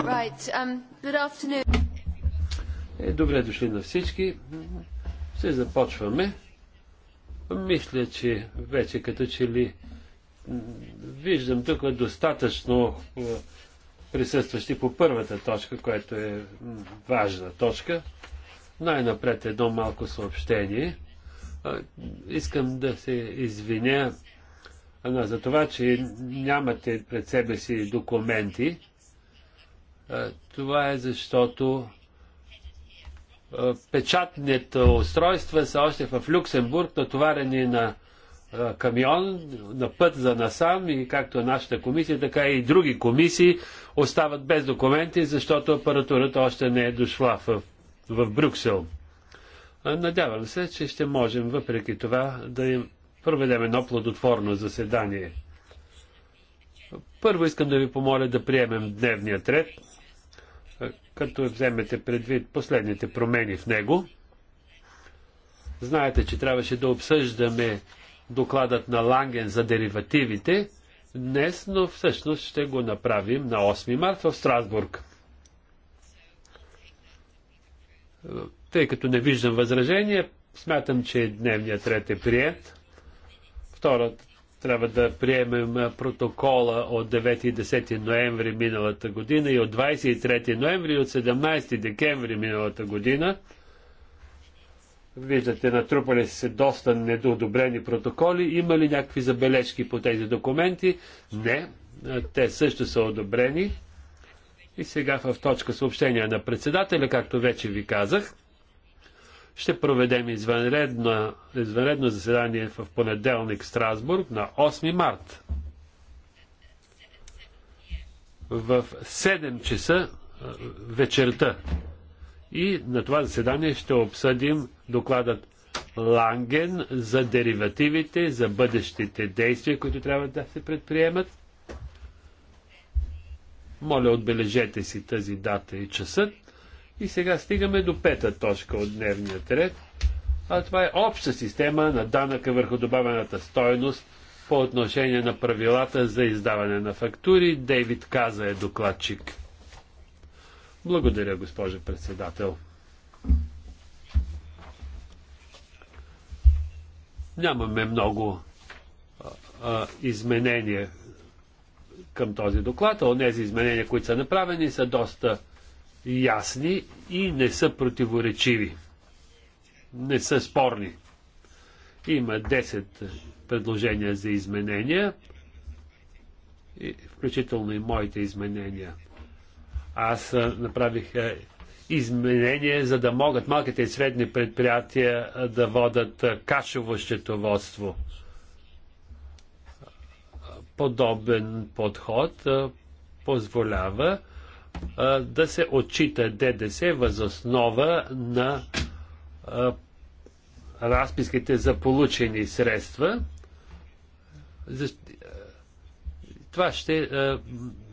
Right. Um, good afternoon. Е, добре дошли на всички. Се започваме. Мисля, че вече като че ли виждам тук достатъчно е, присъстващи по първата точка, която е важна точка. Най-напред едно малко съобщение. Искам да се извиня за това, че нямате пред себе си документи. Това е защото печатните устройства са още в Люксембург, натоварени на камион, на път за насам и както нашата комисия, така и други комисии остават без документи, защото апаратурата още не е дошла в, в Брюксел. Надявам се, че ще можем въпреки това да им проведем едно плодотворно заседание. Първо искам да ви помоля да приемем дневния ред, като вземете предвид последните промени в него. Знаете, че трябваше да обсъждаме докладът на Ланген за деривативите днес, но всъщност ще го направим на 8 март в Страсбург. Тъй като не виждам възражение, смятам, че дневният ред е прият. Второ, трябва да приемем протокола от 9 и 10 ноември миналата година и от 23 ноември и от 17 декември миналата година. Виждате, натрупали се доста недодобрени протоколи. Има ли някакви забележки по тези документи? Не. Те също са одобрени. И сега в точка съобщения на председателя, както вече ви казах, ще проведем извънредно, извънредно заседание в понеделник в Страсбург на 8 март. В 7 часа вечерта. И на това заседание ще обсъдим докладът Ланген за деривативите, за бъдещите действия, които трябва да се предприемат. Моля, отбележете си тази дата и часът. И сега стигаме до пета точка от дневния ред, а това е обща система на данъка върху добавената стойност по отношение на правилата за издаване на фактури. Дейвид Каза е докладчик. Благодаря, госпожо председател. Нямаме много а, а, изменения към този доклад, а тези изменения, които са направени, са доста ясни и не са противоречиви. Не са спорни. Има 10 предложения за изменения, включително и моите изменения. Аз направих изменение, за да могат малките и средни предприятия да водат кашово счетоводство. Подобен подход позволява да се отчита ДДС въз основа на разписките за получени средства. Това ще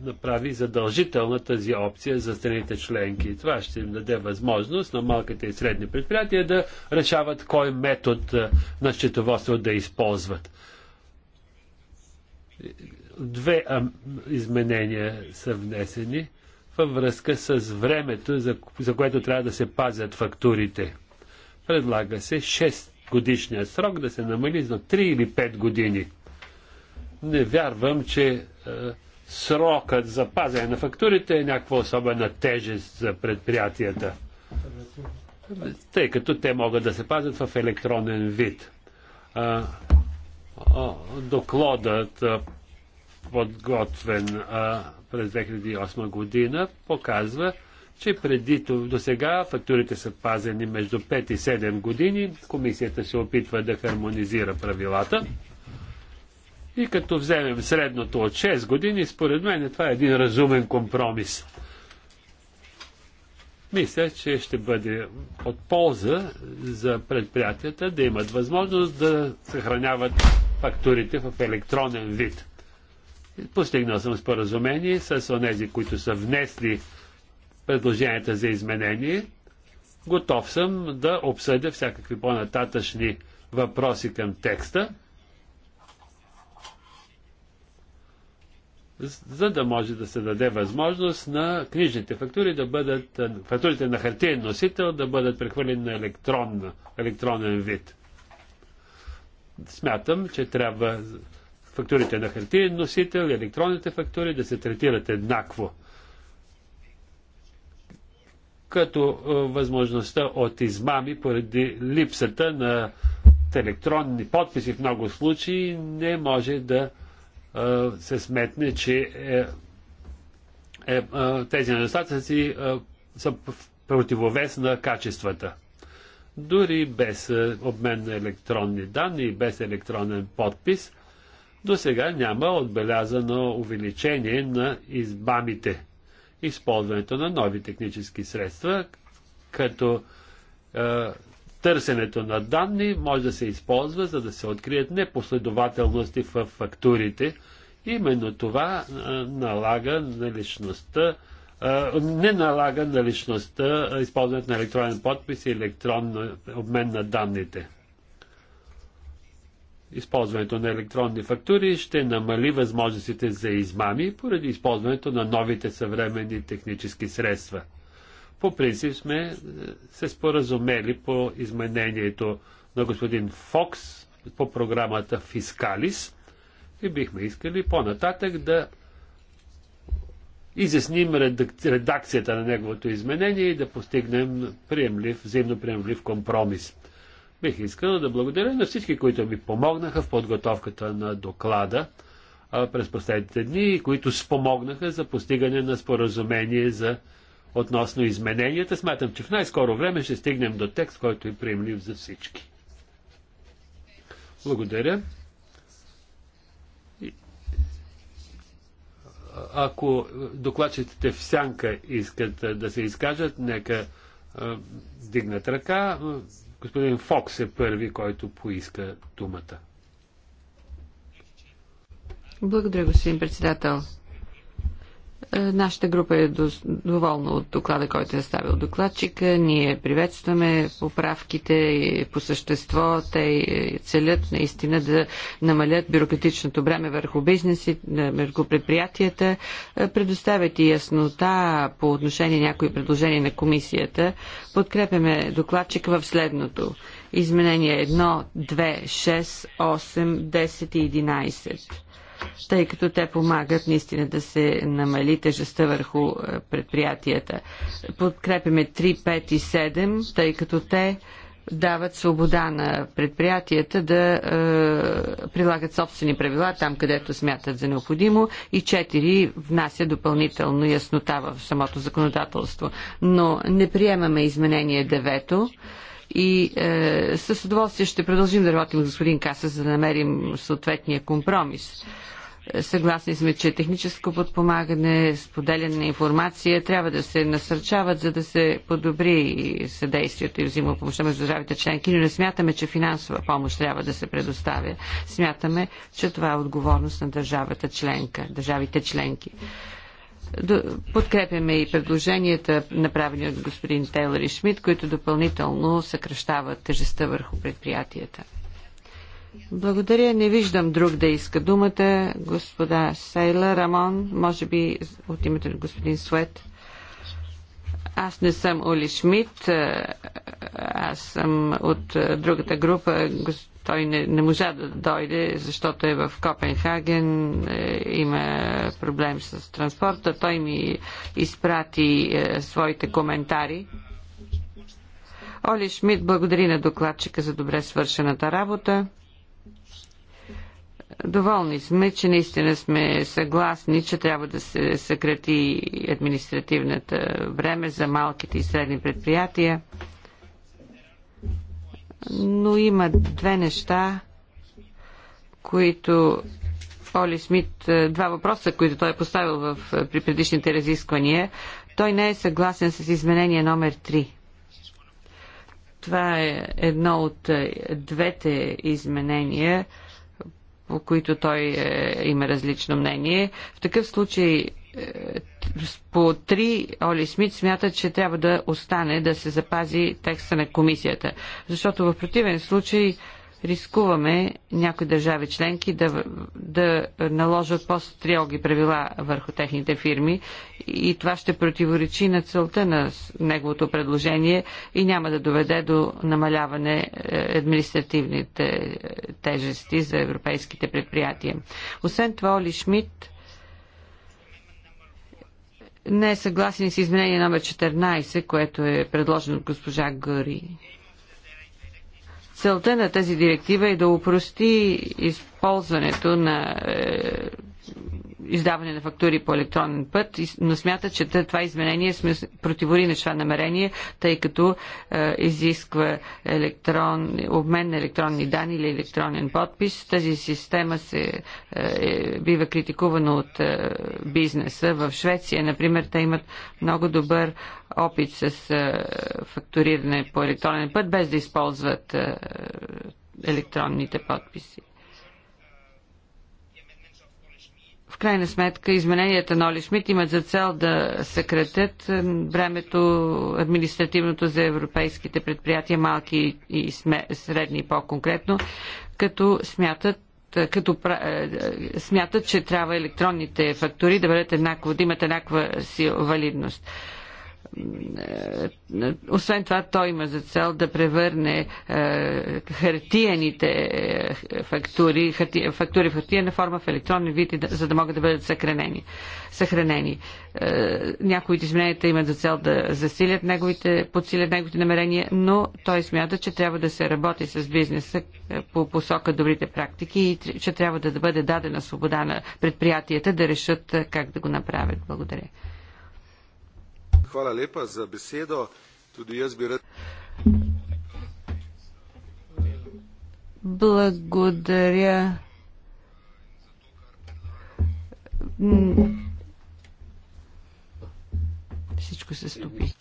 направи задължителна тази опция за страните членки. Това ще им даде възможност на малките и средни предприятия да решават кой метод на счетоводство да използват. Две изменения са внесени във връзка с времето, за, за което трябва да се пазят фактурите. Предлага се 6 годишния срок да се намали за 3 или 5 години. Не вярвам, че е, срокът за пазане на фактурите е някаква особена тежест за предприятията, тъй като те могат да се пазят в електронен вид. А, а, докладът подготвен а, през 2008 година показва, че преди до сега фактурите са пазени между 5 и 7 години. Комисията се опитва да хармонизира правилата. И като вземем средното от 6 години, според мен това е един разумен компромис. Мисля, че ще бъде от полза за предприятията да имат възможност да съхраняват фактурите в електронен вид. Постигнал съм споразумение с онези, които са внесли предложенията за изменение. Готов съм да обсъдя всякакви по-нататъчни въпроси към текста, за да може да се даде възможност на книжните фактури да бъдат, фактурите на хартиен носител да бъдат прехвърлени на електрон, електронен вид. Смятам, че трябва фактурите на хартиен носител, електронните фактури да се третират еднакво. Като е, възможността от измами поради липсата на електронни подписи в много случаи не може да е, се сметне, че е, е, е тези недостатъци са противовес на качествата. Дори без обмен на електронни данни и без електронен подпис, до сега няма отбелязано увеличение на избамите, използването на нови технически средства, като е, търсенето на данни може да се използва, за да се открият непоследователности в фактурите. Именно това е, налага на личността, е, не налага на личността е, използването на електронен подпис и електронно обмен на данните използването на електронни фактури ще намали възможностите за измами поради използването на новите съвременни технически средства. По принцип сме е, се споразумели по изменението на господин Фокс по програмата Фискалис и бихме искали по-нататък да изясним редакцията на неговото изменение и да постигнем приемлив, взаимно приемлив компромис. Бих искал да благодаря на всички, които ми помогнаха в подготовката на доклада през последните дни, които спомогнаха за постигане на споразумение за относно измененията. Смятам, че в най-скоро време ще стигнем до текст, който е приемлив за всички. Благодаря. Ако докладчиците в сянка искат да се изкажат, нека дигнат ръка. Господин Фокс е първи, който поиска думата. Благодаря, господин председател. Е, нашата група е доволна от доклада, който е ставил докладчика. Ние приветстваме поправките и по същество. Те целят наистина да намалят бюрократичното бреме върху бизнеси, е, върху предприятията, е, предоставят и яснота по отношение на някои предложения на комисията. Подкрепяме докладчика в следното. Изменение 1, 2, 6, 8, 10 и 11 тъй като те помагат наистина да се намали тежестта върху е, предприятията. Подкрепяме 3, 5 и 7, тъй като те дават свобода на предприятията да е, прилагат собствени правила там, където смятат за необходимо и четири внася допълнително яснота в самото законодателство. Но не приемаме изменение девето и е, с удоволствие ще продължим да работим с господин Каса, за да намерим съответния компромис. Е, съгласни сме, че техническо подпомагане, споделяне на информация трябва да се насърчават, за да се подобри съдействието и взима помощта между държавите членки, но не смятаме, че финансова помощ трябва да се предоставя. Смятаме, че това е отговорност на държавата членка, държавите членки. Подкрепяме и предложенията, направени от господин Тейлор и Шмидт, които допълнително съкръщават тежестта върху предприятията. Благодаря. Не виждам друг да иска думата. Господа Сейла, Рамон, може би от името на господин Сует. Аз не съм Оли Шмидт, аз съм от другата група, той не, не можа да дойде, защото е в Копенхаген, е, има проблем с транспорта. Той ми изпрати е, своите коментари. Оли Шмидт благодари на докладчика за добре свършената работа. Доволни сме, че наистина сме съгласни, че трябва да се съкрати административната време за малките и средни предприятия но има две неща, които Оли Смит, е, два въпроса, които той е поставил в, е, при предишните разисквания. Той не е съгласен с изменение номер 3. Това е едно от е, двете изменения, по които той е, има различно мнение. В такъв случай по три Оли Смит смятат, че трябва да остане, да се запази текста на комисията. Защото в противен случай рискуваме някои държави членки да, да наложат по-стриоги правила върху техните фирми и това ще противоречи на целта на неговото предложение и няма да доведе до намаляване е, административните е, тежести за европейските предприятия. Освен това, Оли Шмидт не е съгласен с изменение номер 14, което е предложено от госпожа Гъри. Целта на тази директива е да упрости използването на е, издаване на фактури по електронен път, но смятат, че това изменение противори на това намерение, тъй като е, изисква електрон, обмен на електронни данни или електронен подпис. Тази система се е, е, бива критикувана от е, бизнеса. В Швеция, например, те имат много добър опит с е, фактуриране по електронен път, без да използват е, електронните подписи. крайна сметка измененията на Оли Шмидт имат за цел да съкратят е, времето административното за европейските предприятия, малки и средни по-конкретно, като смятат е, като е, смятат, че трябва електронните фактори да бъдат еднакво, да имат еднаква си валидност. Е, е, освен това, той има за цел да превърне е, хартияните фактури, хартия, фактури в хартияна форма в електронни види, за да могат да бъдат съхранени. съхранени. Някои от измененията имат за цел да засилят неговите, подсилят неговите намерения, но той смята, че трябва да се работи с бизнеса по посока добрите практики и че трябва да бъде дадена свобода на предприятията да решат как да го направят. Благодаря. Hvala lepa za besedo. Tudi jaz bi rad. Благодаря. Всичко се стопи.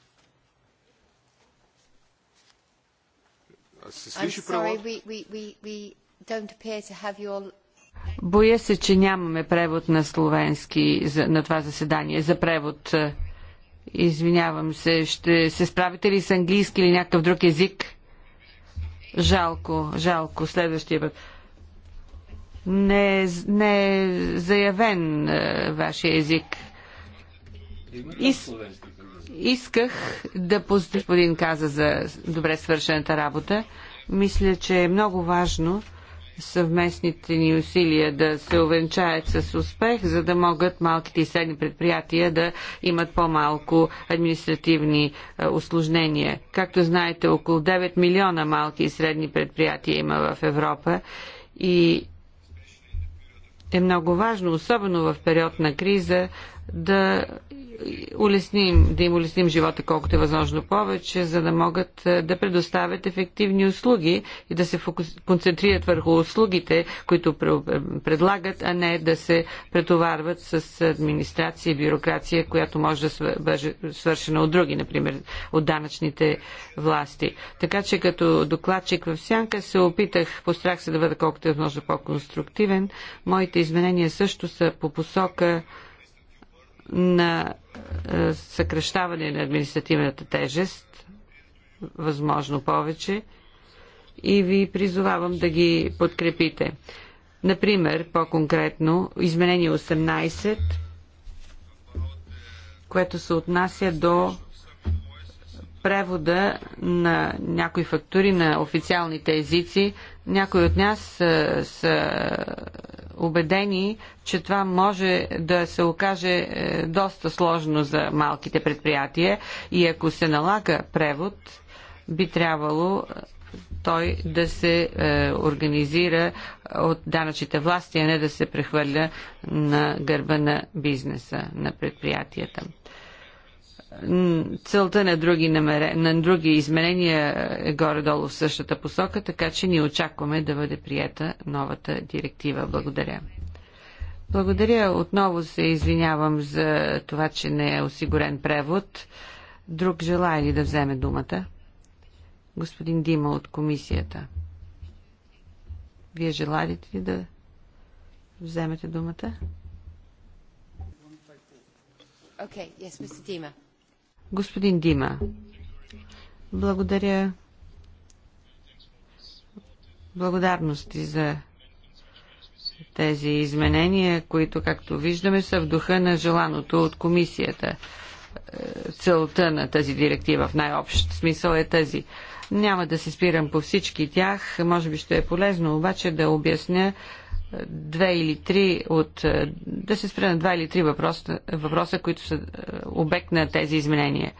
Боя се, че нямаме превод на словенски на това заседание за превод. Извинявам се, ще се справите ли с английски или някакъв друг език? Жалко, жалко, следващия път. Не, е не е заявен е, вашия език. Ис, исках да поздравя господин Каза за добре свършената работа. Мисля, че е много важно съвместните ни усилия да се увенчаят с успех, за да могат малките и средни предприятия да имат по-малко административни осложнения. Е, Както знаете, около 9 милиона малки и средни предприятия има в Европа и е много важно, особено в период на криза, да улесним, да им улесним живота колкото е възможно повече, за да могат е, да предоставят ефективни услуги и да се фокус, концентрират върху услугите, които предлагат, а не да се претоварват с администрация и бюрокрация, която може да бъде свършена от други, например от данъчните власти. Така че като докладчик в Сянка се опитах, пострах се да бъда колкото е възможно по-конструктивен. Моите изменения също са по посока на е, съкрещаване на административната тежест, възможно повече, и ви призовавам да ги подкрепите. Например, по-конкретно, изменение 18, което се отнася до превода на някои фактури на официалните езици. Някои от нас е, са, са убедени, че това може да се окаже е, доста сложно за малките предприятия и ако се налага превод, би трябвало е, той да се е, организира от данъчните власти, а не да се прехвърля на гърба на бизнеса, на предприятията целта на други, намере, на други изменения е горе-долу в същата посока, така че ни очакваме да бъде приета новата директива. Благодаря. Благодаря. Отново се извинявам за това, че не е осигурен превод. Друг желая ли да вземе думата? Господин Дима от комисията. Вие желаете ли да вземете думата? Okay, yes, Mr. Dima. Господин Дима, благодаря. Благодарности за тези изменения, които, както виждаме, са в духа на желаното от комисията. Е, целта на тази директива в най-общ смисъл е тази. Няма да се спирам по всички тях, може би ще е полезно обаче да обясня две или три от... Е, да се спре на два или три въпроса, въпроса които са е, обект на тези изменения.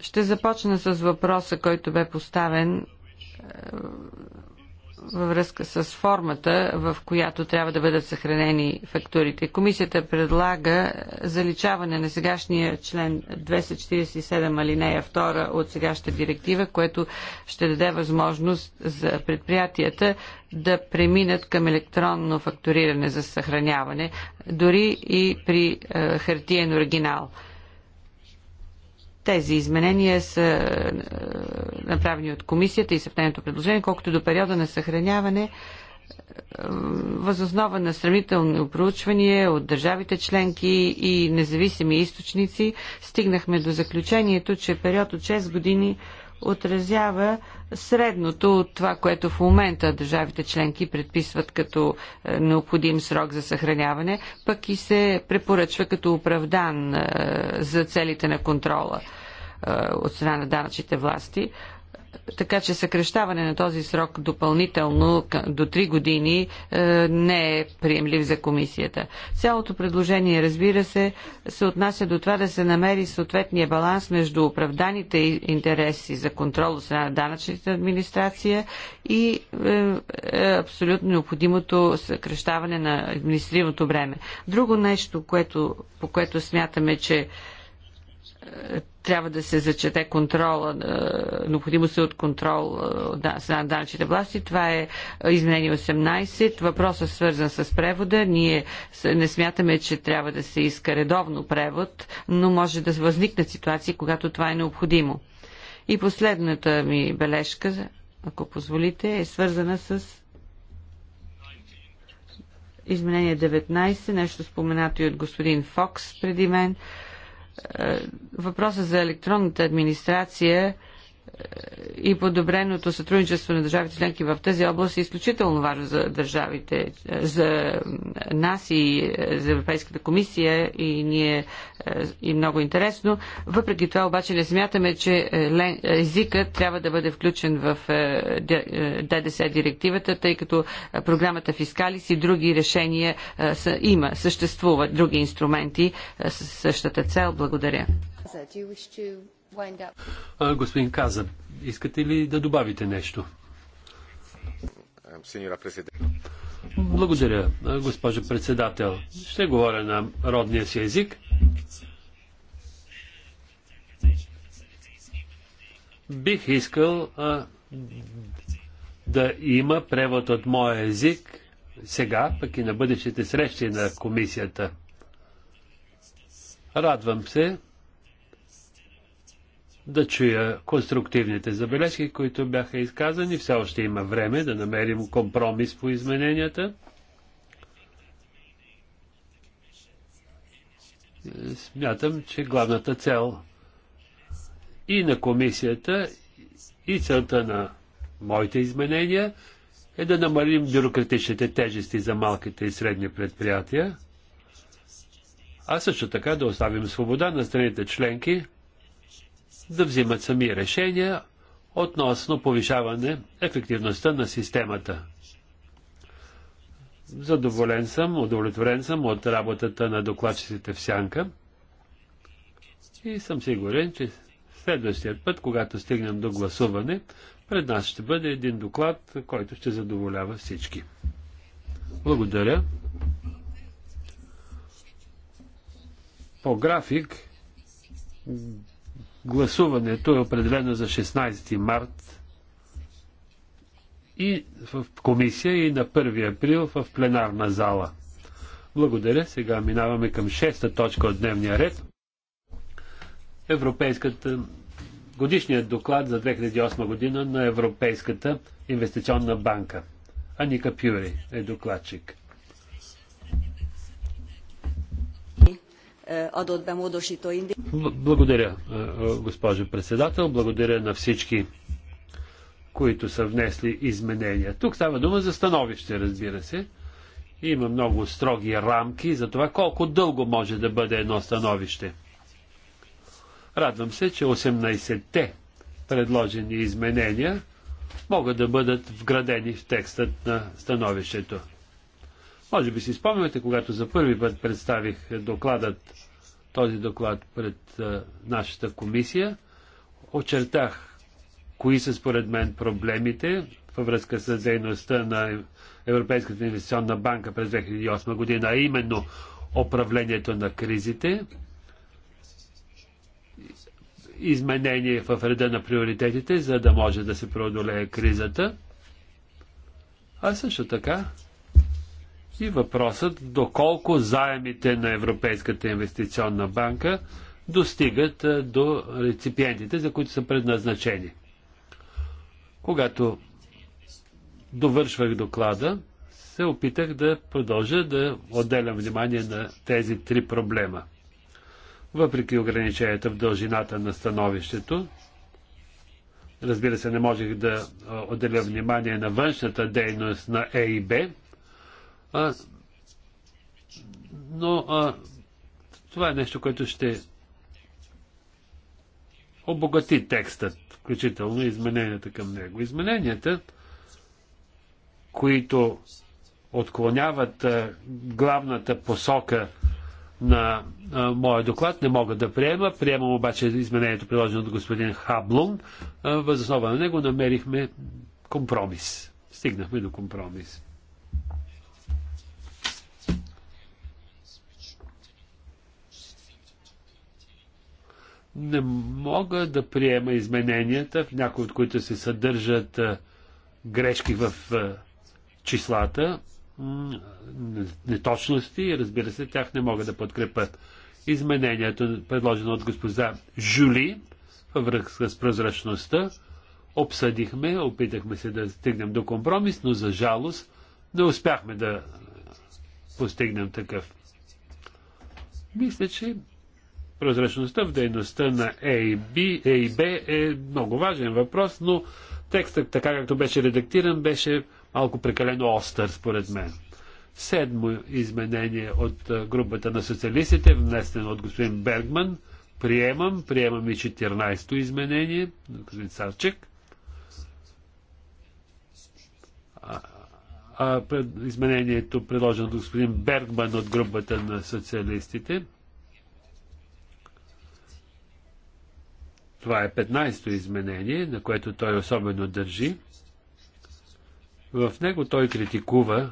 Ще започна с въпроса, който бе поставен е, във връзка с формата, в която трябва да бъдат съхранени фактурите. Комисията предлага заличаване на сегашния член 247 алинея 2 от сегашната директива, което ще даде възможност за предприятията да преминат към електронно фактуриране за съхраняване, дори и при е, хартиен оригинал. Тези изменения са е, направени от комисията и съвненото предложение, колкото до периода на съхраняване е, възоснова на сравнителни проучвания от държавите членки и независими източници, стигнахме до заключението, че период от 6 години отразява средното от това, което в момента държавите членки предписват като е, необходим срок за съхраняване, пък и се препоръчва като оправдан е, за целите на контрола е, от страна на данъчните власти така че съкрещаване на този срок допълнително до 3 години е, не е приемлив за комисията. Цялото предложение, разбира се, се отнася до това да се намери съответния баланс между оправданите интереси за контрол от страна на данъчната администрация и е, е, абсолютно необходимото съкрещаване на административното време. Друго нещо, което, по което смятаме, че трябва да се зачете контрола, се от контрол е, на данъчните власти. Това е изменение 18. Въпросът е свързан с превода. Ние не смятаме, че трябва да се иска редовно превод, но може да възникнат ситуации, когато това е необходимо. И последната ми бележка, ако позволите, е свързана с изменение 19, нещо споменато и от господин Фокс преди мен – е, въпросът за електронната администрация и подобреното сътрудничество на държавите членки в тази област е изключително важно за държавите, за нас и за Европейската комисия и ние е, и много интересно. Въпреки това обаче не смятаме, че е, е, езикът трябва да бъде включен в ДДС директивата, тъй като програмата Фискалис и други решения има, съществуват други инструменти с същата цел. Благодаря господин Каза, искате ли да добавите нещо? Благодаря, госпожо председател. Ще говоря на родния си език. Бих искал а, да има превод от моя език сега, пък и на бъдещите срещи на комисията. Радвам се, да чуя конструктивните забележки, които бяха изказани. Все още има време да намерим компромис по измененията. Смятам, че главната цел и на комисията, и целта на моите изменения е да намалим бюрократичните тежести за малките и средни предприятия, а също така да оставим свобода на страните членки да взимат сами решения относно повишаване ефективността на системата. Задоволен съм, удовлетворен съм от работата на докладчиците в Сянка и съм сигурен, че следващия път, когато стигнем до гласуване, пред нас ще бъде един доклад, който ще задоволява всички. Благодаря. По график Гласуването е определено за 16 март и в комисия и на 1 април в пленарна зала. Благодаря. Сега минаваме към 6-та точка от дневния ред. Европейската годишният доклад за 2008 година на Европейската инвестиционна банка. Аника Пюри е докладчик. Е, адот бе модошито инди. Благодаря, е, е, госпожо председател. Благодаря на всички, които са внесли изменения. Тук става дума за становище, разбира се. Има много строги рамки за това колко дълго може да бъде едно становище. Радвам се, че 18-те предложени изменения могат да бъдат вградени в текстът на становището. Може би си спомняте, когато за първи път представих докладът, този доклад пред нашата комисия, очертах кои са според мен проблемите във връзка с дейността на Европейската инвестиционна банка през 2008 година, а именно управлението на кризите, изменение в реда на приоритетите, за да може да се преодолее кризата, а също така и въпросът доколко заемите на Европейската инвестиционна банка достигат до реципиентите, за които са предназначени. Когато довършвах доклада, се опитах да продължа да отделям внимание на тези три проблема. Въпреки ограниченията в дължината на становището, разбира се, не можех да отделя внимание на външната дейност на Е и Б, а, но а, това е нещо, което ще обогати текстът, включително измененията към него. Измененията, които отклоняват а, главната посока на а, моя доклад, не мога да приема. Приемам обаче изменението, приложено от господин Хаблун. Възоснова на него намерихме компромис. Стигнахме до компромис. Не мога да приема измененията, в някои от които се съдържат грешки в числата, неточности и разбира се, тях не мога да подкрепят. Изменението, предложено от госпожа Жули във връзка с прозрачността, обсъдихме, опитахме се да стигнем до компромис, но за жалост не успяхме да постигнем такъв. Мисля, че Прозрачността в дейността на ЕИБ, ЕИБ е много важен въпрос, но текстът, така както беше редактиран, беше малко прекалено остър, според мен. Седмо изменение от групата на социалистите, внесено от господин Бергман. Приемам, приемам и 14-то изменение, господин Сарчек. А, а, изменението, предложено от господин Бергман от групата на социалистите. Това е 15-то изменение, на което той особено държи. В него той критикува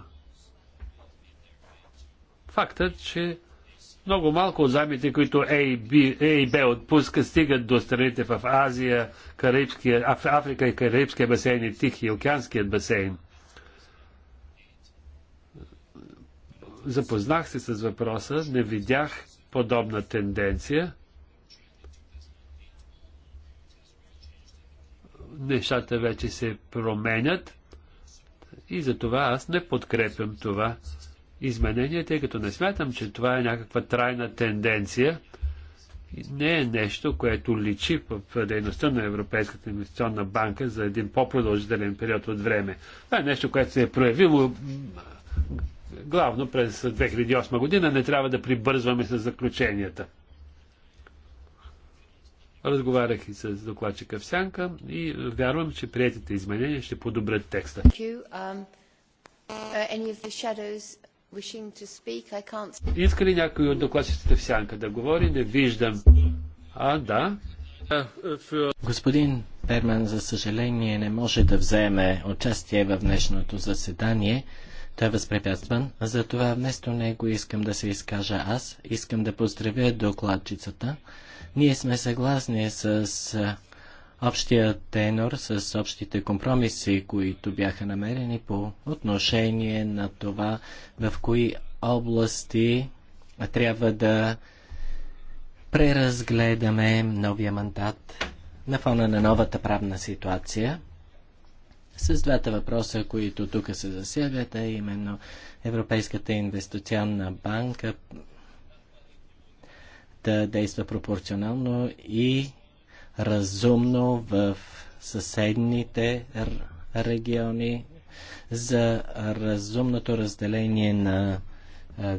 фактът, че много малко от които A и Б отпуска, стигат до страните в Азия, Карибския, Аф, Африка и Карибския басейн и Тихи и Океанският басейн. Запознах се с въпроса, не видях подобна тенденция. нещата вече се променят и затова аз не подкрепям това изменение, тъй като не смятам, че това е някаква трайна тенденция. Не е нещо, което личи в дейността на Европейската инвестиционна банка за един по-продължителен период от време. Това е нещо, което се е проявило главно през 2008 година. Не трябва да прибързваме с заключенията. Разговарях и с докладчика в Сянка и вярвам, че приятите изменения ще подобрят текста. Um, uh, Иска ли някой от докладчиците в Сянка да говори? Не виждам. А, да. Господин Перман, за съжаление, не може да вземе участие в днешното заседание. Той е възпрепятстван, затова вместо него искам да се изкажа аз. Искам да поздравя докладчицата ние сме съгласни с общия тенор, с общите компромиси, които бяха намерени по отношение на това в кои области трябва да преразгледаме новия мандат на фона на новата правна ситуация с двата въпроса, които тук се засягат, а именно Европейската инвестиционна банка, да действа пропорционално и разумно в съседните региони за разумното разделение на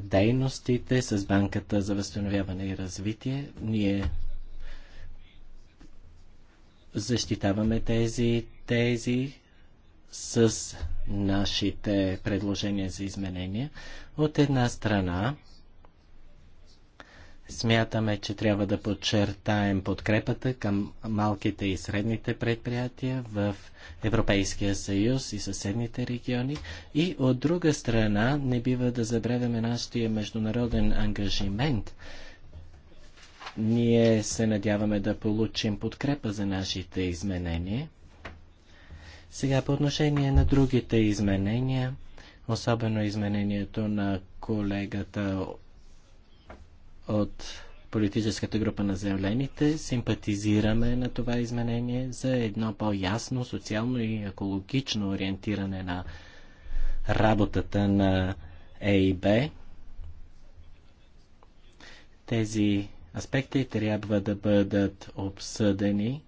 дейностите с Банката за възстановяване и развитие. Ние защитаваме тези тези с нашите предложения за изменения. От една страна, Смятаме, че трябва да подчертаем подкрепата към малките и средните предприятия в Европейския съюз и съседните региони. И от друга страна, не бива да забравяме нашия международен ангажимент. Ние се надяваме да получим подкрепа за нашите изменения. Сега по отношение на другите изменения, особено изменението на колегата от политическата група на заявлените симпатизираме на това изменение за едно по-ясно социално и екологично ориентиране на работата на ЕИБ. Тези аспекти трябва да бъдат обсъдени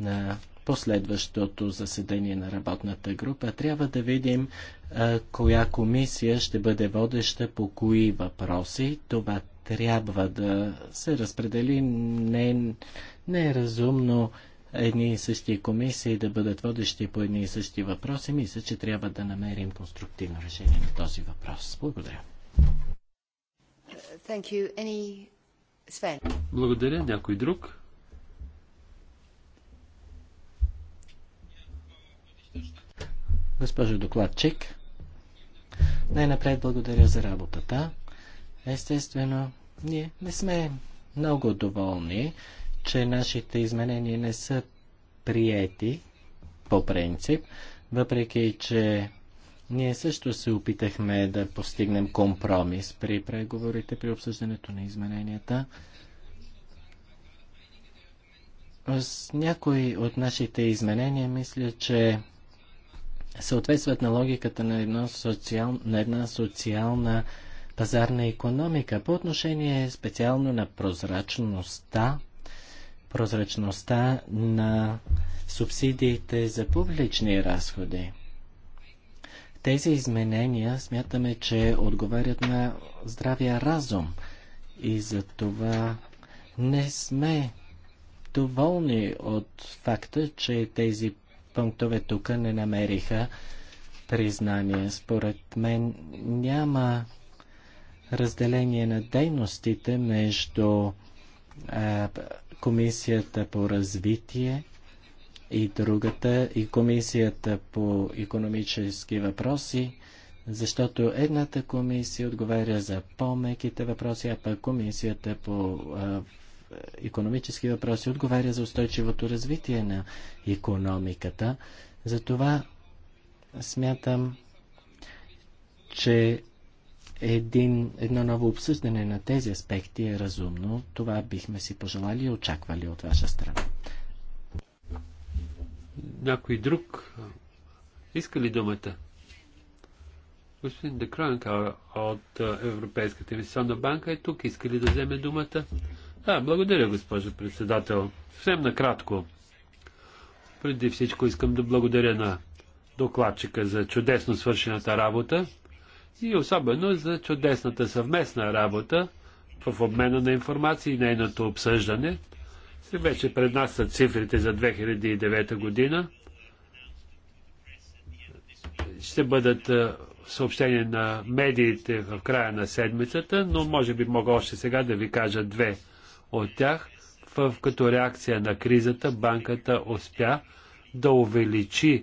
на последващото заседание на работната група. Трябва да видим а, коя комисия ще бъде водеща по кои въпроси. Това трябва да се разпредели не, е разумно едни и същи комисии да бъдат водещи по едни и същи въпроси. Мисля, че трябва да намерим конструктивно решение на този въпрос. Благодаря. Thank you. Any... Sven. Благодаря. Някой друг? Госпожо докладчик, най-напред благодаря за работата. Естествено, ние не сме много доволни, че нашите изменения не са приети по принцип, въпреки че ние също се опитахме да постигнем компромис при преговорите, при обсъждането на измененията. С някои от нашите изменения мисля, че съответстват на логиката на, едно социал... на една социална пазарна економика. По отношение специално на прозрачността, прозрачността на субсидиите за публични разходи. Тези изменения смятаме, че отговарят на здравия разум и за това не сме доволни от факта, че тези пунктове тук не намериха признание. Според мен няма разделение на дейностите между а, Комисията по развитие и другата и Комисията по економически въпроси, защото едната комисия отговаря за по-меките въпроси, а пък Комисията по а, економически въпроси отговаря за устойчивото развитие на економиката. Затова смятам, че един, едно ново обсъждане на тези аспекти е разумно. Това бихме си пожелали и очаквали от ваша страна. Някой друг иска ли думата? Господин Декранка от Европейската инвестиционна банка е тук. Иска ли да вземе думата? Да, благодаря, госпожо председател. Съвсем накратко. Преди всичко искам да благодаря на докладчика за чудесно свършената работа и особено за чудесната съвместна работа в обмена на информация и нейното обсъждане. Се вече пред нас са цифрите за 2009 година. Ще бъдат съобщени на медиите в края на седмицата, но може би мога още сега да ви кажа две от тях. В, като реакция на кризата банката успя да увеличи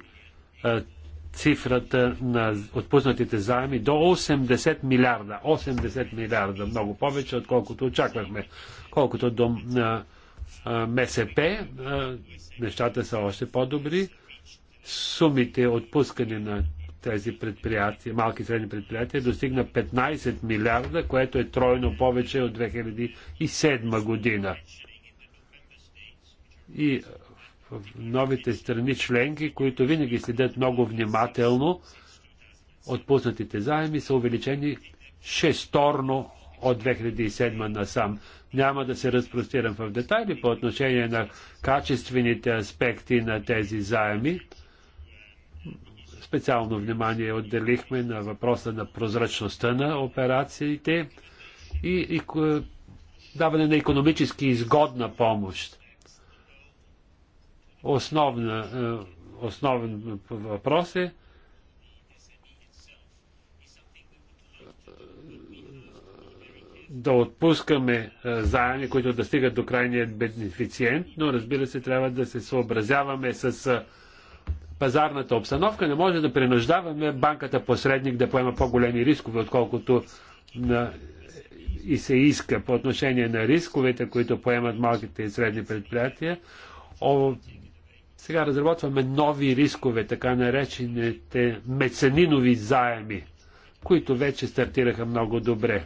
цифрата на отпуснатите заеми до 80 милиарда. 80 милиарда, много повече, отколкото очаквахме. Колкото до а, а, МСП, а, нещата са още по-добри. Сумите отпускани на тези предприятия, малки и средни предприятия, достигна 15 милиарда, което е тройно повече от 2007 година. И новите страни членки, които винаги следят много внимателно отпуснатите заеми, са увеличени шесторно от 2007 насам. Няма да се разпростирам в детайли по отношение на качествените аспекти на тези заеми. Специално внимание отделихме на въпроса на прозрачността на операциите и, и даване на економически изгодна помощ. Основна, е, основен въпрос е да отпускаме е, заеми, които да стигат до крайния бенефициент, но разбира се, трябва да се съобразяваме с е, пазарната обстановка. Не може да принуждаваме банката посредник да поема по-големи рискове, отколкото на... и се иска по отношение на рисковете, които поемат малките и средни предприятия. Сега разработваме нови рискове, така наречените меценинови заеми, които вече стартираха много добре.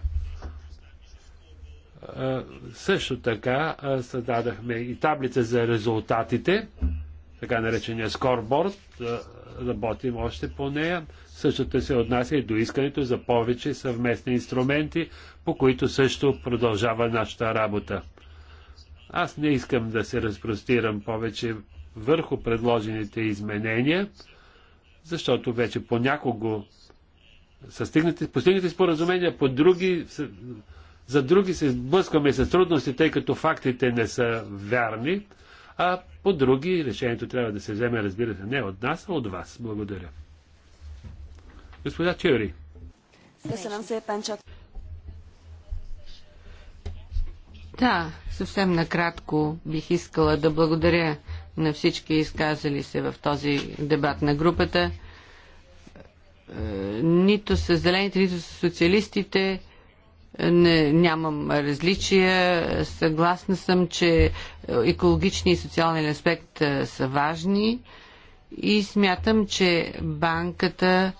Също така създадахме и таблица за резултатите, така наречения скорборд, работим още по нея. Същото се отнася и до искането за повече съвместни инструменти, по които също продължава нашата работа. Аз не искам да се разпростирам повече върху предложените изменения, защото вече понякога постигнати споразумения, по други, за други се сблъскваме с трудности, тъй като фактите не са вярни, а по други решението трябва да се вземе, разбира се, не от нас, а от вас. Благодаря. Господа Чиори. Да, съвсем накратко бих искала да благодаря на всички изказали се в този дебат на групата. Е, нито с зелените, нито с социалистите не, нямам различия. Съгласна съм, че екологични и социални аспект е, са важни и смятам, че банката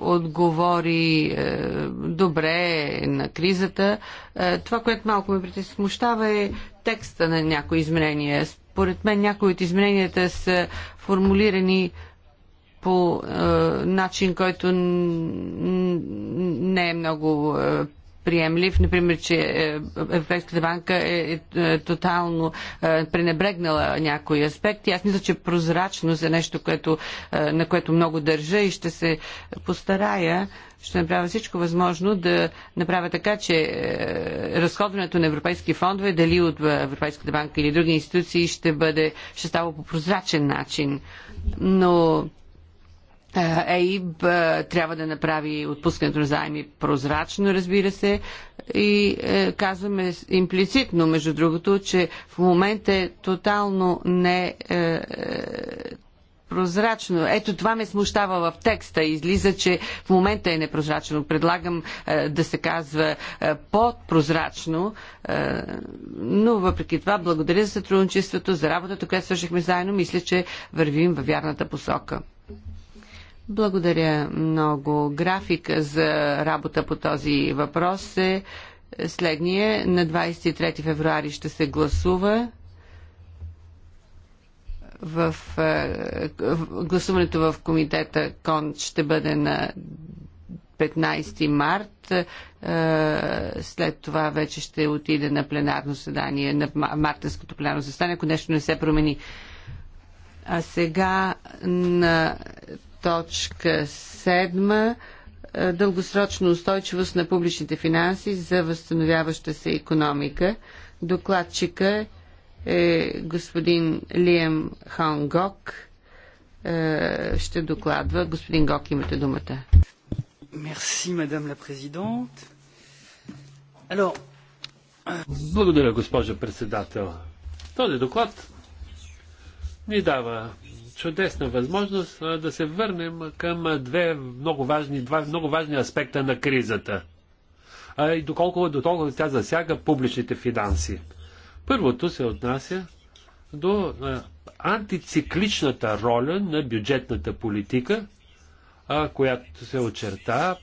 отговори е, добре на кризата. Е, това, което малко ме притесмущава е текста на някои изменения. Според мен някои от измененията са формулирани по е, начин, който не е много е, приемлив. Например, че е, Европейската банка е, е, е тотално пренебрегнала някои аспекти. Аз мисля, че прозрачност е нещо, което, на което много държа и ще се постарая ще направя всичко възможно да направя така, че разходването на европейски фондове, дали от Европейската банка или други институции, ще бъде, ще става по прозрачен начин. Но е, ЕИБ е, трябва да направи отпускането на заеми прозрачно, разбира се, и е, казваме имплицитно, между другото, че в момента е тотално не е, е прозрачно. Ето това ме смущава в текста. Излиза, че в момента е непрозрачно. Предлагам е, да се казва е, подпрозрачно, е, но въпреки това благодаря за сътрудничеството, за работата, която свършихме заедно. Мисля, че вървим във вярната посока. Благодаря много. Графика за работа по този въпрос е следния. На 23 февруари ще се гласува в, е, в гласуването в комитета КОН ще бъде на 15 март. Е, след това вече ще отиде на пленарно съдание, на мартенското пленарно съдание, ако нещо не се промени. А сега на Точка 7 е, дългосрочна устойчивост на публичните финанси за възстановяваща се економика. Докладчика е господин Лием Хонгок. Е, ще докладва. Господин Гок, имате думата. Мерси, мадам ла президент. Благодаря, госпожо председател. Този доклад ни дава чудесна възможност да се върнем към две много важни, два много важни аспекта на кризата. А и доколко, доколко тя засяга публичните финанси. Първото се отнася до антицикличната роля на бюджетната политика, която се очерта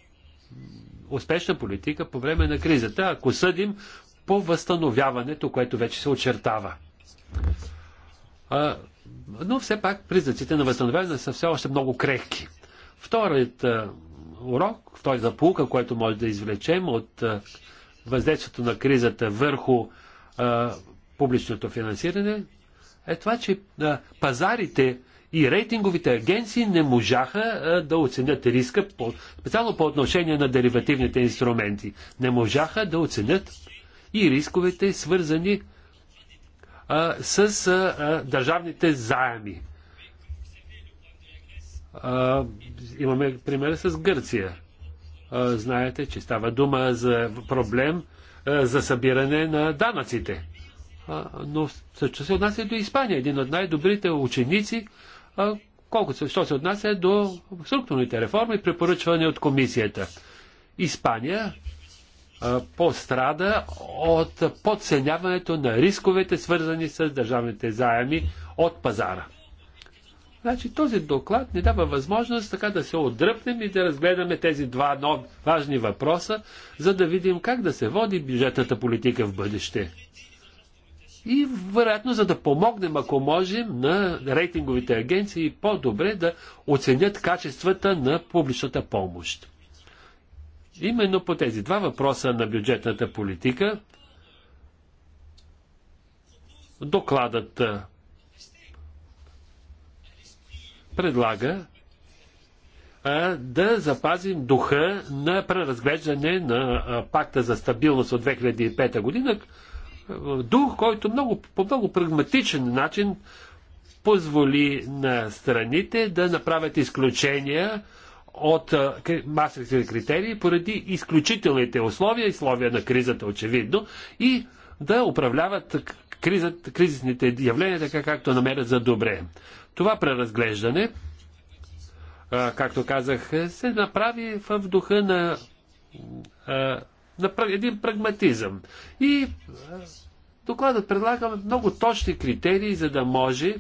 успешна политика по време на кризата, ако съдим по възстановяването, което вече се очертава но все пак признаците на възстановяване са все още много крехки. Вторият е, урок, втори заплука, който може да извлечем от е, въздействието на кризата върху а, е, публичното финансиране, е това, че а, пазарите и рейтинговите агенции не можаха а, да оценят риска, по, специално по отношение на деривативните инструменти. Не можаха да оценят и рисковете, свързани с а, държавните заеми. А, имаме пример с Гърция. А, знаете, че става дума за проблем а, за събиране на данъците. А, но също се отнася до Испания. Един от най-добрите ученици, а, колкото се, що се отнася до структурните реформи, препоръчвани от комисията. Испания пострада от подценяването на рисковете, свързани с държавните заеми от пазара. Значи този доклад ни дава възможност така да се отдръпнем и да разгледаме тези два нови, важни въпроса, за да видим как да се води бюджетната политика в бъдеще. И вероятно, за да помогнем, ако можем, на рейтинговите агенции по-добре да оценят качествата на публичната помощ. Именно по тези два въпроса на бюджетната политика докладът предлага да запазим духа на преразглеждане на пакта за стабилност от 2005 година. Дух, който много, по много прагматичен начин позволи на страните да направят изключения от масовите критерии поради изключителните условия, условия на кризата очевидно, и да управляват кризът, кризисните явления така както намерят за добре. Това преразглеждане, както казах, се направи в духа на, на един прагматизъм. И докладът предлага много точни критерии, за да може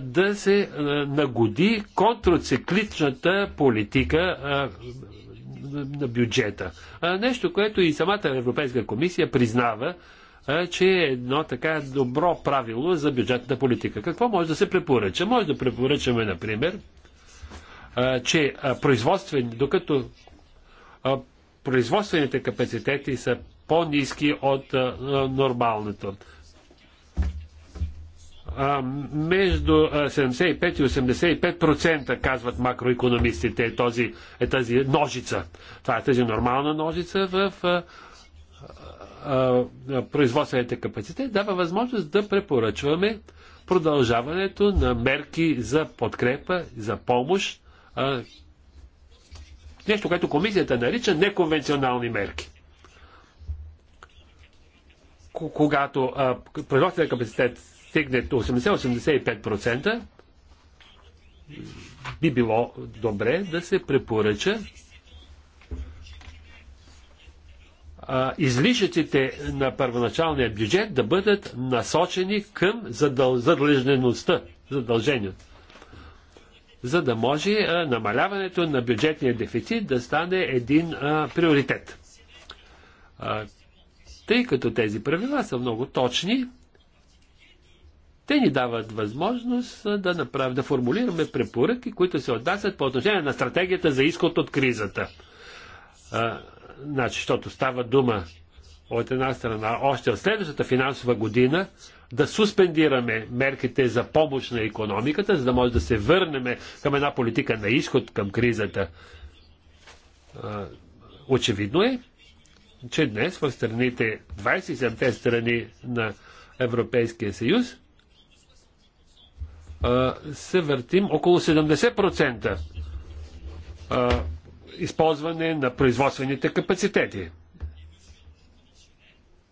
да се нагоди контроцикличната политика на бюджета. Нещо, което и самата Европейска комисия признава, че е едно така добро правило за бюджетната политика. Какво може да се препоръча? Може да препоръчаме, например, че производствени, докато производствените капацитети са по-низки от нормалното между 75 и 85% казват макроекономистите е, този, е тази ножица. Това е тази нормална ножица в производствените капацитети. дава възможност да препоръчваме продължаването на мерки за подкрепа, за помощ, а, нещо, което комисията нарича неконвенционални мерки. Когато производствения капацитет стигне 80-85%, би било добре да се препоръча излишъците на първоначалния бюджет да бъдат насочени към задължеността, задължението. За да може намаляването на бюджетния дефицит да стане един а, приоритет. А, тъй като тези правила са много точни, те ни дават възможност да, направим, да формулираме препоръки, които се отнасят по отношение на стратегията за изход от кризата. А, значи, защото става дума от една страна, още в следващата финансова година да суспендираме мерките за помощ на економиката, за да може да се върнем към една политика на изход към кризата. А, очевидно е, че днес в страните, 27-те страни на Европейския съюз, се въртим около 70% използване на производствените капацитети.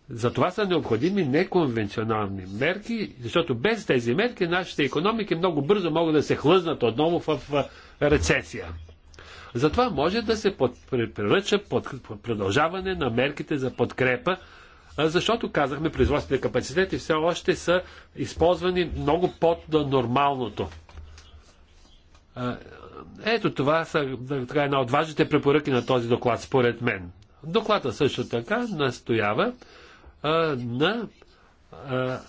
За това са необходими неконвенционални мерки, защото без тези мерки нашите економики много бързо могат да се хлъзнат отново в рецесия. Затова може да се препоръча продължаване на мерките за подкрепа защото казахме, производствените капацитети все още са използвани много под нормалното. Ето това са така, една от важните препоръки на този доклад, според мен. Доклада също така настоява а, на а,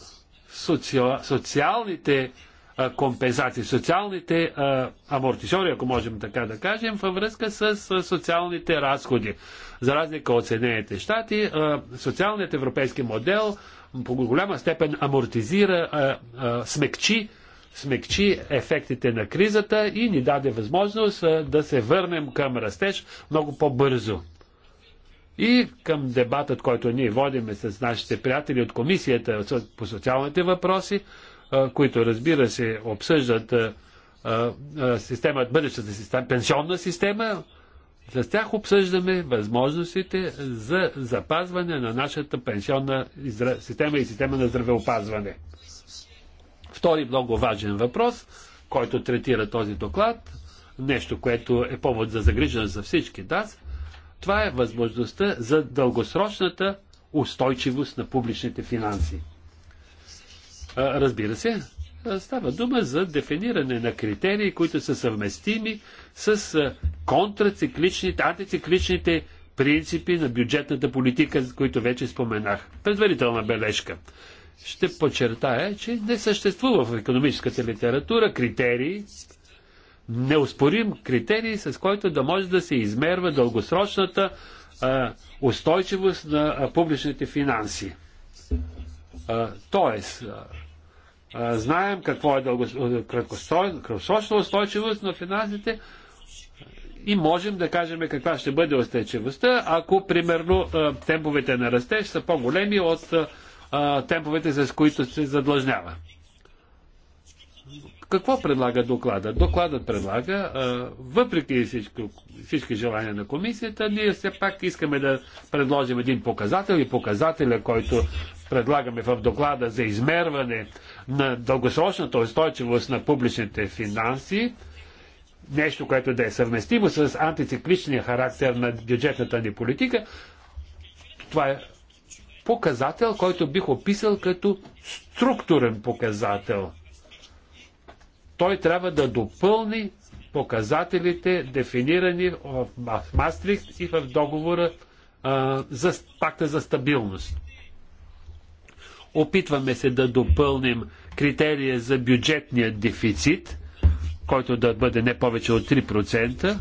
социал, социалните а, компенсации, социалните а, амортизори, ако можем така да кажем, във връзка с а, социалните разходи. За разлика от Съединените щати, социалният европейски модел по голяма степен амортизира, смекчи, смекчи ефектите на кризата и ни даде възможност да се върнем към растеж много по-бързо. И към дебатът, който ние водиме с нашите приятели от комисията по социалните въпроси, които разбира се обсъждат системата, бъдещата система, пенсионна система, с тях обсъждаме възможностите за запазване на нашата пенсионна система и система на здравеопазване. Втори много важен въпрос, който третира този доклад, нещо, което е повод за загриженост за всички нас, това е възможността за дългосрочната устойчивост на публичните финанси. Разбира се, Става дума за дефиниране на критерии, които са съвместими с контрацикличните, антицикличните принципи на бюджетната политика, които вече споменах. Предварителна бележка. Ще подчертая, че не съществува в економическата литература критерии, неоспорим критерий, с който да може да се измерва дългосрочната а, устойчивост на а, публичните финанси. А, тоест, знаем какво е, е краткосрочна устойчивост на финансите и можем да кажем каква ще бъде устойчивостта, ако примерно темповете на растеж са по-големи от темповете, с които се задлъжнява. Какво предлага доклада? Докладът предлага, въпреки всички, всички желания на комисията, ние все пак искаме да предложим един показател и показателя, който предлагаме в доклада за измерване на дългосрочната устойчивост на публичните финанси, нещо, което да е съвместимо с антицикличния характер на бюджетната ни политика, това е показател, който бих описал като структурен показател. Той трябва да допълни показателите, дефинирани в Мастрихт и в договора а, за пакта за стабилност. Опитваме се да допълним критерия за бюджетния дефицит, който да бъде не повече от 3%,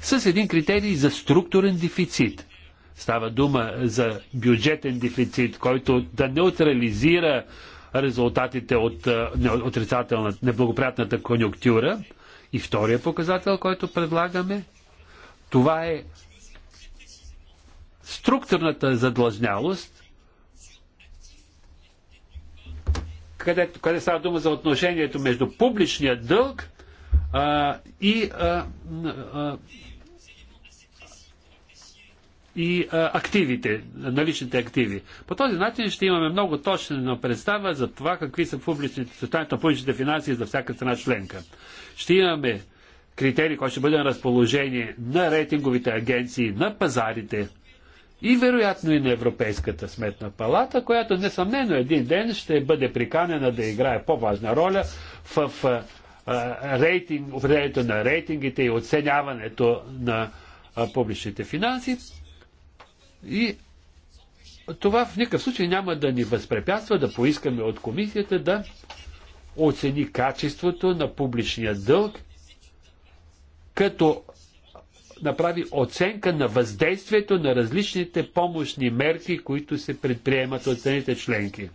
с един критерий за структурен дефицит. Става дума за бюджетен дефицит, който да неутрализира резултатите от отрицателната, неблагоприятната конюнктура. И втория показател, който предлагаме, това е структурната задлъжнялост, къде, става дума за отношението между публичния дълг а, и, а, а, и а, активите, наличните активи. По този начин ще имаме много точна представа за това какви са публичните, състоянието на публичните финанси за всяка страна членка. Ще имаме критерии, който ще бъде на разположение на рейтинговите агенции, на пазарите, и вероятно и на Европейската сметна палата, която несъмнено един ден ще бъде приканена да играе по-важна роля в рейтинг, определението на рейтингите и оценяването на публичните финанси. И това в никакъв случай няма да ни възпрепятства да поискаме от комисията да оцени качеството на публичния дълг, като направи оценка на въздействието на различните помощни мерки, които се предприемат от страните членки.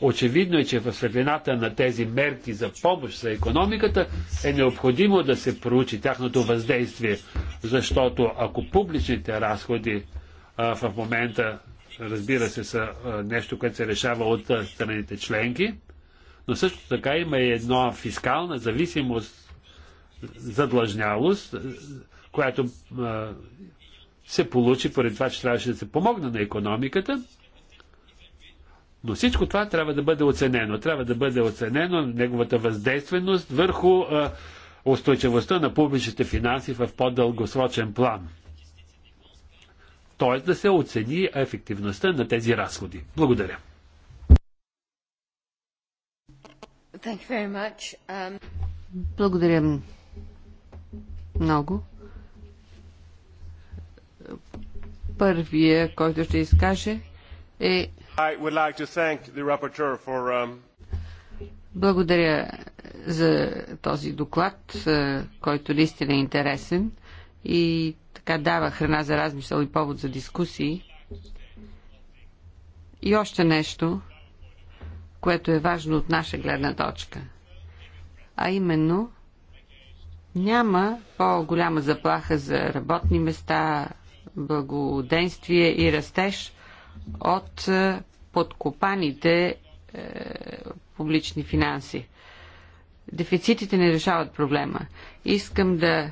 Очевидно е, че в светлината на тези мерки за помощ за економиката е необходимо да се проучи тяхното въздействие, защото ако публичните разходи а, в момента, разбира се, са а, нещо, което се решава от страните членки, но също така има и една фискална зависимост, задлъжнялост, която а, се получи поради това, че трябваше да се помогне на економиката. Но всичко това трябва да бъде оценено. Трябва да бъде оценено неговата въздейственост върху а, устойчивостта на публичните финанси в по-дългосрочен план. Тоест да се оцени ефективността на тези разходи. Благодаря. Um... Благодаря много. Първия, който ще изкаже е... Um, Благодаря за този доклад, който наистина е интересен и така дава храна за размисъл и повод за дискусии. И още нещо, което е важно от наша гледна точка. А именно, няма по-голяма заплаха за работни места, благоденствие и растеж от е, подкопаните е, публични финанси. Дефицитите не решават проблема. Искам да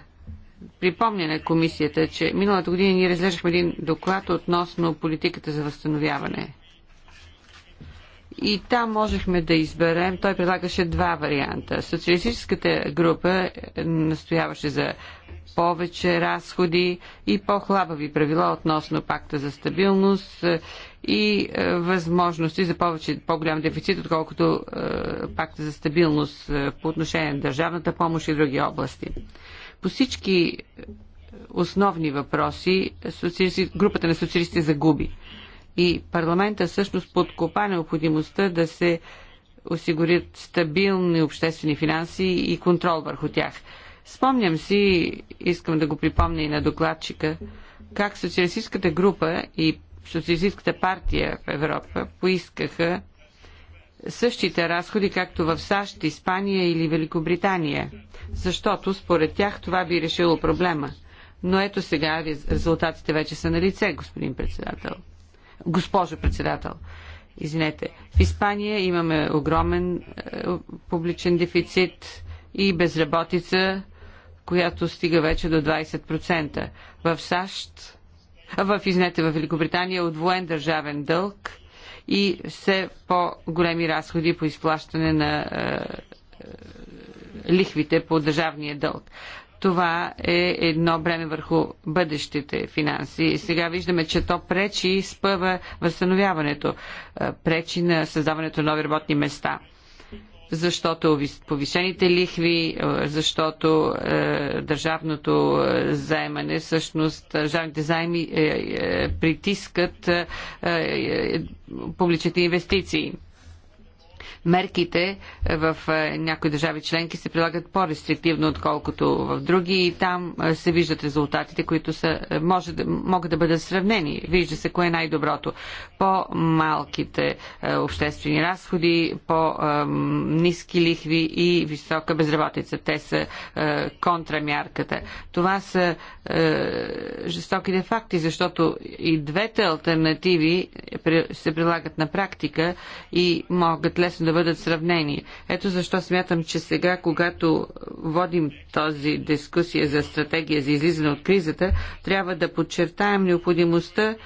припомня на комисията, че миналата година ние разлежахме един доклад относно политиката за възстановяване. И там можехме да изберем, той предлагаше два варианта. Социалистическата група е, настояваше за повече разходи и по-хлабави правила относно пакта за стабилност е, и е, възможности за повече, по-голям дефицит, отколкото е, пакта за стабилност по отношение на държавната помощ и други области. По всички основни въпроси групата на социалистите загуби. И парламента всъщност подкопа необходимостта да се осигурят стабилни обществени финанси и контрол върху тях. Спомням си, искам да го припомня и на докладчика, как социалистическата група и социалистическата партия в Европа поискаха същите разходи, както в САЩ, Испания или Великобритания, защото според тях това би решило проблема. Но ето сега резултатите вече са на лице, господин председател. Госпожо председател, извинете. В Испания имаме огромен е, публичен дефицит и безработица, която стига вече до 20%. В САЩ, в, изнете, в Великобритания отвоен е държавен дълг и все по-големи разходи по изплащане на е, е, лихвите по държавния дълг. Това е едно бреме върху бъдещите финанси. И сега виждаме, че то пречи и спъва възстановяването, е, пречи на създаването на нови работни места – защото повишените лихви, е, защото е, държавното е, заемане, всъщност е, държавните заеми е, е, притискат публичните инвестиции мерките в е, някои държави членки се прилагат по-рестриктивно, отколкото в други и там е, се виждат резултатите, които са, е, може, могат да бъдат сравнени. Вижда се кое е най-доброто. По-малките обществени разходи, по-низки лихви и висока безработица. Те са контрамярката. Това са жестоките факти, защото и двете альтернативи се прилагат на практика и могат лесно да бъдат сравнени. Ето защо смятам, че сега, когато водим този дискусия за стратегия за излизане от кризата, трябва да подчертаем необходимостта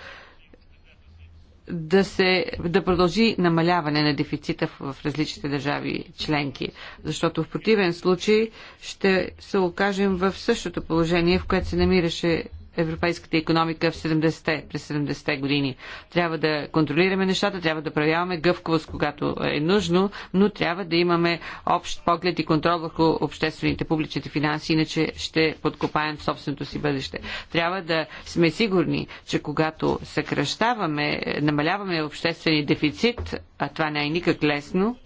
да, се, да продължи намаляване на дефицита в различните държави членки. Защото в противен случай ще се окажем в същото положение, в което се намираше европейската економика в 70-те, през 70-те години. Трябва да контролираме нещата, трябва да проявяваме гъвкавост, когато е нужно, но трябва да имаме общ поглед и контрол върху обществените публичните финанси, иначе ще подкопаем собственото си бъдеще. Трябва да сме сигурни, че когато съкръщаваме, намаляваме обществения дефицит, а това не е никак лесно,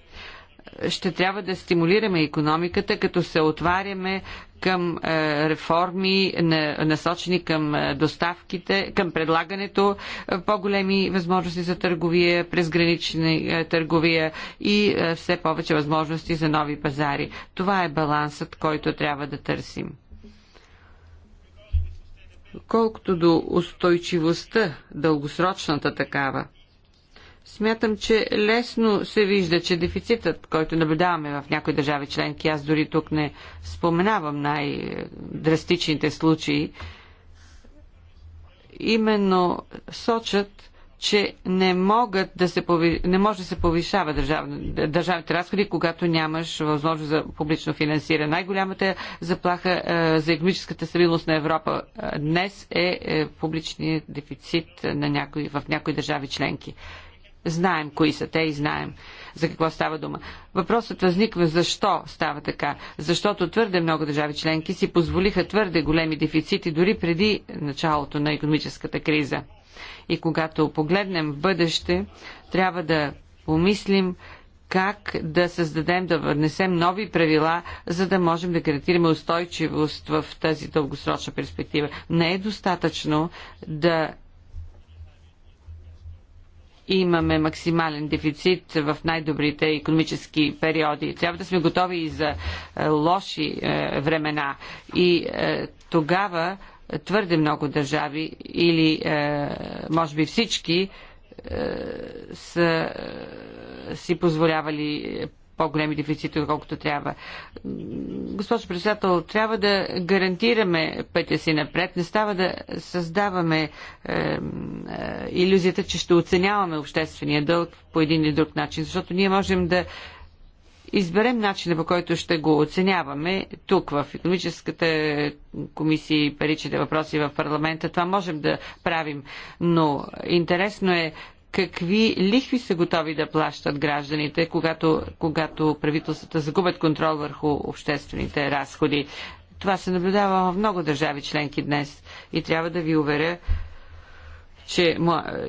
ще трябва да стимулираме економиката, като се отваряме към е, реформи, насочени към е, доставките, към предлагането, е, по-големи възможности за търговия, гранични търговия и все повече възможности за нови пазари. Това е балансът, който трябва да търсим. Колкото до устойчивостта, дългосрочната такава, Смятам, че лесно се вижда, че дефицитът, който наблюдаваме в някои държави членки, аз дори тук не споменавам най-драстичните случаи, именно сочат, че не, могат да се пови... не може да се повишава държав... държавните разходи, когато нямаш възможност за публично финансиране. Най-голямата заплаха е, за економическата стабилност на Европа е, днес е, е публичният дефицит на някой, в някои държави членки. Знаем кои са те и знаем за какво става дума. Въпросът възниква защо става така. Защото твърде много държави членки си позволиха твърде големи дефицити дори преди началото на економическата криза. И когато погледнем в бъдеще, трябва да помислим как да създадем, да внесем нови правила, за да можем да гарантираме устойчивост в тази дългосрочна перспектива. Не е достатъчно да имаме максимален дефицит в най-добрите економически периоди. Трябва да сме готови и за е, лоши е, времена. И е, тогава твърде много държави или може би всички са си позволявали по-големи дефицити, отколкото трябва. Госпожо председател, трябва да гарантираме пътя си напред. Не става да създаваме е, е, иллюзията, че ще оценяваме обществения дълг по един или друг начин, защото ние можем да изберем начина по който ще го оценяваме тук в економическата комисия и паричните въпроси в парламента. Това можем да правим, но интересно е какви лихви са готови да плащат гражданите, когато, когато правителствата загубят контрол върху обществените разходи. Това се наблюдава в много държави членки днес и трябва да ви уверя, че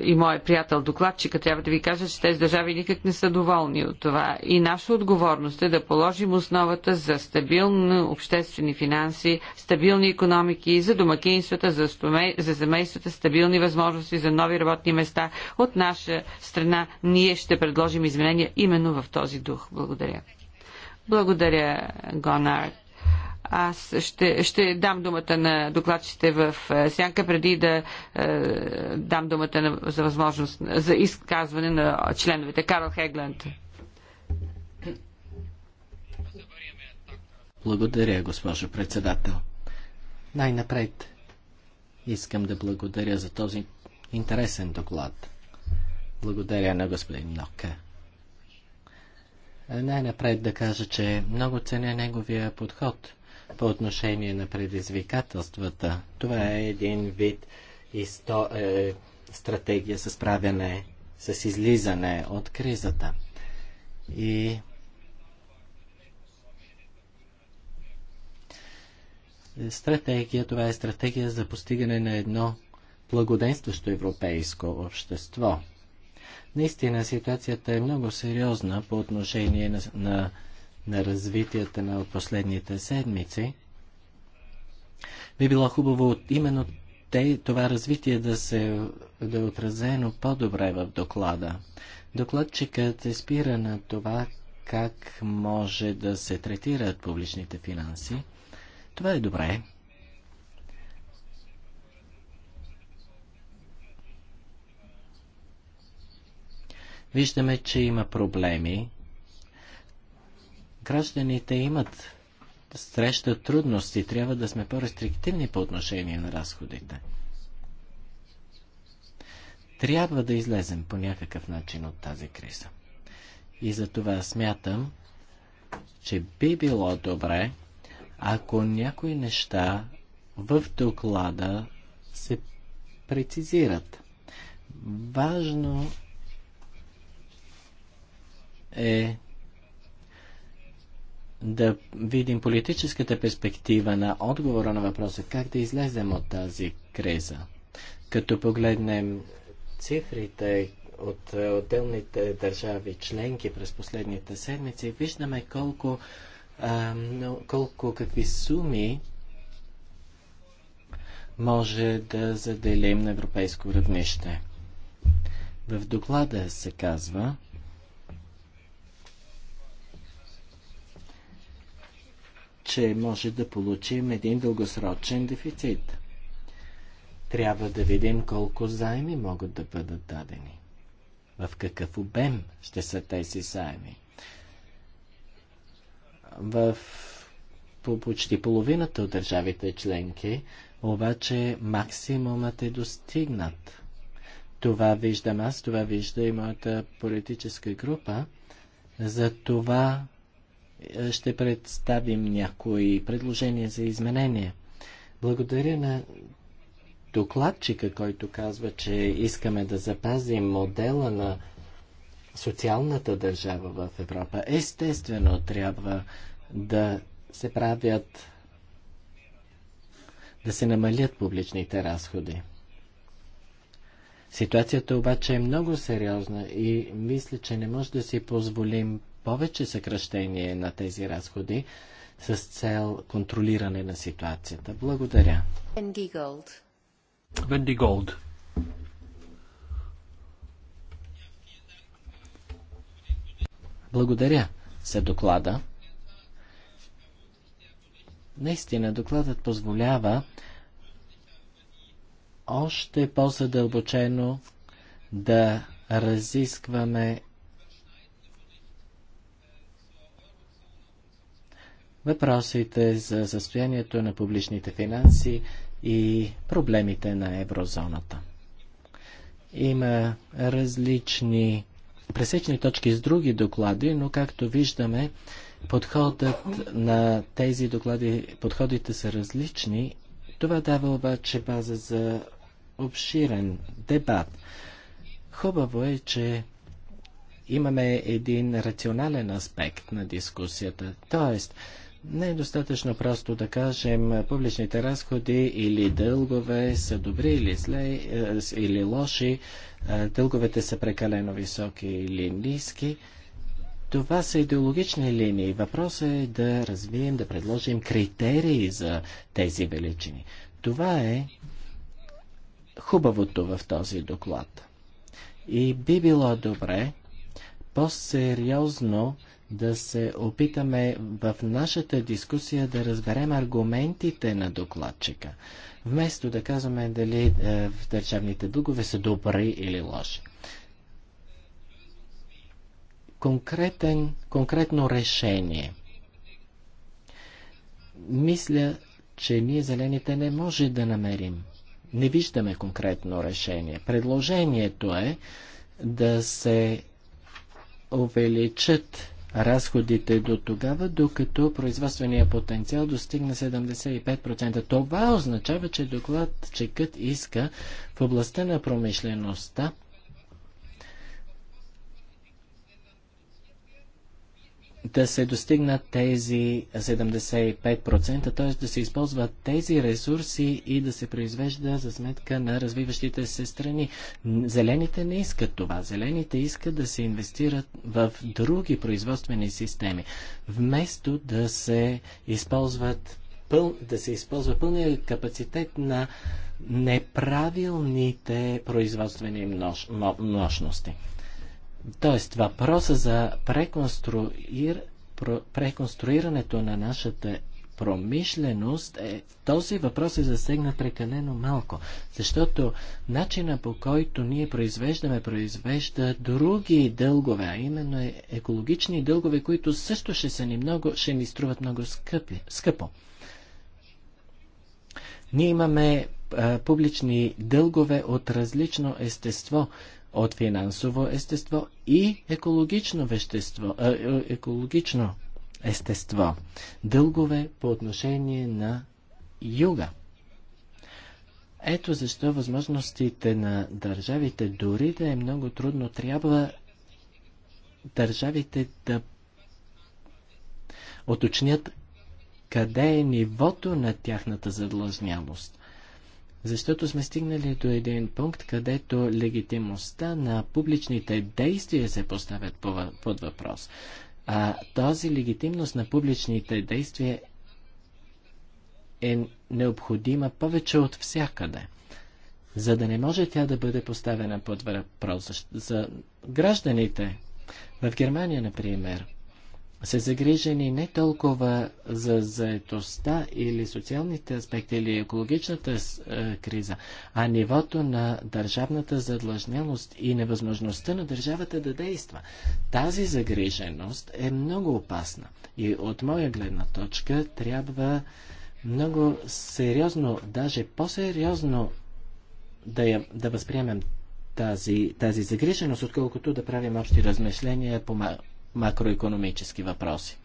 и моят приятел докладчика трябва да ви кажа, че тези държави никак не са доволни от това. И наша отговорност е да положим основата за стабилни обществени финанси, стабилни економики, за домакинствата, за, стоме, за семействата, стабилни възможности за нови работни места. От наша страна ние ще предложим изменения именно в този дух. Благодаря. Благодаря, Гонард. Аз ще, ще дам думата на докладчите в е, сянка, преди да е, дам думата на, за възможност за изказване на членовете. Карл Хегланд. Благодаря, госпожо председател. Най-напред искам да благодаря за този интересен доклад. Благодаря на господин Нока. Е, най-напред да кажа, че много ценя неговия подход – по отношение на предизвикателствата. Това е един вид исто... е, стратегия за справяне с излизане от кризата. И стратегия, това е стратегия за постигане на едно благоденстващо европейско общество. Наистина ситуацията е много сериозна по отношение на, на на развитията на последните седмици, би било хубаво от именно те, това развитие да, се, да е отразено по-добре в доклада. Докладчикът е спира на това как може да се третират публичните финанси. Това е добре. Виждаме, че има проблеми гражданите имат срещат трудности. Трябва да сме по-рестриктивни по отношение на разходите. Трябва да излезем по някакъв начин от тази криза. И за това смятам, че би било добре, ако някои неща в доклада се прецизират. Важно е да видим политическата перспектива на отговора на въпроса как да излезем от тази криза. Като погледнем цифрите от е, отделните държави членки през последните седмици, виждаме колко, а, колко какви суми може да заделим на европейско равнище. В доклада се казва, че може да получим един дългосрочен дефицит. Трябва да видим колко заеми могат да бъдат дадени. В какъв обем ще са тези заеми. В по почти половината от държавите членки, обаче максимумът е достигнат. Това виждам аз, това вижда и моята политическа група. За това ще представим някои предложения за изменения. Благодаря на докладчика, който казва, че искаме да запазим модела на социалната държава в Европа. Естествено, трябва да се правят да се намалят публичните разходи. Ситуацията обаче е много сериозна и мисля, че не може да си позволим повече съкръщение на тези разходи с цел контролиране на ситуацията. Благодаря. Венди Голд. Венди Голд. Благодаря за доклада. Наистина, докладът позволява още по-задълбочено да разискваме въпросите за състоянието на публичните финанси и проблемите на еврозоната. Има различни пресечни точки с други доклади, но както виждаме, подходът на тези доклади, подходите са различни. Това дава обаче база за обширен дебат. Хубаво е, че имаме един рационален аспект на дискусията. Тоест, не е достатъчно просто да кажем публичните разходи или дългове са добри или зле е, или лоши, дълговете са прекалено високи или ниски. Това са идеологични линии. Въпросът е да развием, да предложим критерии за тези величини. Това е хубавото в този доклад. И би било добре по-сериозно да се опитаме в нашата дискусия да разберем аргументите на докладчика, вместо да казваме дали е, в държавните дългове са добри или лоши. Конкретен, конкретно решение. Мисля, че ние зелените не може да намерим. Не виждаме конкретно решение. Предложението е да се увеличат разходите до тогава, докато производствения потенциал достигне 75%. Това означава, че доклад чекът иска в областта на промишлеността да се достигнат тези 75%, т.е. да се използват тези ресурси и да се произвежда за сметка на развиващите се страни. Зелените не искат това. Зелените искат да се инвестират в други производствени системи, вместо да се използват пъл... да се използва пълния капацитет на неправилните производствени множ... мощности. Тоест, въпроса за преконструир... преконструирането на нашата промишленост, е, този въпрос е засегнат прекалено малко, защото начина по който ние произвеждаме, произвежда други дългове, а именно е екологични дългове, които също ще, са ни, много, ще ни струват много скъпи, скъпо. Ние имаме а, публични дългове от различно естество от финансово естество и екологично, вещество, е, екологично естество. Дългове по отношение на юга. Ето защо възможностите на държавите, дори да е много трудно, трябва държавите да оточнят къде е нивото на тяхната задлъжнялост. Защото сме стигнали до един пункт, където легитимността на публичните действия се поставят под въпрос. А тази легитимност на публичните действия е необходима повече от всякъде. За да не може тя да бъде поставена под въпрос за гражданите. В Германия, например, са загрижени не толкова за заетостта или социалните аспекти или екологичната е, криза, а нивото на държавната задлъжнялост и невъзможността на държавата да действа. Тази загриженост е много опасна и от моя гледна точка трябва много сериозно, даже по-сериозно да, я, да възприемем тази, тази загриженост, отколкото да правим общи размишления по макроекономически въпроси.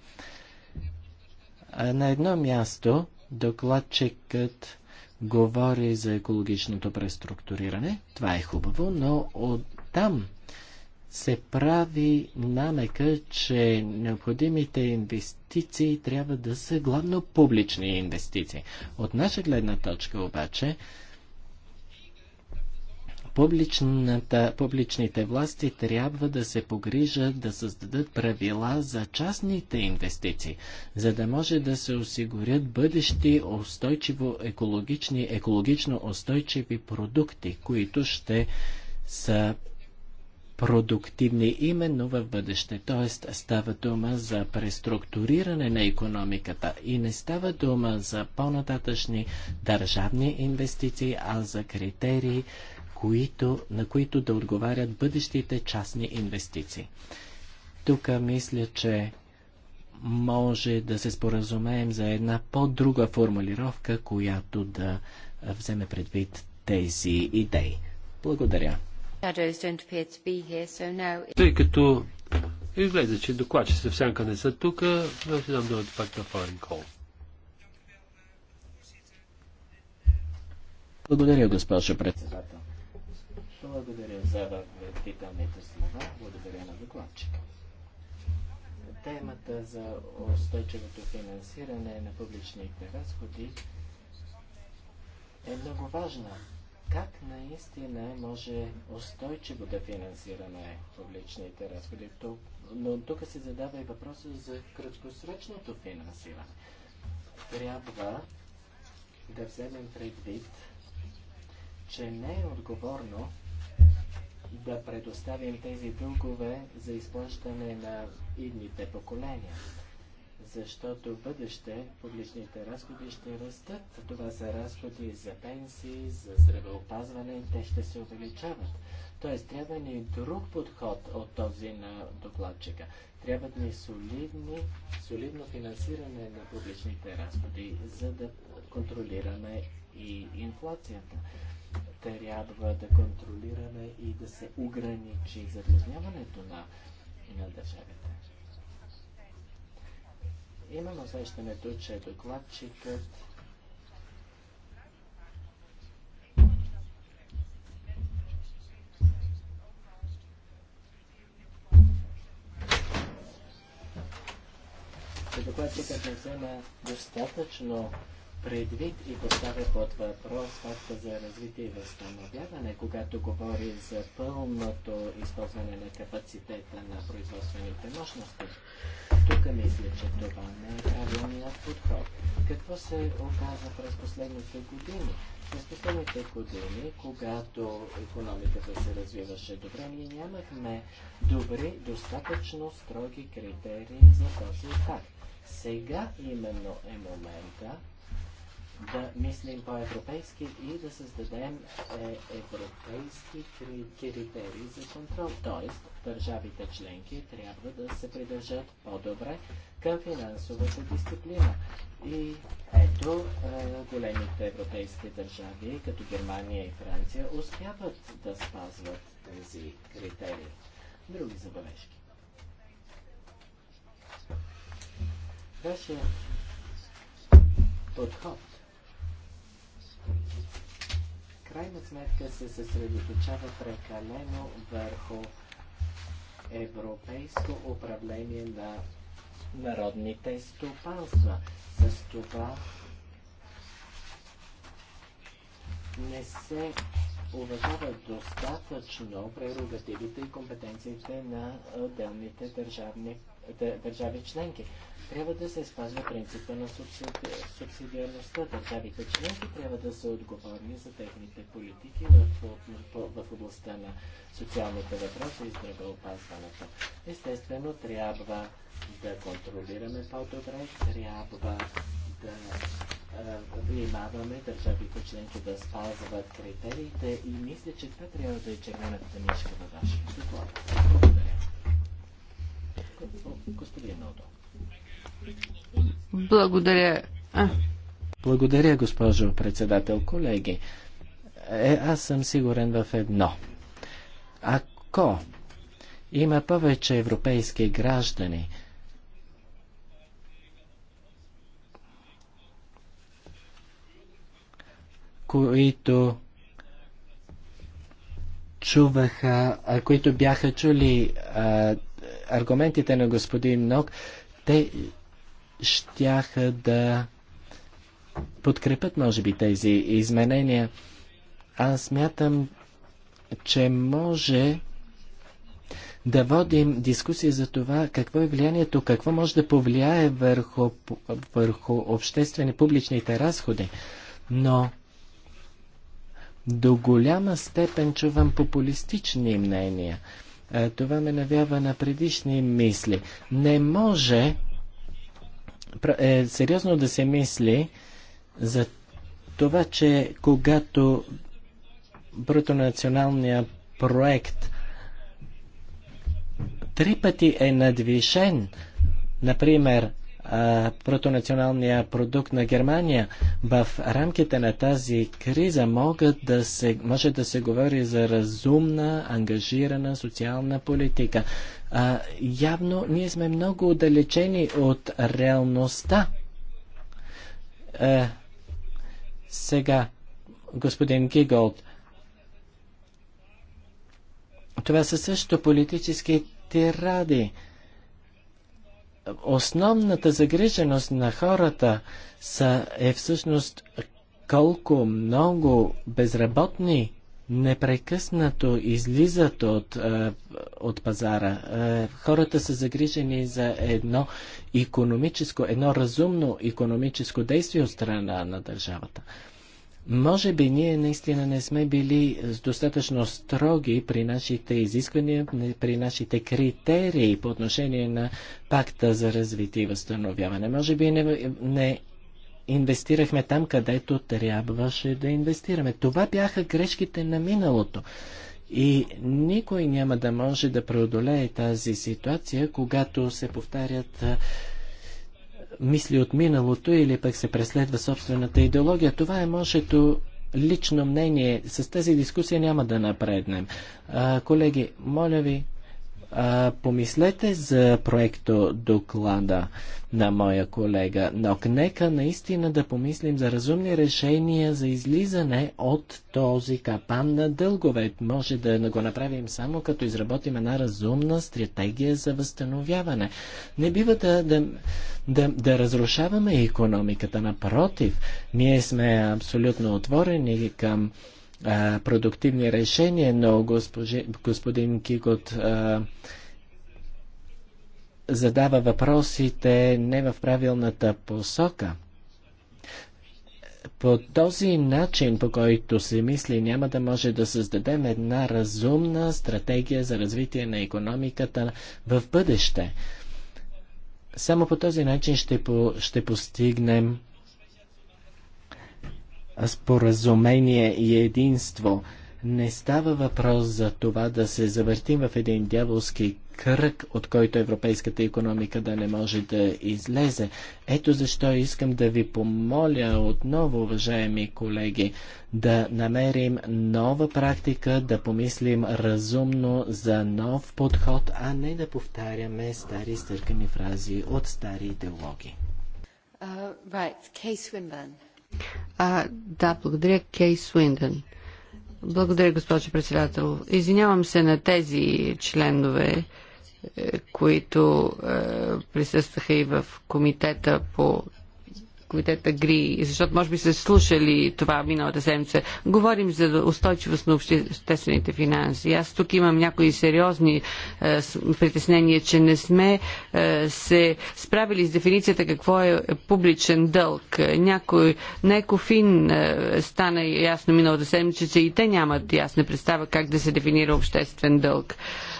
На едно място докладчикът говори за екологичното преструктуриране. Това е хубаво, но оттам се прави намека, че необходимите инвестиции трябва да са главно публични инвестиции. От наша гледна точка обаче публичните власти трябва да се погрижат да създадат правила за частните инвестиции, за да може да се осигурят бъдещи устойчиво екологични, екологично устойчиви продукти, които ще са продуктивни именно в бъдеще. Тоест става дума за преструктуриране на економиката и не става дума за по-нататъчни държавни инвестиции, а за критерии които, на които да отговарят бъдещите частни инвестиции. Тук мисля, че може да се споразумеем за една по-друга формулировка, която да вземе предвид тези идеи. Благодаря. Тъй като изглежда, че докладчи се сянка не са тук, да си дам думата пак на Фарин Кол. Благодаря, госпожо председател. Благодаря за въведителните слова. Благодаря на докладчика. Темата за устойчивото финансиране на публичните разходи е много важна. Как наистина може устойчиво да финансираме публичните разходи? Но тук се задава и въпроса за краткосрочното финансиране. Трябва да вземем предвид, че не е отговорно да предоставим тези дългове за изплащане на идните поколения. Защото в бъдеще публичните разходи ще растат. Това са разходи за пенсии, за здравеопазване, те ще се увеличават. Тоест, трябва ни друг подход от този на докладчика. Трябва ни солидни, солидно финансиране на публичните разходи, за да контролираме и инфлацията трябва да контролираме и да се ограничи задлъжняването на, на държавите. Имам усещането, че докладчикът докладчикът не взема достатъчно предвид и поставя под въпрос факта за развитие и възстановяване, когато говори за пълното използване на капацитета на производствените мощности. Тук мисля, че това не е правилният подход. Какво се оказа през последните години? През последните години, когато економиката се развиваше добре, ние нямахме добри, достатъчно строги критерии за този факт. Сега именно е момента да мислим по-европейски и да създадем е, европейски критерии за контрол. Тоест, държавите членки трябва да се придържат по-добре към финансовата дисциплина. И ето е, големите европейски държави, като Германия и Франция, успяват да спазват тези критерии. Други забележки. Вашият подход крайна сметка се съсредоточава прекалено върху европейско управление на народните стопанства. С това не се уважава достатъчно прерогативите и компетенциите на отделните държавни, държави членки трябва да се спазва принципа на субсидиарността. Държавите членки трябва да са отговорни за техните политики в, в, в областта на социалните въпроси и здравеопазването. Естествено, трябва да контролираме по-добре, трябва да внимаваме държавите членки да спазват критериите и мисля, че това трябва да е червената нишка във вашия доклад. Благодаря. Господин Нодо. Благодаря. А. Благодаря, госпожо председател. Колеги, е, аз съм сигурен в едно. Ако има повече европейски граждани, които чуваха, а, които бяха чули а, аргументите на господин Нок, те щяха да подкрепят, може би, тези изменения. Аз смятам, че може да водим дискусия за това какво е влиянието, какво може да повлияе върху, върху обществени публичните разходи. Но до голяма степен чувам популистични мнения. Това ме навява на предишни мисли. Не може е сериозно да се мисли за това, че когато брутонационалния проект три пъти е надвишен, например, протонационалния продукт на Германия. В рамките на тази криза могат да се, може да се говори за разумна, ангажирана социална политика. А, явно ние сме много отдалечени от реалността. А, сега, господин Гиголд, това са също политически тиради основната загриженост на хората са, е всъщност колко много безработни непрекъснато излизат от, от пазара. Хората са загрижени за едно економическо, едно разумно економическо действие от страна на държавата. Може би ние наистина не сме били достатъчно строги при нашите изисквания, при нашите критерии по отношение на пакта за развитие и възстановяване. Може би не, не инвестирахме там, където трябваше да инвестираме. Това бяха грешките на миналото. И никой няма да може да преодолее тази ситуация, когато се повтарят мисли от миналото или пък се преследва собствената идеология. Това е можето лично мнение. С тази дискусия няма да напреднем. А, колеги, моля ви, а, помислете за проекто доклада на моя колега, но нека наистина да помислим за разумни решения за излизане от този капан на дългове. Може да го направим само като изработим една разумна стратегия за възстановяване. Не бива да, да, да, да разрушаваме економиката. Напротив, ние сме абсолютно отворени към продуктивни решения, но госпожи, господин Кикот а, задава въпросите не в правилната посока. По този начин, по който се мисли, няма да може да създадем една разумна стратегия за развитие на економиката в бъдеще. Само по този начин ще, по, ще постигнем споразумение и единство. Не става въпрос за това да се завъртим в един дяволски кръг, от който европейската економика да не може да излезе. Ето защо искам да ви помоля отново, уважаеми колеги, да намерим нова практика, да помислим разумно за нов подход, а не да повтаряме стари стъркани фрази от стари идеологи. Uh, right. А, да, благодаря Кей Суиндън. Благодаря, госпожо председател. Извинявам се на тези членове, е, които е, присъстваха и в комитета по комитета ГРИ, защото може би сте слушали това миналата седмица. Говорим за устойчивост на обществените финанси. Аз тук имам някои сериозни е, притеснения, че не сме е, се справили с дефиницията какво е публичен дълг. Някой, на Екофин е, стана ясно миналата седмица, че и те нямат ясна представа как да се дефинира обществен дълг. Е,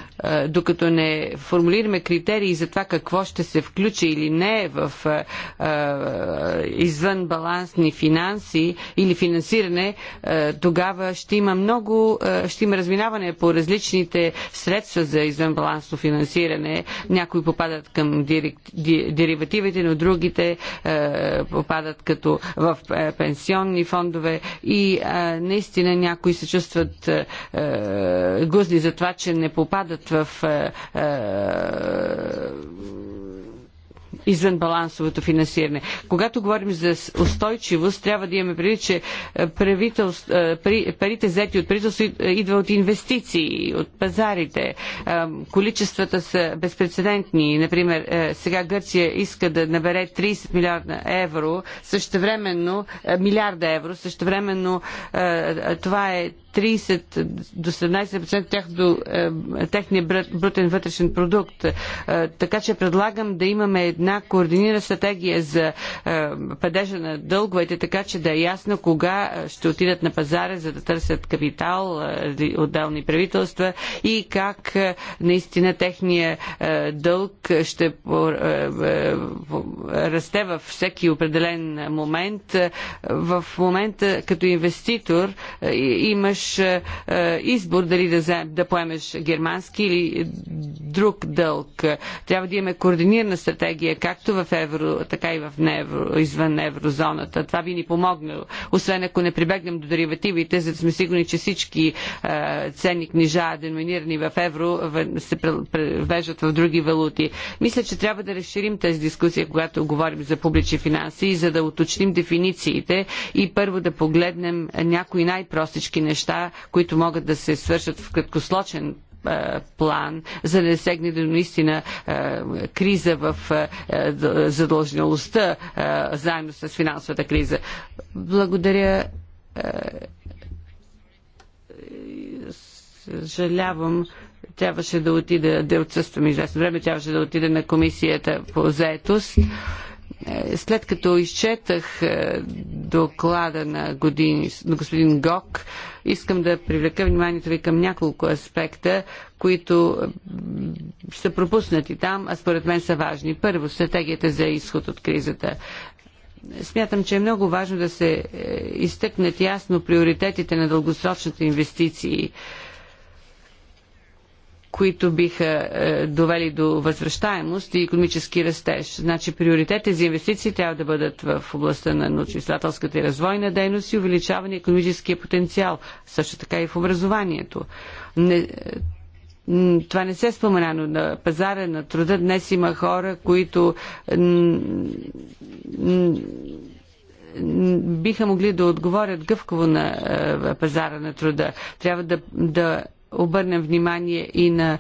докато не формулираме критерии за това какво ще се включи или не в извън балансни финанси или финансиране, тогава ще има много, ще има разминаване по различните средства за извънбалансно финансиране. Някои попадат към деривативите, но другите попадат като в пенсионни фондове и наистина някои се чувстват гузни за това, че не попадат влизат в е, е, извън балансовото финансиране. Когато говорим за устойчивост, трябва да имаме преди, че е, парите взети от правителство идва от инвестиции, от пазарите. Количествата са безпредседентни. Например, сега Гърция иска да набере 30 милиарда евро, същевременно, милиарда евро, същевременно това е 30 до 17% тях до, е, техния брутен вътрешен продукт. Е, така че предлагам да имаме една координирана стратегия за е, падежа на дълговете, така че да е ясно кога е, ще отидат на пазара, за да търсят капитал, е, отделни правителства и как е, наистина техния е, дълг ще по, е, е, е, расте във всеки определен момент. Е, в момента като инвеститор е, имаш имаш е, е, избор дали да, взем, да поемеш германски или друг дълг. Трябва да имаме координирана стратегия, както в евро, така и в невро, извън еврозоната. Това би ни помогнало, освен ако не прибегнем до деривативите, за да сме сигурни, че всички е, ценни книжа, деноминирани в евро, се превеждат в други валути. Мисля, че трябва да разширим тази дискусия, когато говорим за публични финанси, за да уточним дефинициите и първо да погледнем някои най-простички неща неща, които могат да се свършат в краткосрочен план, за да не сегне до наистина криза в задължеността заедно с финансовата криза. Благодаря. Съжалявам, трябваше да отида, да отсъствам известно време, трябваше да отида на комисията по заетост. Е, след като изчетах е, доклада на, години, на господин Гок, искам да привлека вниманието ви към няколко аспекта, които е, са пропуснати там, а според мен са важни. Първо, стратегията за изход от кризата смятам, че е много важно да се изтъкнат ясно приоритетите на дългосрочните инвестиции които биха е, довели до възвръщаемост и економически растеж. Значи приоритетите за инвестиции трябва да бъдат в областта на научно-изследователската и развойна дейност и увеличаване на економическия потенциал, също така и в образованието. Не, е, това не се спомена, но на пазара на труда днес има хора, които биха могли да отговорят гъвково на е, пазара на труда. Трябва да, да обърнем внимание и на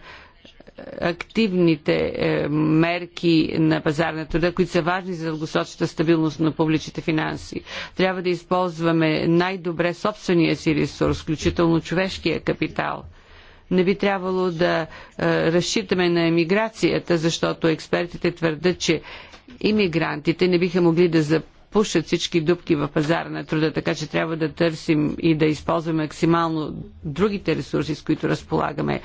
активните е, мерки на пазар на труда, които са важни за дългосрочната стабилност на публичните финанси. Трябва да използваме най-добре собствения си ресурс, включително човешкия капитал. Не би трябвало да е, разчитаме на емиграцията, защото експертите твърдят, че иммигрантите не биха могли да запазят пушат всички дупки в пазара на труда, така че трябва да търсим и да използваме максимално другите ресурси, с които разполагаме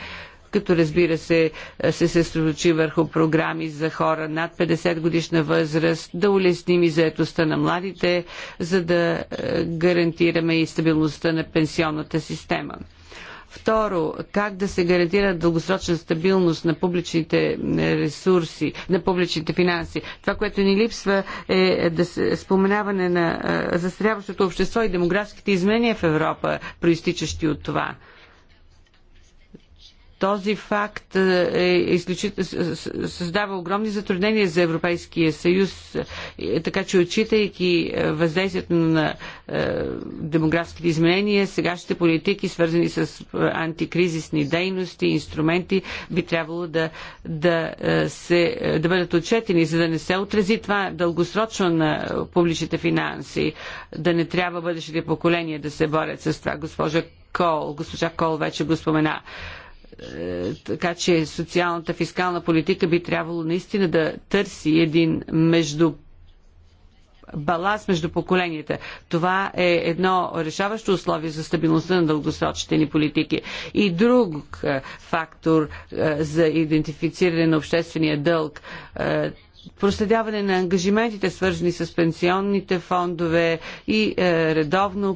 като разбира се се съсредоточи върху програми за хора над 50 годишна възраст, да улесним и заетостта на младите, за да е, гарантираме и стабилността на пенсионната система. Второ, как да се гарантира дългосрочна стабилност на публичните е, ресурси, на публичните финанси. Това, което ни липсва е да се споменаване на е, застаряващото общество и демографските изменения в Европа, проистичащи от това. Този факт е, е изключит... създава огромни затруднения за Европейския съюз, е, така че отчитайки е, въздействието на демографските изменения, сегашните политики, свързани с антикризисни дейности, инструменти, би трябвало да, да, се, да бъдат отчетени, за да не се отрази това дългосрочно на публичните финанси, да не трябва бъдещите поколения да се борят с това. Госпожа Кол, госпожа Кол вече го спомена. Е, така че социалната фискална политика би трябвало наистина да търси един между баланс между поколенията. Това е едно решаващо условие за стабилността на дългосрочните ни политики. И друг е, фактор е, за идентифициране на обществения дълг проследяване на ангажиментите, свързани с пенсионните фондове и е, редовно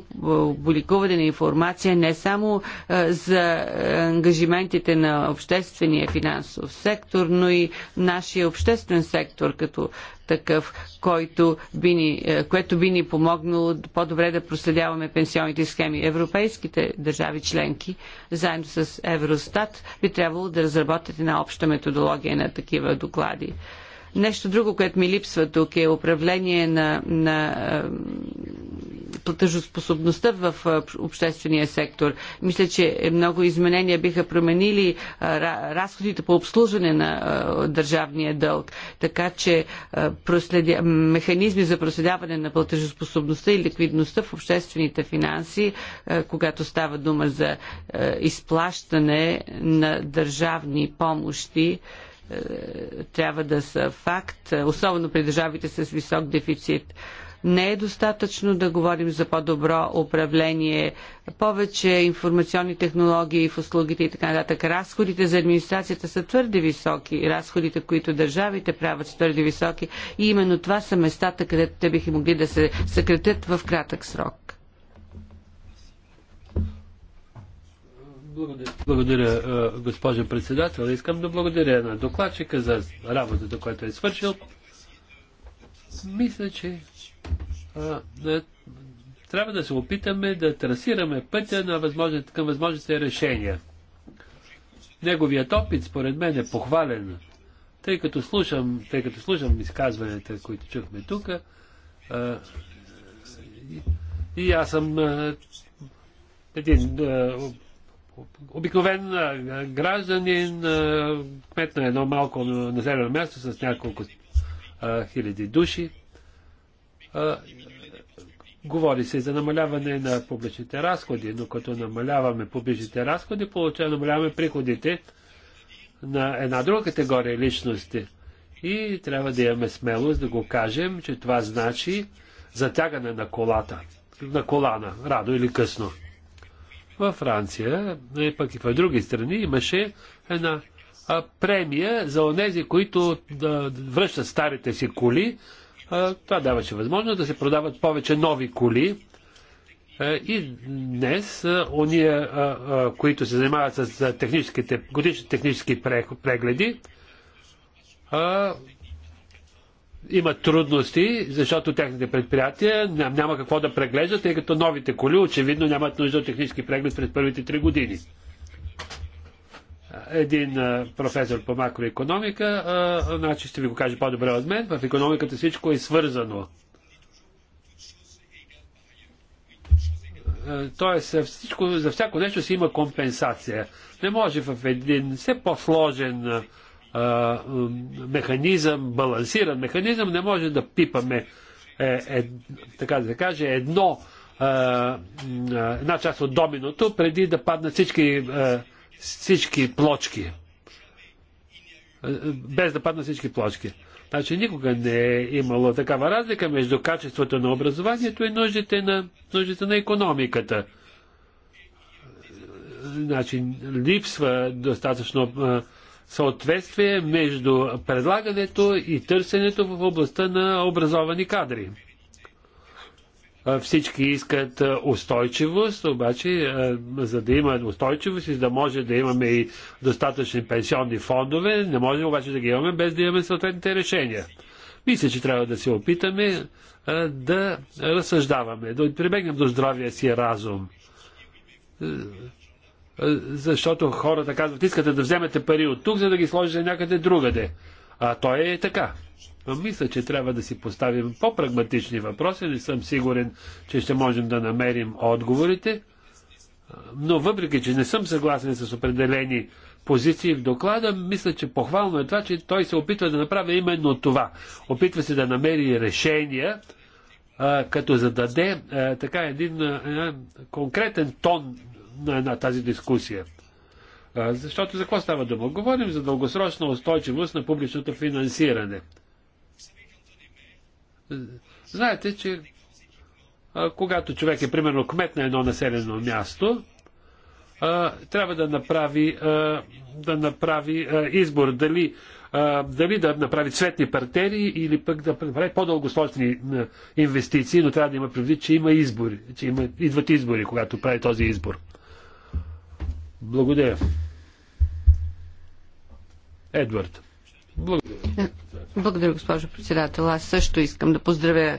публикуване на информация не само е, за ангажиментите на обществения финансов сектор, но и нашия обществен сектор като такъв, който би ни, е, което би ни помогнало по-добре да проследяваме пенсионните схеми. Европейските държави членки, заедно с Евростат, би трябвало да разработят една обща методология на такива доклади. Нещо друго, което ми липсва тук е управление на, на платежоспособността в е, обществения сектор. Мисля, че много изменения биха променили е, разходите по обслужване на е, държавния дълг, така че проследя... механизми за проследяване на платежоспособността и ликвидността в обществените финанси, когато става дума за изплащане на държавни помощи, трябва да са факт, особено при държавите с висок дефицит. Не е достатъчно да говорим за по-добро управление, повече информационни технологии в услугите и така нататък. Разходите за администрацията са твърде високи, разходите, които държавите правят са твърде високи и именно това са местата, където те биха могли да се съкретят в кратък срок. Благодаря, благодаря е, госпожо председател. Искам да благодаря на докладчика за работата, която е свършил. Мисля, че а, е, да, е, трябва да се опитаме да трасираме пътя на възможност, към възможните решения. Неговият опит, според мен, е похвален. Тъй като слушам, тъй като слушам изказванията, които чухме тук, и, и аз съм а, един а, обикновен гражданин, кмет на едно малко населено място с няколко хиляди души. говори се за намаляване на публичните разходи, но като намаляваме публичните разходи, получава, намаляваме приходите на една друга категория личности. И трябва да имаме смелост да го кажем, че това значи затягане на колата, на колана, радо или късно. Във Франция, е, пък и в други страни, имаше една премия за онези, които да връщат старите си коли. това даваше възможност да се продават повече нови коли. Е, и днес ония, които се занимават с техническите, годишни технически прегледи, имат трудности, защото техните предприятия няма какво да преглеждат, тъй като новите коли очевидно нямат нужда от технически преглед през първите три години. Един а, професор по макроекономика, значи ще ви го каже по-добре от мен, в економиката всичко е свързано. Тоест, всичко, за всяко нещо си има компенсация. Не може в един все по-сложен механизъм, балансиран механизъм, не може да пипаме, е, е, така да се каже, едно, е, една част от доминото, преди да паднат всички, е, всички плочки. Без да паднат всички плочки. Значи никога не е имало такава разлика между качеството на образованието и нуждите на, нуждите на економиката. Значи липсва достатъчно е, съответствие между предлагането и търсенето в областта на образовани кадри. Всички искат устойчивост, обаче за да има устойчивост и за да може да имаме и достатъчни пенсионни фондове, не можем обаче да ги имаме без да имаме съответните решения. Мисля, че трябва да се опитаме да разсъждаваме, да прибегнем до здравия си разум защото хората казват, искате да вземете пари от тук, за да ги сложите някъде другаде. А той е така. Но мисля, че трябва да си поставим по-прагматични въпроси. Не съм сигурен, че ще можем да намерим отговорите. Но въпреки, че не съм съгласен с определени позиции в доклада, мисля, че похвално е това, че той се опитва да направи именно това. Опитва се да намери решения, като зададе така един конкретен тон на една тази дискусия. А, защото за какво става дума? Говорим за дългосрочна устойчивост на публичното финансиране. Знаете, че а, когато човек е примерно кмет на едно населено място, а, трябва да направи, а, да направи а, избор дали, а, дали да направи цветни партери или пък да направи по-дългосрочни инвестиции, но трябва да има предвид, че има избори, че има, идват избори, когато прави този избор. Благодаря. Едвард. Благодаря. Благодаря, госпожо председател. Аз също искам да поздравя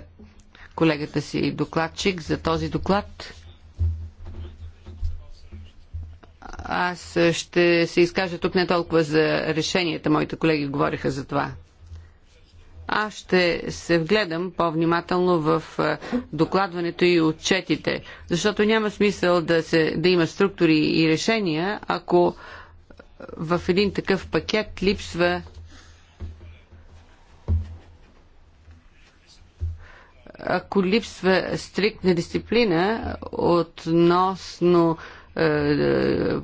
колегата си докладчик за този доклад. Аз ще се изкажа тук не толкова за решенията. Моите колеги говориха за това. Аз ще се вгледам по-внимателно в е, докладването и отчетите, защото няма смисъл да, се, да има структури и решения, ако в един такъв пакет липсва ако липсва стриктна дисциплина относно е, е,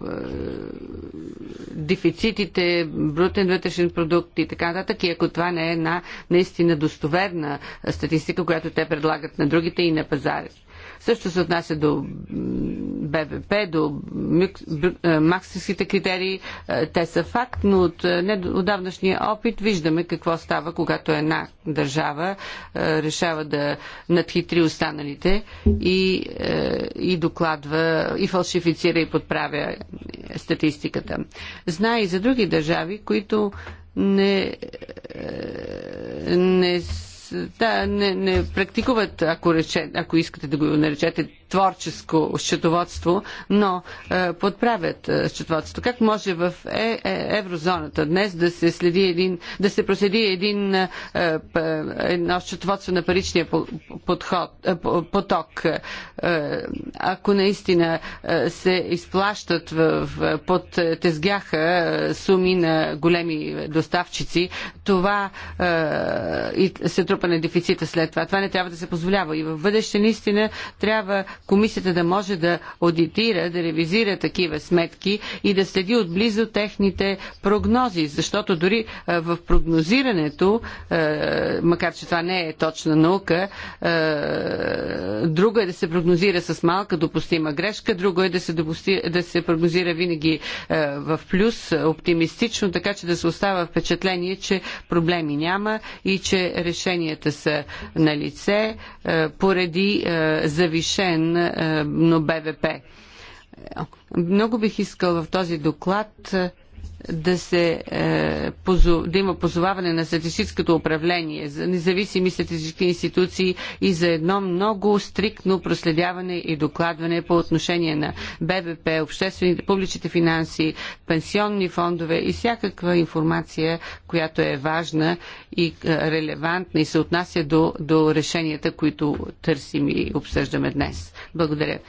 дефицитите, брутен вътрешен продукт и така нататък. И ако това не е една наистина достоверна статистика, която те предлагат на другите и на пазарите. Също се отнася до БВП, до е, максимските критерии. Е, те са факт, но от е, недавнашния опит виждаме какво става, когато една държава решава да надхитри останалите и, и докладва, и фалшифицира, и подправя статистиката. Знае и за други държави, които не, не са да, не, не практикуват, ако, рече, ако искате да го наречете творческо счетоводство, но е, подправят е, счетоводството. Как може в е, е, еврозоната днес да се следи един, да се проследи един е, е, счетоводство на паричния подход, е, поток, е, ако наистина е, се изплащат в, в, под тезгяха е, суми на големи доставчици, това е, и се натрупане дефицита след това. Това не трябва да се позволява. И в бъдеще наистина трябва комисията да може да аудитира, да ревизира такива сметки и да следи отблизо техните прогнози, защото дори е, в прогнозирането, е, макар че това не е точна наука, е, друго е да се прогнозира с малка допустима грешка, друго е да се, допусти, да се прогнозира винаги в плюс, оптимистично, така че да се остава впечатление, че проблеми няма и че решение Измамите са на лице е, поради е, завишен е, но БВП. Много бих искал в този доклад да, се, е, да има позоваване на статистическото управление, за независими статистически институции и за едно много стриктно проследяване и докладване по отношение на ББП, обществените, публичните финанси, пенсионни фондове и всякаква информация, която е важна и е, релевантна и се отнася до, до решенията, които търсим и обсъждаме днес. Благодаря.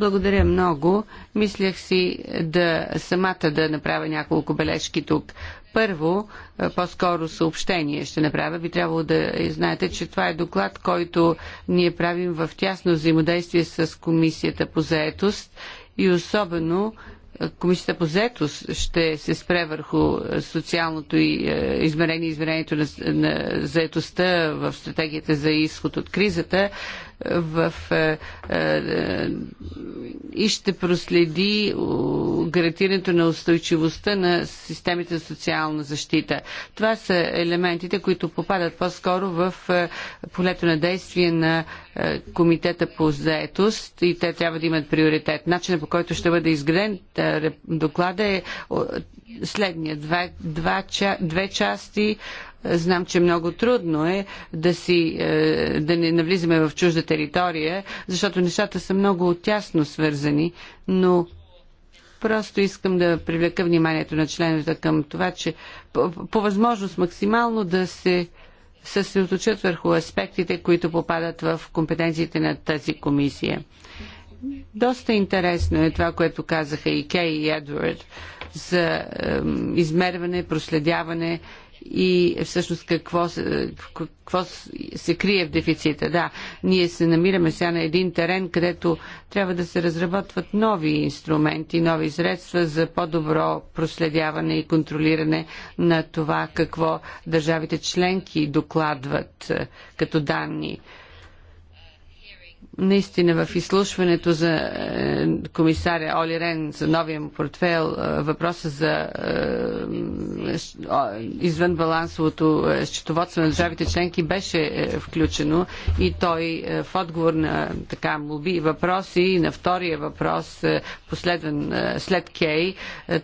Благодаря много. Мислях си да самата да направя няколко бележки тук. Първо, е, по-скоро съобщение ще направя. Би трябвало да знаете, че това е доклад, който ние правим в тясно взаимодействие с Комисията по заетост и особено е, Комисията по заетост ще се спре върху е, социалното и измерение, измерението на, на заетостта в стратегията за изход от кризата в, е, е, и ще проследи гарантирането на устойчивостта на системите за социална защита. Това са елементите, които попадат по-скоро в е, полето на действие на е, Комитета по заетост и те трябва да имат приоритет. Начинът по който ще бъде изграден е, доклада е следния. Два, две части Знам, че много трудно е да, си, е, да не навлизаме в чужда територия, защото нещата са много тясно свързани, но Просто искам да привлека вниманието на членовете към това, че по, по възможност максимално да се съсредоточат върху аспектите, които попадат в компетенциите на тази комисия. Доста интересно е това, което казаха и Кей и Едвард за е, измерване, проследяване и всъщност какво, какво се крие в дефицита. Да, ние се намираме сега на един терен, където трябва да се разработват нови инструменти, нови средства за по-добро проследяване и контролиране на това какво държавите членки докладват е, като данни наистина в изслушването за е, комисаря Оли Рен за новия му портфел е, въпроса за е, извън балансовото счетоводство на държавите членки беше включено и той в отговор на така молби и въпроси и на втория въпрос последен след Кей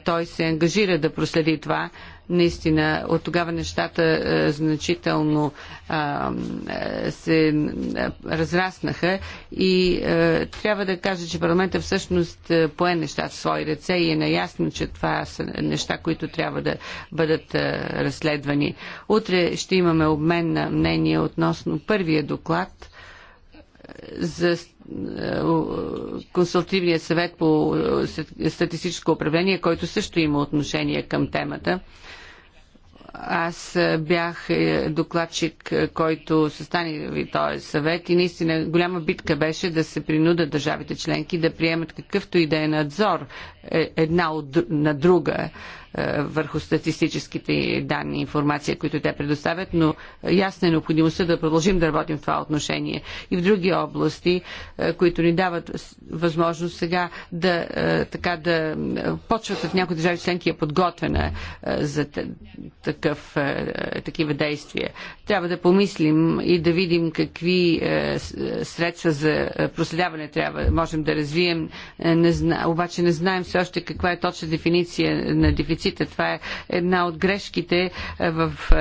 той се ангажира да проследи това Наистина, от тогава нещата е, значително е, се е, разраснаха и трябва да кажа, че парламента всъщност пое нещата в свои ръце и е наясно, че това са неща, които трябва да бъдат разследвани. Утре ще имаме обмен на мнение относно първия доклад за консултивния съвет по статистическо управление, който също има отношение към темата. Аз бях е, докладчик, който състани ви този е съвет и наистина голяма битка беше да се принудат държавите членки да приемат какъвто и да е надзор е, една от, на друга е, върху статистическите данни и информация, които те предоставят, но ясна е необходимостта да продължим да работим в това отношение и в други области, е, които ни дават възможност сега да, е, така, да почват в някои държави членки е подготвена за такъв, такива действия. Трябва да помислим и да видим какви средства за проследяване трябва, можем да развием, не зна, обаче не знаем все още каква е точна дефиниция на дефицит защита. Това е една от грешките, е, в, е,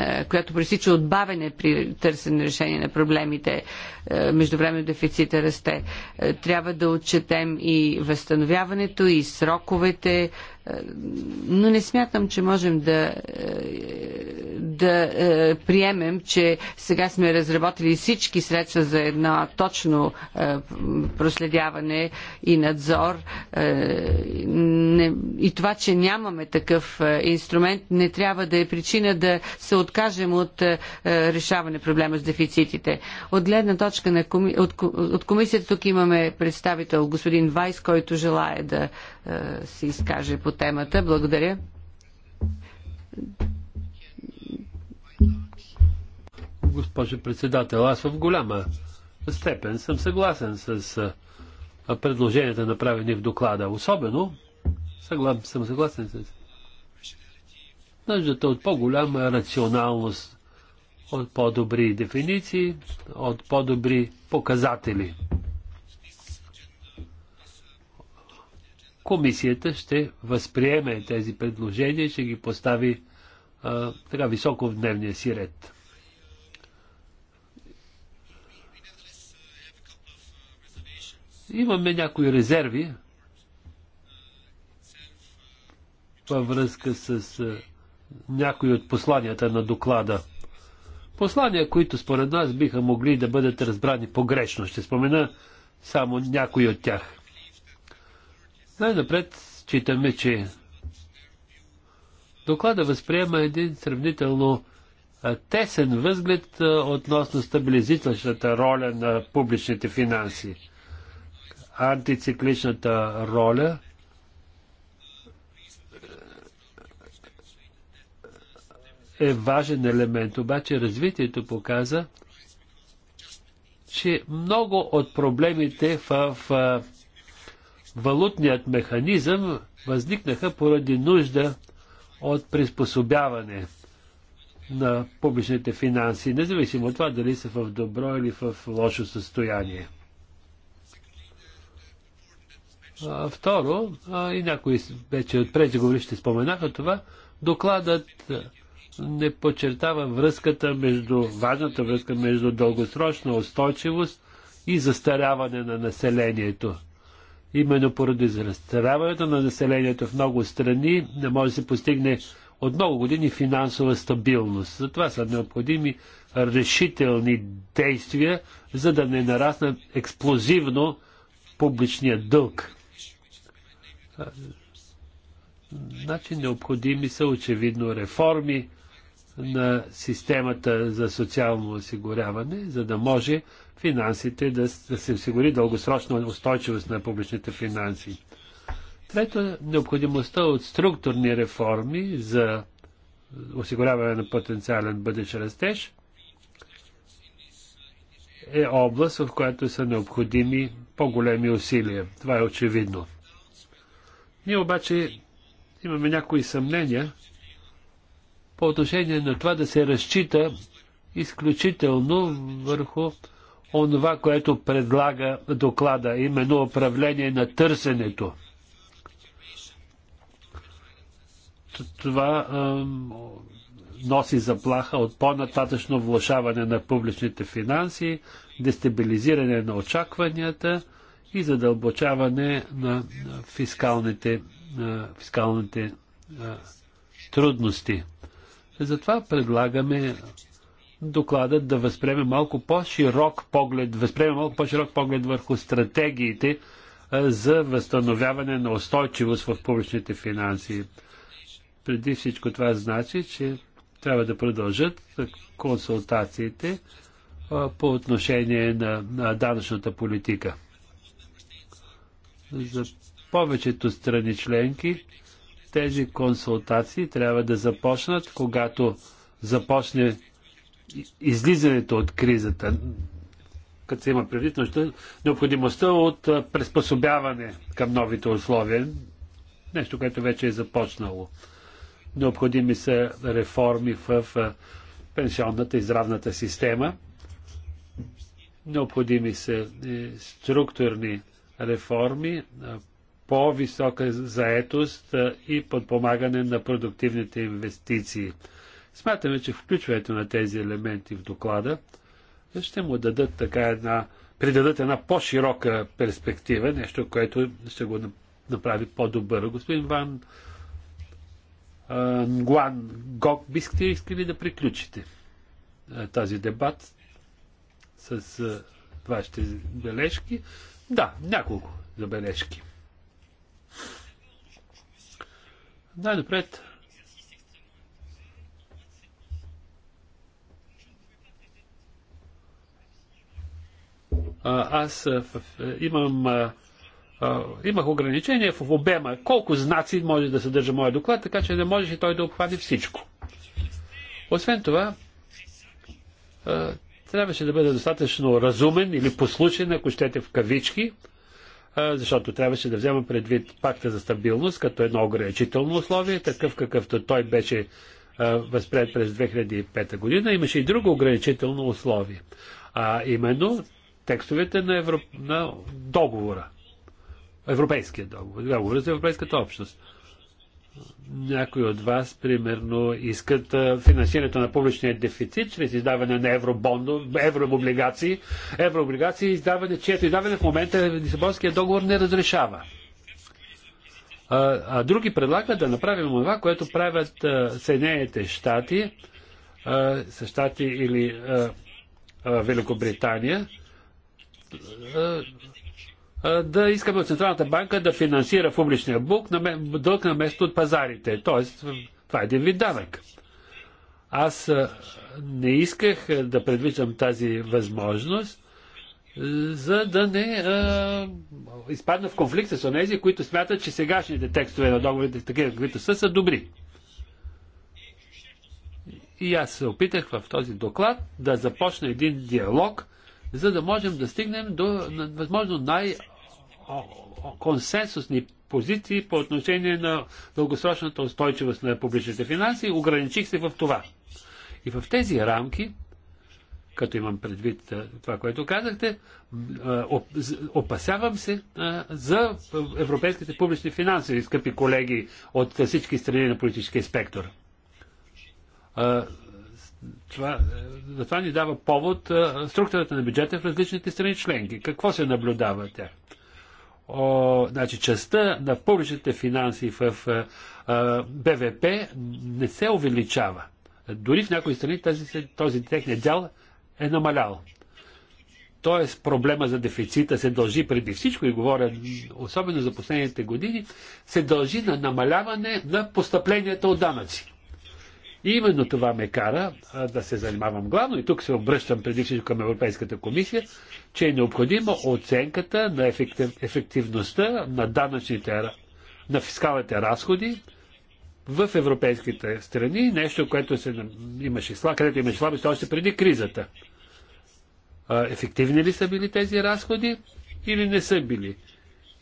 е, която пресича отбавене при търсене решение на проблемите. Е, междувременно дефицита расте. Е, трябва да отчетем и възстановяването, и сроковете, е, но не смятам, че можем да, да приемем, че сега сме разработили всички средства за едно точно проследяване и надзор. И това, че нямаме такъв инструмент, не трябва да е причина да се откажем от решаване проблема с дефицитите. От гледна точка точка на коми... от... от комисията тук имаме представител господин Вайс, който желая да е, се изкаже по темата. Благодаря. Госпожо председател, аз в голяма степен съм съгласен с е, предложенията направени в доклада. Особено съм съгласен с нуждата от по-голяма рационалност от по-добри дефиниции, от по-добри показатели. Комисията ще възприеме тези предложения и ще ги постави а, така високо в дневния си ред. Имаме някои резерви във връзка с някои от посланията на доклада послания, които според нас биха могли да бъдат разбрани погрешно. Ще спомена само някои от тях. Най-напред читаме, че доклада възприема един сравнително тесен възглед относно стабилизиращата роля на публичните финанси. Антицикличната роля е важен елемент, обаче развитието показа, че много от проблемите в, в валутният механизъм възникнаха поради нужда от приспособяване на публичните финанси, независимо от това дали са в добро или в лошо състояние. А, второ, а, и някои вече от ще споменаха това, докладът не подчертава връзката между, важната връзка между дългосрочна устойчивост и застаряване на населението. Именно поради застаряването на населението в много страни не може да се постигне от много години финансова стабилност. Затова са необходими решителни действия, за да не нарасна експлозивно публичния дълг. Значи необходими са очевидно реформи на системата за социално осигуряване, за да може финансите да, да се осигури дългосрочна устойчивост на публичните финанси. Трето, необходимостта от структурни реформи за осигуряване на потенциален бъдещ растеж е област, в която са необходими по-големи усилия. Това е очевидно. Ние обаче имаме някои съмнения по отношение на това да се разчита изключително върху онова, което предлага доклада, именно управление на търсенето. Това е, носи заплаха от по-нататъчно влушаване на публичните финанси, дестабилизиране на очакванията и задълбочаване на фискалните, на фискалните е, трудности. Затова предлагаме докладът да възприеме малко по-широк поглед, възприеме малко по-широк поглед върху стратегиите за възстановяване на устойчивост в публичните финанси. Преди всичко това значи, че трябва да продължат консултациите по отношение на, на данъчната политика. За повечето страни членки тези консултации трябва да започнат, когато започне излизането от кризата, като се има предвид необходимостта от приспособяване към новите условия, нещо, което вече е започнало. Необходими са реформи в пенсионната и здравната система. Необходими са е, структурни реформи по-висока заетост и подпомагане на продуктивните инвестиции. Смятаме, че включването на тези елементи в доклада ще му дадат така една, придадат една по-широка перспектива, нещо, което ще го направи по-добър. Господин Ван Глан Гок, бихте искали да приключите тази дебат с вашите бележки? Да, няколко забележки. Най-напред аз имам имах ограничение в обема, колко знаци може да съдържа моя доклад, така че не можеше той да обхване всичко. Освен това, трябваше да бъде достатъчно разумен или послушен, ако щете в кавички, защото трябваше да взема предвид пакта за стабилност като едно ограничително условие, такъв какъвто той беше възпред през 2005 година. Имаше и друго ограничително условие, а именно текстовете на, Европ... на договора. Европейския договор, договора за Европейската общност някои от вас, примерно, искат финансирането на публичния дефицит чрез издаване на евробондо, еврооблигации. Еврооблигации е издаване, чието издаване в момента Лисабонския договор не разрешава. А, а други предлагат да направим това, което правят Съединените щати, са щати или а, а, Великобритания, да искаме от Централната банка да финансира публичния бук на, дълг на место от пазарите. Тоест, това е един вид данък. Аз не исках да предвиждам тази възможност, за да не а, изпадна в конфликт с онези, които смятат, че сегашните текстове на договорите, такива каквито са, са добри. И аз се опитах в този доклад да започна един диалог за да можем да стигнем до възможно най-консенсусни позиции по отношение на дългосрочната устойчивост на публичните финанси. Ограничих се в това. И в тези рамки, като имам предвид това, което казахте, опасявам се за европейските публични финанси, скъпи колеги от всички страни на политическия спектър това, за това ни дава повод структурата на бюджета в различните страни членки. Какво се наблюдава тя? О, значи, частта на публичните финанси в в БВП не се увеличава. Дори в някои страни този, този техният дял е намалял. Тоест проблема за дефицита се дължи преди всичко и говоря особено за последните години, се дължи на намаляване на постъпленията от данъци. И именно това ме кара а, да се занимавам главно, и тук се обръщам преди всичко към Европейската комисия, че е необходима оценката на ефектив, ефективността на данъчните, на фискалните разходи в европейските страни, нещо, което се имаше слаб, където имаше слабост още преди кризата. А, ефективни ли са били тези разходи или не са били?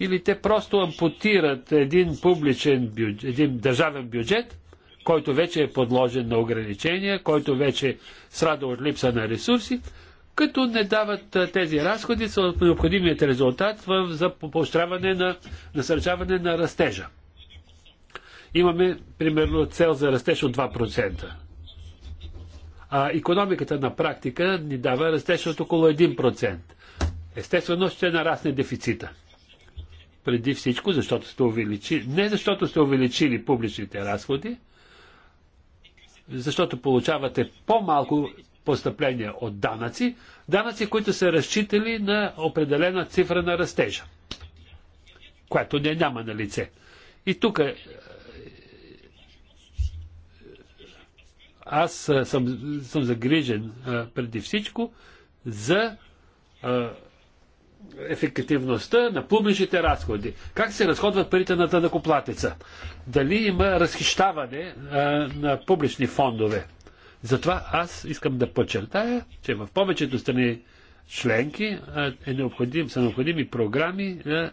Или те просто ампутират един публичен бюджет, един държавен бюджет – който вече е подложен на ограничения, който вече страда от липса на ресурси, като не дават тези разходи са необходимият резултат в, за поощряване на насърчаване на растежа. Имаме примерно цел за растеж от 2%. А економиката на практика ни дава растеж от около 1%. Естествено ще нарасне дефицита. Преди всичко, защото сте увеличили, не защото сте увеличили публичните разходи, защото получавате по-малко постъпления от данъци, данъци, които са разчитали на определена цифра на растежа, която не няма на лице. И тук е, аз е, съм, съм загрижен е, преди всичко за а, ефективността на публичните разходи. Как се разходват парите на тънакоплатеца? Дали има разхищаване а, на публични фондове? Затова аз искам да подчертая, че в повечето страни членки а, е необходим, са необходими програми а,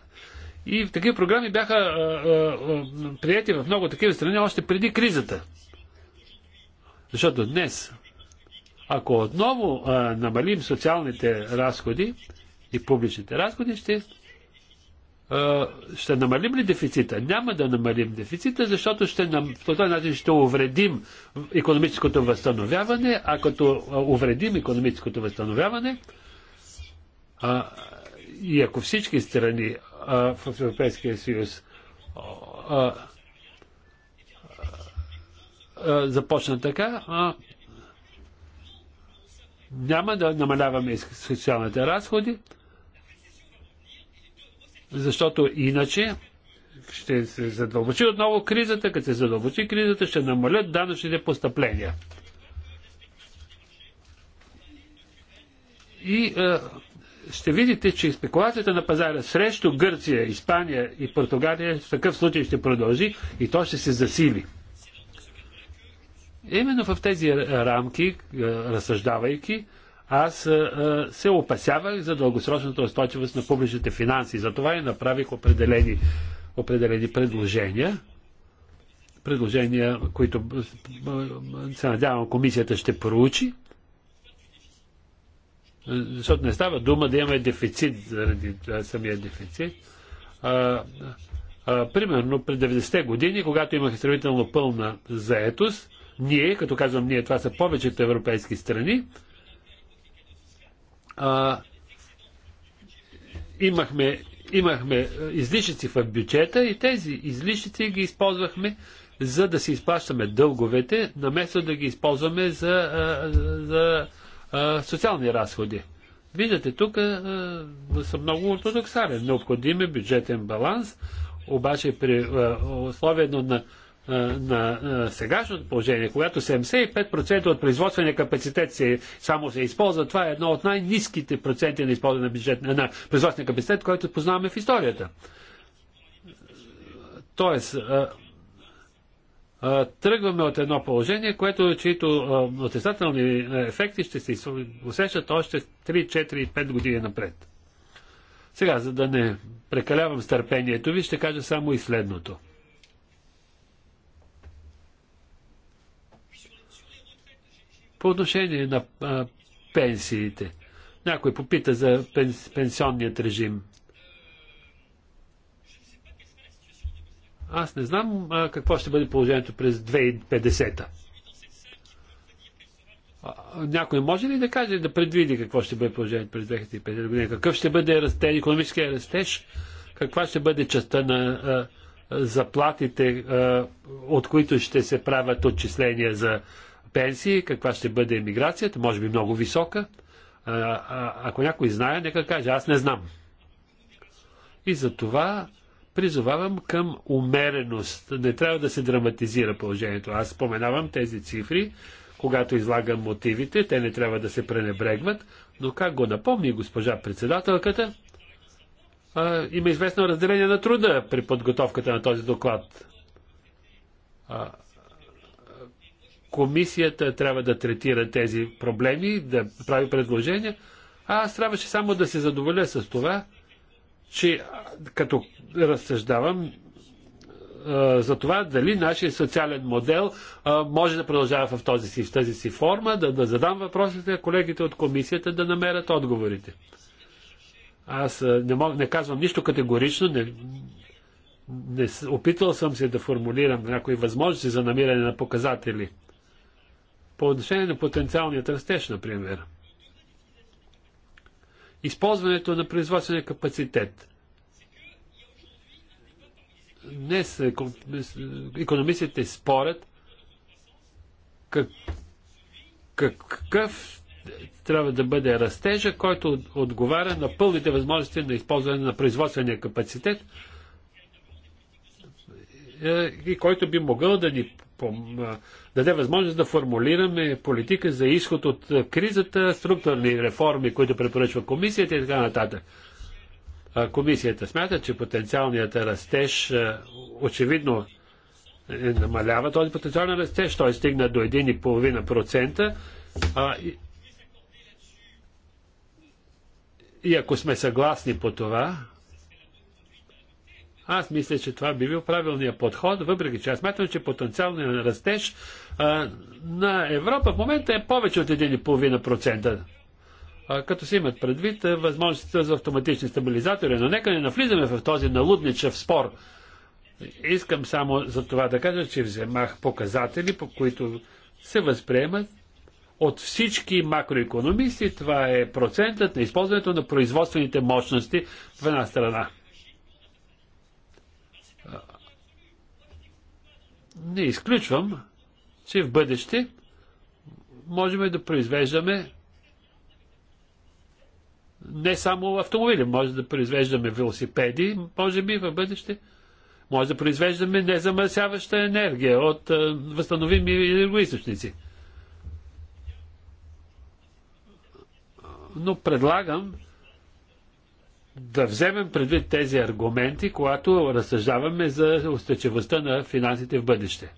и такива програми бяха а, а, прияти в много такива страни още преди кризата. Защото днес, ако отново а, намалим социалните разходи, и публичните разходи, ще, ще намалим ли дефицита? Няма да намалим дефицита, защото ще, по този начин ще увредим економическото възстановяване, а като увредим економическото възстановяване, а, и ако всички страни а, в Европейския съюз а, а, започна така, а, няма да намаляваме социалните разходи, защото иначе ще се задълбочи отново кризата, като се задълбочи кризата, ще намалят данъчните постъпления. И е, ще видите, че спекулацията на пазара срещу Гърция, Испания и Португалия в такъв случай ще продължи и то ще се засили. Именно в тези рамки, разсъждавайки, аз а, се опасявах за дългосрочната устойчивост на публичните финанси. Затова и направих определени, определени предложения. Предложения, които се надявам комисията ще проучи. Защото не става дума да имаме дефицит заради самия дефицит. А, а, примерно през 90-те години, когато имах сравнително пълна заетост, ние, като казвам ние, това са повечето европейски страни, а, имахме, имахме е, излишъци в бюджета и тези излишъци ги използвахме за да си изплащаме дълговете, наместо да ги използваме за, а, е, е, за а, социални разходи. Виждате, тук а, съм много ортодоксален. Необходим е бюджетен баланс, обаче при условието на на сегашното положение, когато 75% от производствения капацитет се, само се използва, това е едно от най-низките проценти на използване на, бюджет, на производствения капацитет, който познаваме в историята. Тоест, тръгваме от едно положение, което, чието отрицателни ефекти ще се усещат още 3, 4, 5 години напред. Сега, за да не прекалявам с търпението ви, ще кажа само и следното – По отношение на а, пенсиите. Някой попита за пенс, пенсионният режим. Аз не знам а, какво ще бъде положението през 2050-та. Някой може ли да каже, да предвиди какво ще бъде положението през 2050 година? Какъв ще бъде растеж, економическия растеж? Каква ще бъде частта на а, заплатите, а, от които ще се правят отчисления за пенсии, каква ще бъде емиграцията, може би много висока. А, а, ако някой знае, нека каже, аз не знам. И за това призовавам към умереност. Не трябва да се драматизира положението. Аз споменавам тези цифри, когато излагам мотивите, те не трябва да се пренебрегват, но как го напомни госпожа председателката, а, има известно разделение на труда при подготовката на този доклад. А, комисията трябва да третира тези проблеми, да прави предложения, а аз трябваше само да се задоволя с това, че като разсъждавам а, за това дали нашия социален модел а, може да продължава в, този си, в тази си форма, да, да задам въпросите, на колегите от комисията да намерят отговорите. Аз не, мог, не казвам нищо категорично, не, не, опитал съм се да формулирам някои възможности за намиране на показатели – по отношение на потенциалният растеж, например. Използването на производствения капацитет. Днес е, е, економистите спорят как, какъв трябва да бъде растежа, който отговаря на пълните възможности на използване на производствения капацитет е, и който би могъл да ни даде възможност да формулираме политика за изход от кризата, структурни реформи, които препоръчва комисията и така нататък. Комисията смята, че потенциалният растеж очевидно е, намалява този потенциален растеж, той стигна до 1,5%. и, и ако сме съгласни по това, аз мисля, че това би бил правилният подход, въпреки че аз смятам, че потенциалният растеж а, на Европа в момента е повече от 1,5%. А, като се имат предвид а, за автоматични стабилизатори, но нека не навлизаме в този налудничев спор. Искам само за това да кажа, че вземах показатели, по които се възприемат от всички макроекономисти. Това е процентът на използването на производствените мощности в една страна. не изключвам, че в бъдеще можем да произвеждаме не само автомобили, може да произвеждаме велосипеди, може би в бъдеще може да произвеждаме незамърсяваща енергия от е, възстановими енергоисточници. Но предлагам да вземем предвид тези аргументи, когато разсъждаваме за устойчивостта на финансите в бъдеще.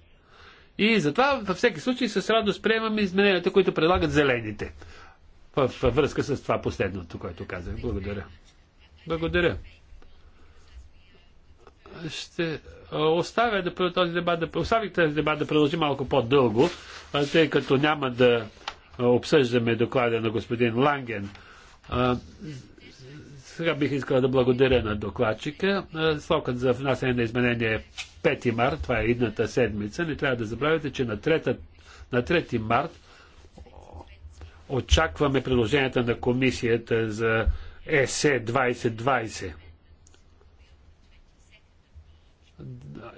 И затова във всеки случай с радост приемаме измененията, които предлагат зелените. В, във връзка с това последното, което казах. Благодаря. Благодаря. Ще оставя да този дебат да, оставих този дебат да продължи малко по-дълго, тъй като няма да обсъждаме доклада на господин Ланген. Сега бих искала да благодаря на докладчика. Срокът за внасяне на изменение е 5 март, това е едната седмица. Не трябва да забравяте, че на, 3, на 3 март очакваме предложенията на комисията за ЕС 2020.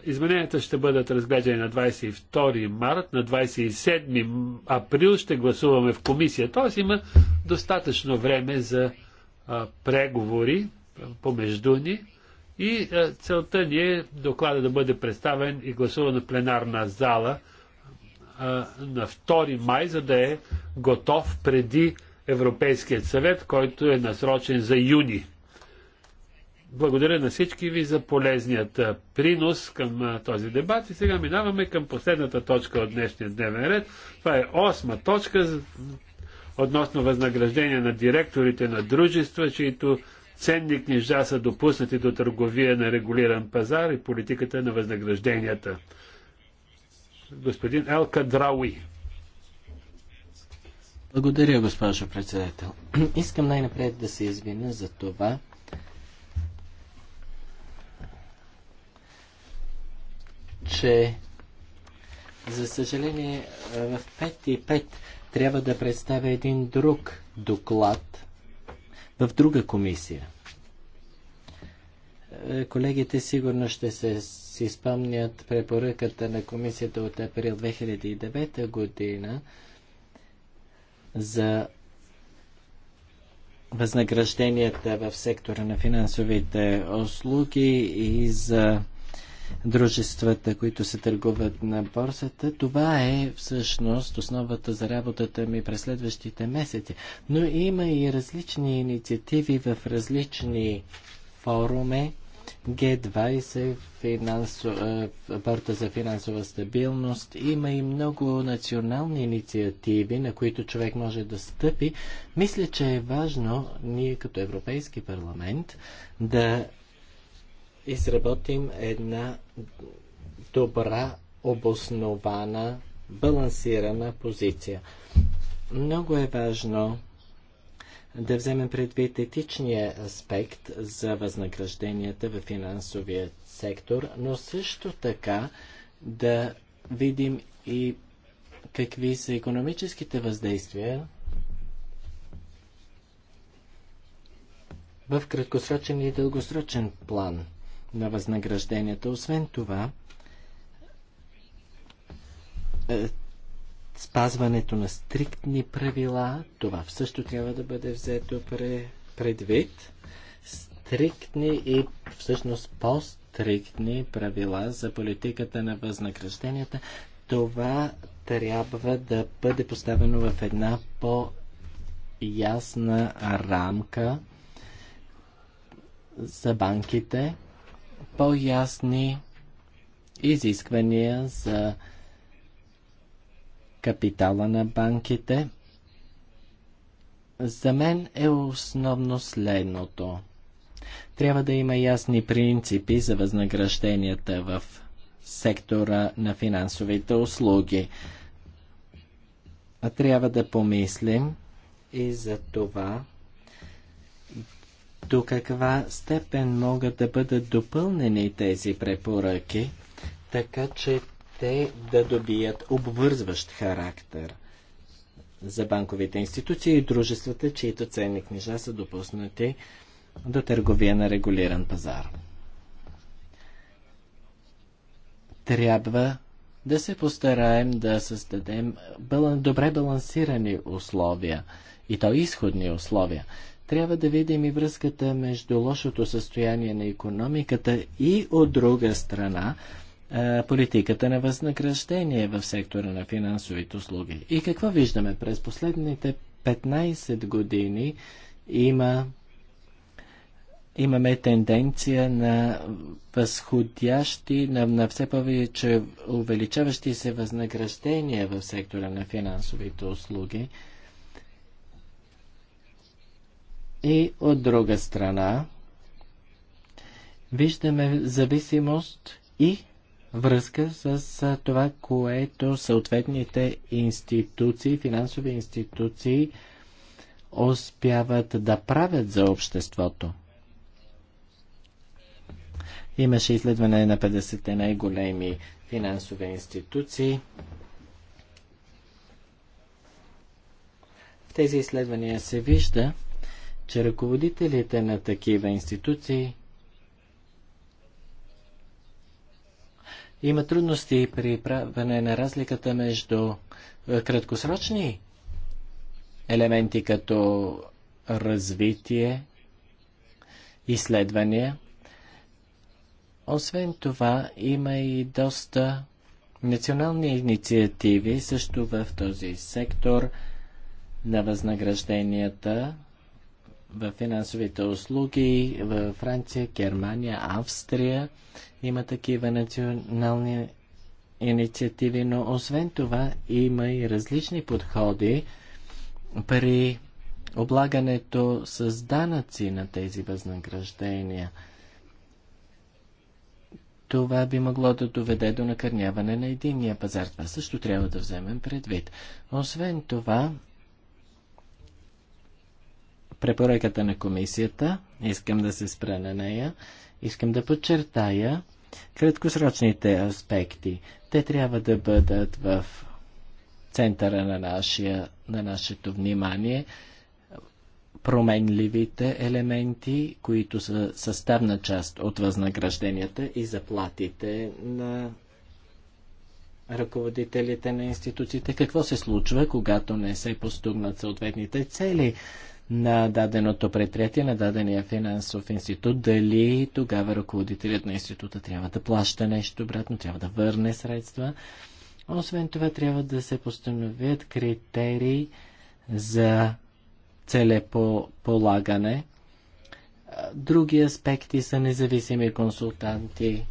Измененията ще бъдат разгледани на 22 март, на 27 април ще гласуваме в комисия. Тоест има достатъчно време за преговори помежду ни и целта ни е доклада да бъде представен и гласуван на пленарна зала на 2 май, за да е готов преди Европейският съвет, който е насрочен за юни. Благодаря на всички ви за полезният принос към този дебат и сега минаваме към последната точка от днешния дневен ред. Това е осма точка относно възнаграждение на директорите на дружества, чието ценни книжа са допуснати до търговия на регулиран пазар и политиката на възнагражденията. Господин Елка Драуи. Благодаря, госпожо председател. Искам най-напред да се извиня за това, че за съжаление в 5 и 5 трябва да представя един друг доклад в друга комисия. Е, колегите сигурно ще се си спомнят препоръката на комисията от април 2009 година за възнагражденията в сектора на финансовите услуги и за дружествата, които се търгуват на борсата. Това е всъщност основата за работата ми през следващите месеци. Но има и различни инициативи в различни форуми. Г20, финансо, борта за финансова стабилност. Има и много национални инициативи, на които човек може да стъпи. Мисля, че е важно ние като Европейски парламент да изработим една добра, обоснована, балансирана позиция. Много е важно да вземем предвид етичния аспект за възнагражденията в финансовия сектор, но също така да видим и какви са економическите въздействия в краткосрочен и дългосрочен план – на възнагражденията. Освен това, е, спазването на стриктни правила, това също трябва да бъде взето предвид. Стриктни и всъщност по-стриктни правила за политиката на възнагражденията, това трябва да бъде поставено в една по-ясна рамка за банките по-ясни изисквания за капитала на банките. За мен е основно следното. Трябва да има ясни принципи за възнагражденията в сектора на финансовите услуги. А трябва да помислим и за това, до каква степен могат да бъдат допълнени тези препоръки, така че те да добият обвързващ характер за банковите институции и дружествата, чието ценни книжа са допуснати до търговия на регулиран пазар. Трябва да се постараем да създадем добре балансирани условия и то изходни условия. Трябва да видим и връзката между лошото състояние на економиката и от друга страна политиката на възнаграждение в сектора на финансовите услуги. И какво виждаме? През последните 15 години има имаме тенденция на възходящи, на, на все повече увеличаващи се възнаграждения в сектора на финансовите услуги. И от друга страна, виждаме зависимост и връзка с това, което съответните институции, финансови институции успяват да правят за обществото. Имаше изследване на 50-те най-големи финансови институции. В тези изследвания се вижда, че ръководителите на такива институции има трудности при правене на разликата между е, краткосрочни елементи като развитие, изследвания. Освен това, има и доста национални инициативи също в този сектор на възнагражденията в финансовите услуги в Франция, Германия, Австрия има такива национални инициативи, но освен това има и различни подходи при облагането с данъци на тези възнаграждения. Това би могло да доведе до накърняване на единния пазар. Това също трябва да вземем предвид. Освен това, препоръката на комисията, искам да се спра на нея, искам да подчертая краткосрочните аспекти. Те трябва да бъдат в центъра на, нашия, на нашето внимание променливите елементи, които са съставна част от възнагражденията и заплатите на ръководителите на институциите. Какво се случва, когато не се постигнат съответните цели на даденото предприятие, на дадения финансов институт, дали тогава ръководителят на института трябва да плаща нещо обратно, трябва да върне средства. Освен това, трябва да се постановят критерии за целеполагане. Други аспекти са независими консултанти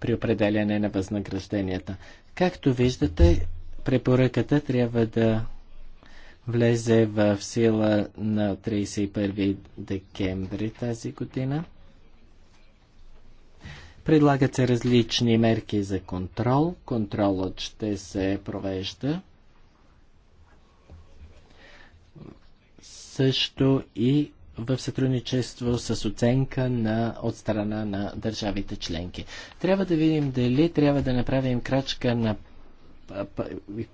при определяне на възнагражденията. Както виждате, препоръката трябва да влезе в сила на 31 декември тази година. Предлагат се различни мерки за контрол. Контролът ще се провежда също и в сътрудничество с оценка на, от страна на държавите членки. Трябва да видим дали трябва да направим крачка на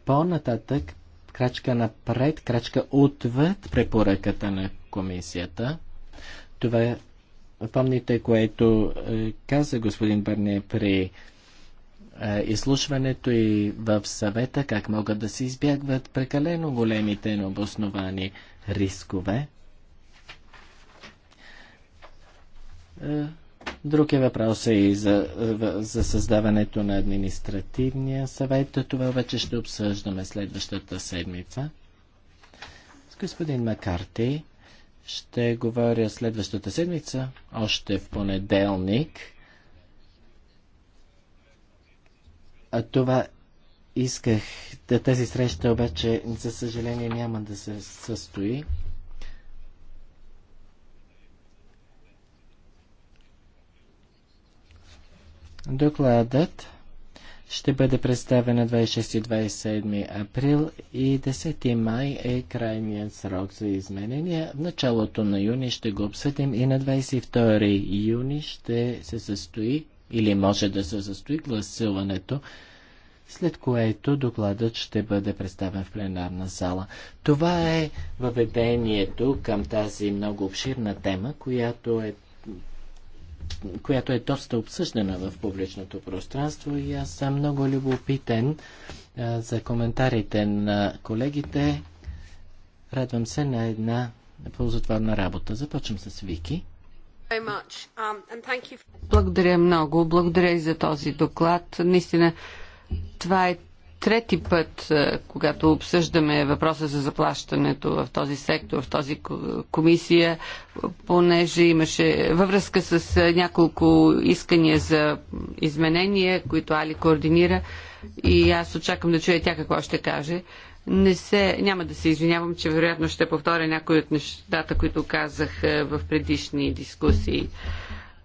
по-нататък крачка напред, крачка отвъд препоръката на комисията. Това е, помните, което е, каза господин Барне при е, изслушването и в съвета, как могат да се избягват прекалено големите необосновани рискове. Е, Друг е въпрос е и за, за създаването на административния съвет. Това вече ще обсъждаме следващата седмица. С господин Макарти ще говоря следващата седмица, още в понеделник. А това исках, да тази среща обаче, за съжаление, няма да се състои. Докладът ще бъде представен на 26 и 27 април и 10 май е крайният срок за изменения. В началото на юни ще го обсъдим и на 22 юни ще се състои или може да се състои гласуването, след което докладът ще бъде представен в пленарна зала. Това е въведението към тази много обширна тема, която е която е доста обсъждана в публичното пространство и аз съм много любопитен за коментарите на колегите. Радвам се на една ползотворна работа. Започвам с Вики. Um, Благодаря много. Благодаря и за този доклад. Наистина, това е трети път, е, когато обсъждаме въпроса за заплащането в този сектор, в този комисия, понеже имаше във връзка с е, няколко искания за изменения, които Али координира и аз очаквам да чуя тя какво ще каже. Не се, няма да се извинявам, че вероятно ще повторя някои от нещата, които казах е, в предишни дискусии.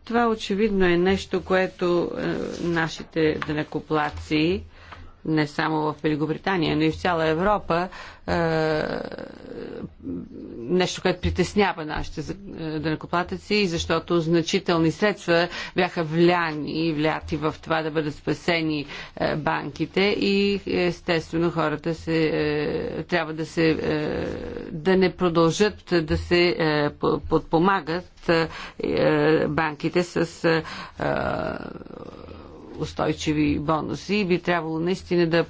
Това очевидно е нещо, което е, нашите данакоплаци не само в Великобритания, но и в цяла Европа е, нещо, което притеснява нашите е, дънакоплатъци, защото значителни средства бяха вляни и вляти в това да бъдат спасени е, банките и естествено хората се, е, трябва да, се, е, да не продължат да се е, подпомагат е, е, банките с е, устойчиви бонуси и би трябвало наистина да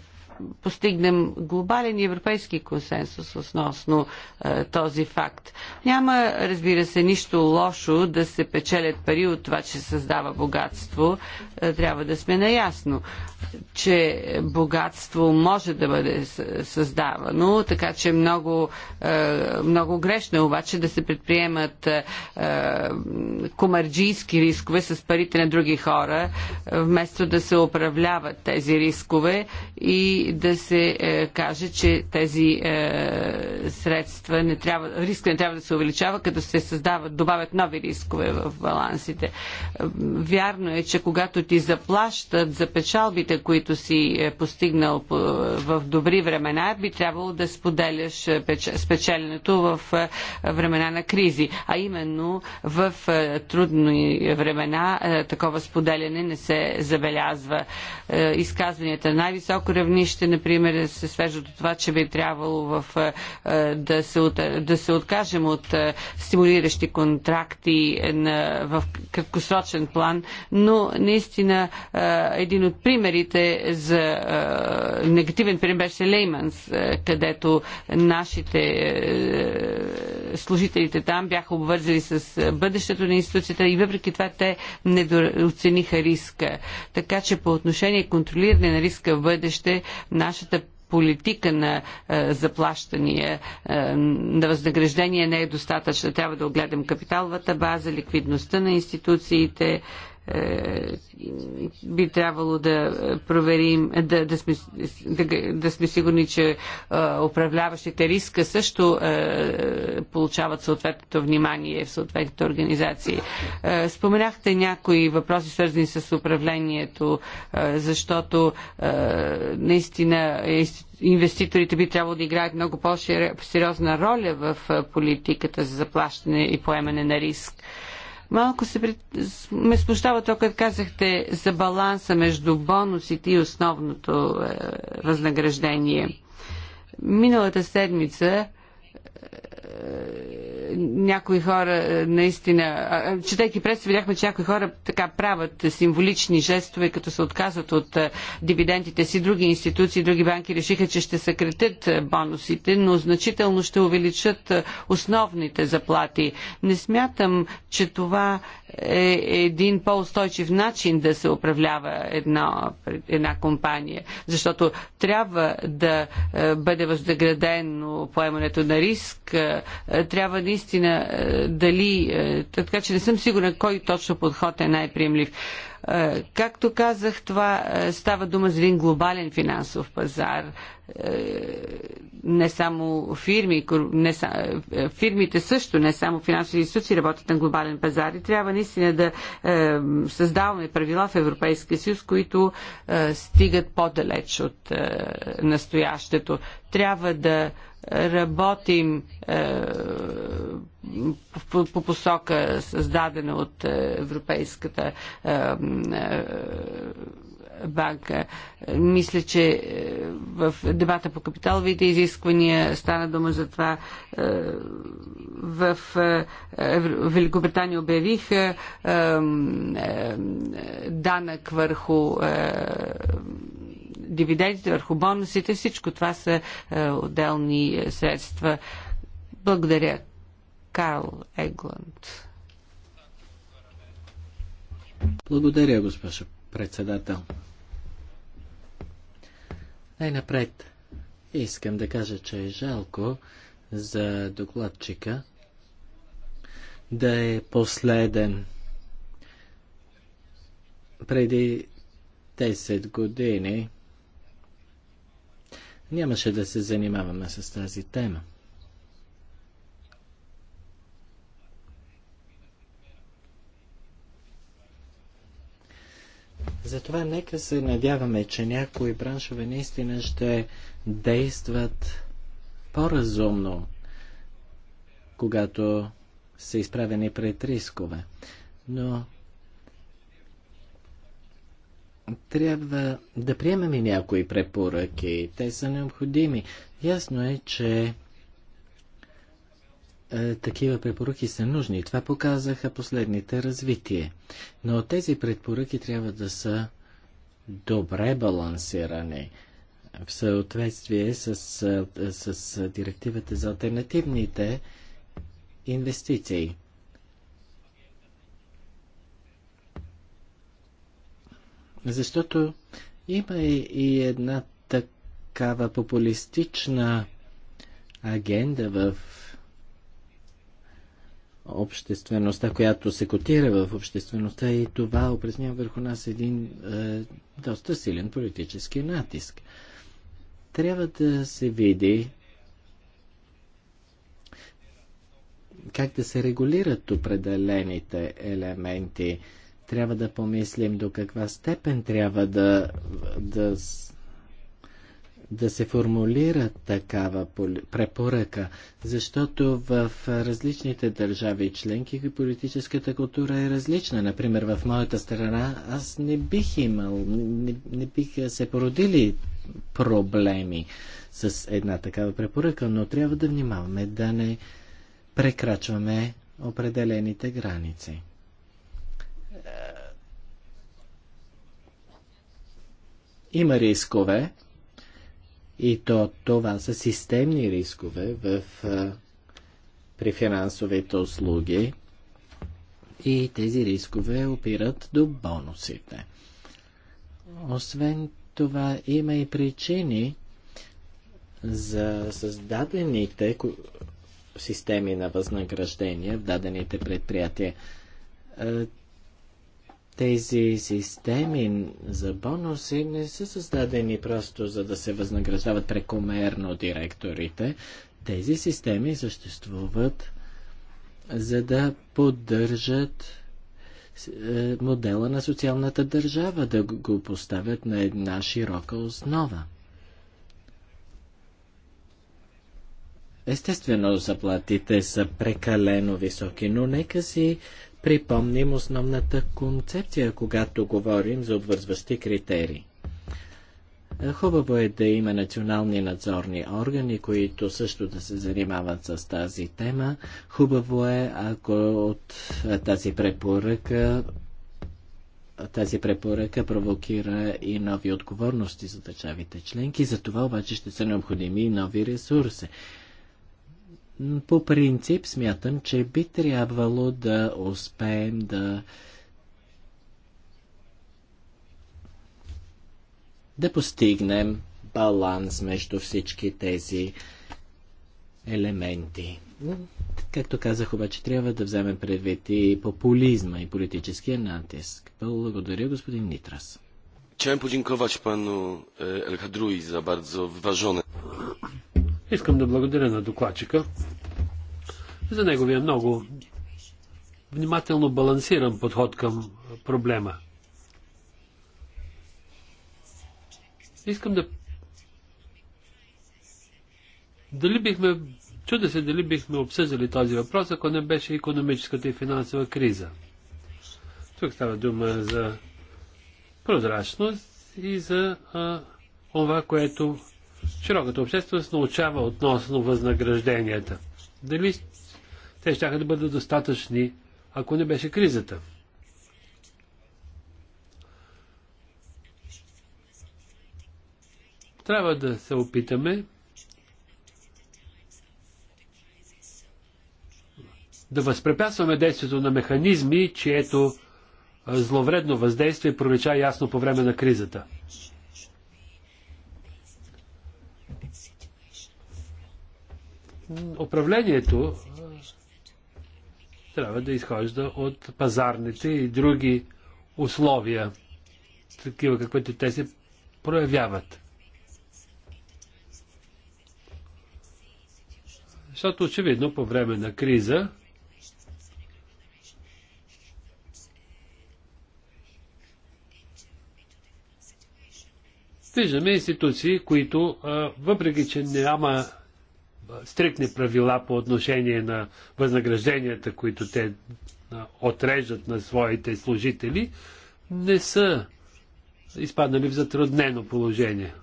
постигнем глобален европейски консенсус относно е, този факт. Няма, разбира се, нищо лошо да се печелят пари от това, че създава богатство. Е, трябва да сме наясно, че богатство може да бъде създавано, така че много, е, много грешно е обаче да се предприемат е, комарджийски рискове с парите на други хора, е, вместо да се управляват тези рискове и да се е, каже, че тези е, средства не трябва, риска не трябва да се увеличава, като се създават, добавят нови рискове в балансите. Вярно е, че когато ти заплащат за печалбите, които си е постигнал в добри времена, би трябвало да споделяш е, спечеленето в е, времена на кризи. А именно в е, трудни времена е, такова споделяне не се забелязва. Е, изказванията най-високо равнище становище, например, се свежда до това, че би трябвало в, е, е, да, се да се откажем от е, стимулиращи контракти на, в краткосрочен план, но наистина един от примерите за негативен пример беше Лейманс, където нашите служителите там бяха обвързали с бъдещето на институцията и въпреки това те не оцениха риска. Така че по отношение контролиране на риска в бъдеще, Нашата политика на е, заплащания, е, на възнаграждение не е достатъчна. Трябва да огледам капиталвата база, ликвидността на институциите, е, би трябвало да проверим, да, да, сме, да, да сме сигурни, че е, управляващите риска също е, получават съответното внимание в съответните организации. Споменахте някои въпроси, свързани с управлението, защото наистина инвеститорите би трябвало да играят много по-сериозна роля в политиката за заплащане и поемане на риск Малко се при... ме смущава то, като казахте за баланса между бонусите и основното е, възнаграждение. Миналата седмица е, някои хора е, наистина, четейки прес, видяхме, че някои хора така правят символични жестове, като се отказват от е, дивидендите си. Други институции, други банки решиха, че ще съкретят е, бонусите, но значително ще увеличат основните заплати. Не смятам, че това е един по-устойчив начин да се управлява една, една компания, защото трябва да бъде възнаградено поемането на риск, трябва да наистина е, дали, е, така че не съм сигурна кой точно подход е най-приемлив. Е, както казах, това става дума за един глобален финансов пазар. Не само фирми, не са, фирмите също, не само финансови институции работят на глобален пазар и трябва наистина да създаваме правила в Европейския съюз, които стигат по-далеч от настоящето. Трябва да работим е, по, посока създадена от Европейската е, е, банка. Мисля, че в дебата по капиталовите изисквания стана дума за това. В Великобритания обявих, данък върху дивидендите, върху бонусите, всичко това са е, отделни е, средства. Благодаря. Карл Егланд. Благодаря, госпожо председател. Най-напред искам да кажа, че е жалко за докладчика да е последен. Преди 10 години нямаше да се занимаваме с тази тема. Затова нека се надяваме, че някои браншове наистина ще действат по-разумно, когато са изправени пред рискове. Но трябва да приемем и някои препоръки. Те са необходими. Ясно е, че е, такива препоръки са нужни. Това показаха последните развитие. Но тези препоръки трябва да са добре балансирани в съответствие с, с, с директивата за альтернативните инвестиции. Защото има и една такава популистична агенда в обществеността, която се котира в обществеността и това упражнява върху нас един е, доста силен политически натиск. Трябва да се види как да се регулират определените елементи трябва да помислим до каква степен трябва да, да, да се формулира такава препоръка, защото в различните държави членки политическата култура е различна. Например, в моята страна аз не бих имал, не, не бих се породили проблеми с една такава препоръка, но трябва да внимаваме да не прекрачваме определените граници. Има рискове и то това са системни рискове в, при финансовите услуги и тези рискове опират до бонусите. Освен това има и причини за създадените системи на възнаграждения в дадените предприятия. Тези системи за бонуси не са създадени просто за да се възнаграждават прекомерно директорите. Тези системи съществуват за да поддържат е, модела на социалната държава, да го поставят на една широка основа. Естествено, заплатите са прекалено високи, но нека си припомним основната концепция, когато говорим за обвързващи критерии. Е, хубаво е да има национални надзорни органи, които също да се занимават с тази тема. Хубаво е, ако от е, тази препоръка тази препоръка провокира и нови отговорности за държавите членки, за това обаче ще са необходими и нови ресурси. По принцип смятам, че би трябвало да успеем да да постигнем баланс между всички тези елементи. Както казах, обаче трябва да вземем предвид и популизма и политическия натиск. Благодаря, господин Нитрас. Chciałem podziękować panu e, El Kadrui za bardzo wyważone. Искам да благодаря на докладчика за неговия много внимателно балансиран подход към проблема. Искам да. Дали бихме. Чуда се дали бихме обсъждали този въпрос, ако не беше економическата и финансова криза. Тук става дума за прозрачност и за а, това, което широката общественост научава относно възнагражденията. Дали те ще да бъдат достатъчни, ако не беше кризата? Трябва да се опитаме да възпрепятстваме действието на механизми, чието зловредно въздействие пролича ясно по време на кризата. управлението трябва да изхожда от пазарните и други условия, такива каквито те се проявяват. Защото очевидно по време на криза виждаме институции, които въпреки, че няма стрикни правила по отношение на възнагражденията, които те отрежат на своите служители, не са изпаднали в затруднено положение.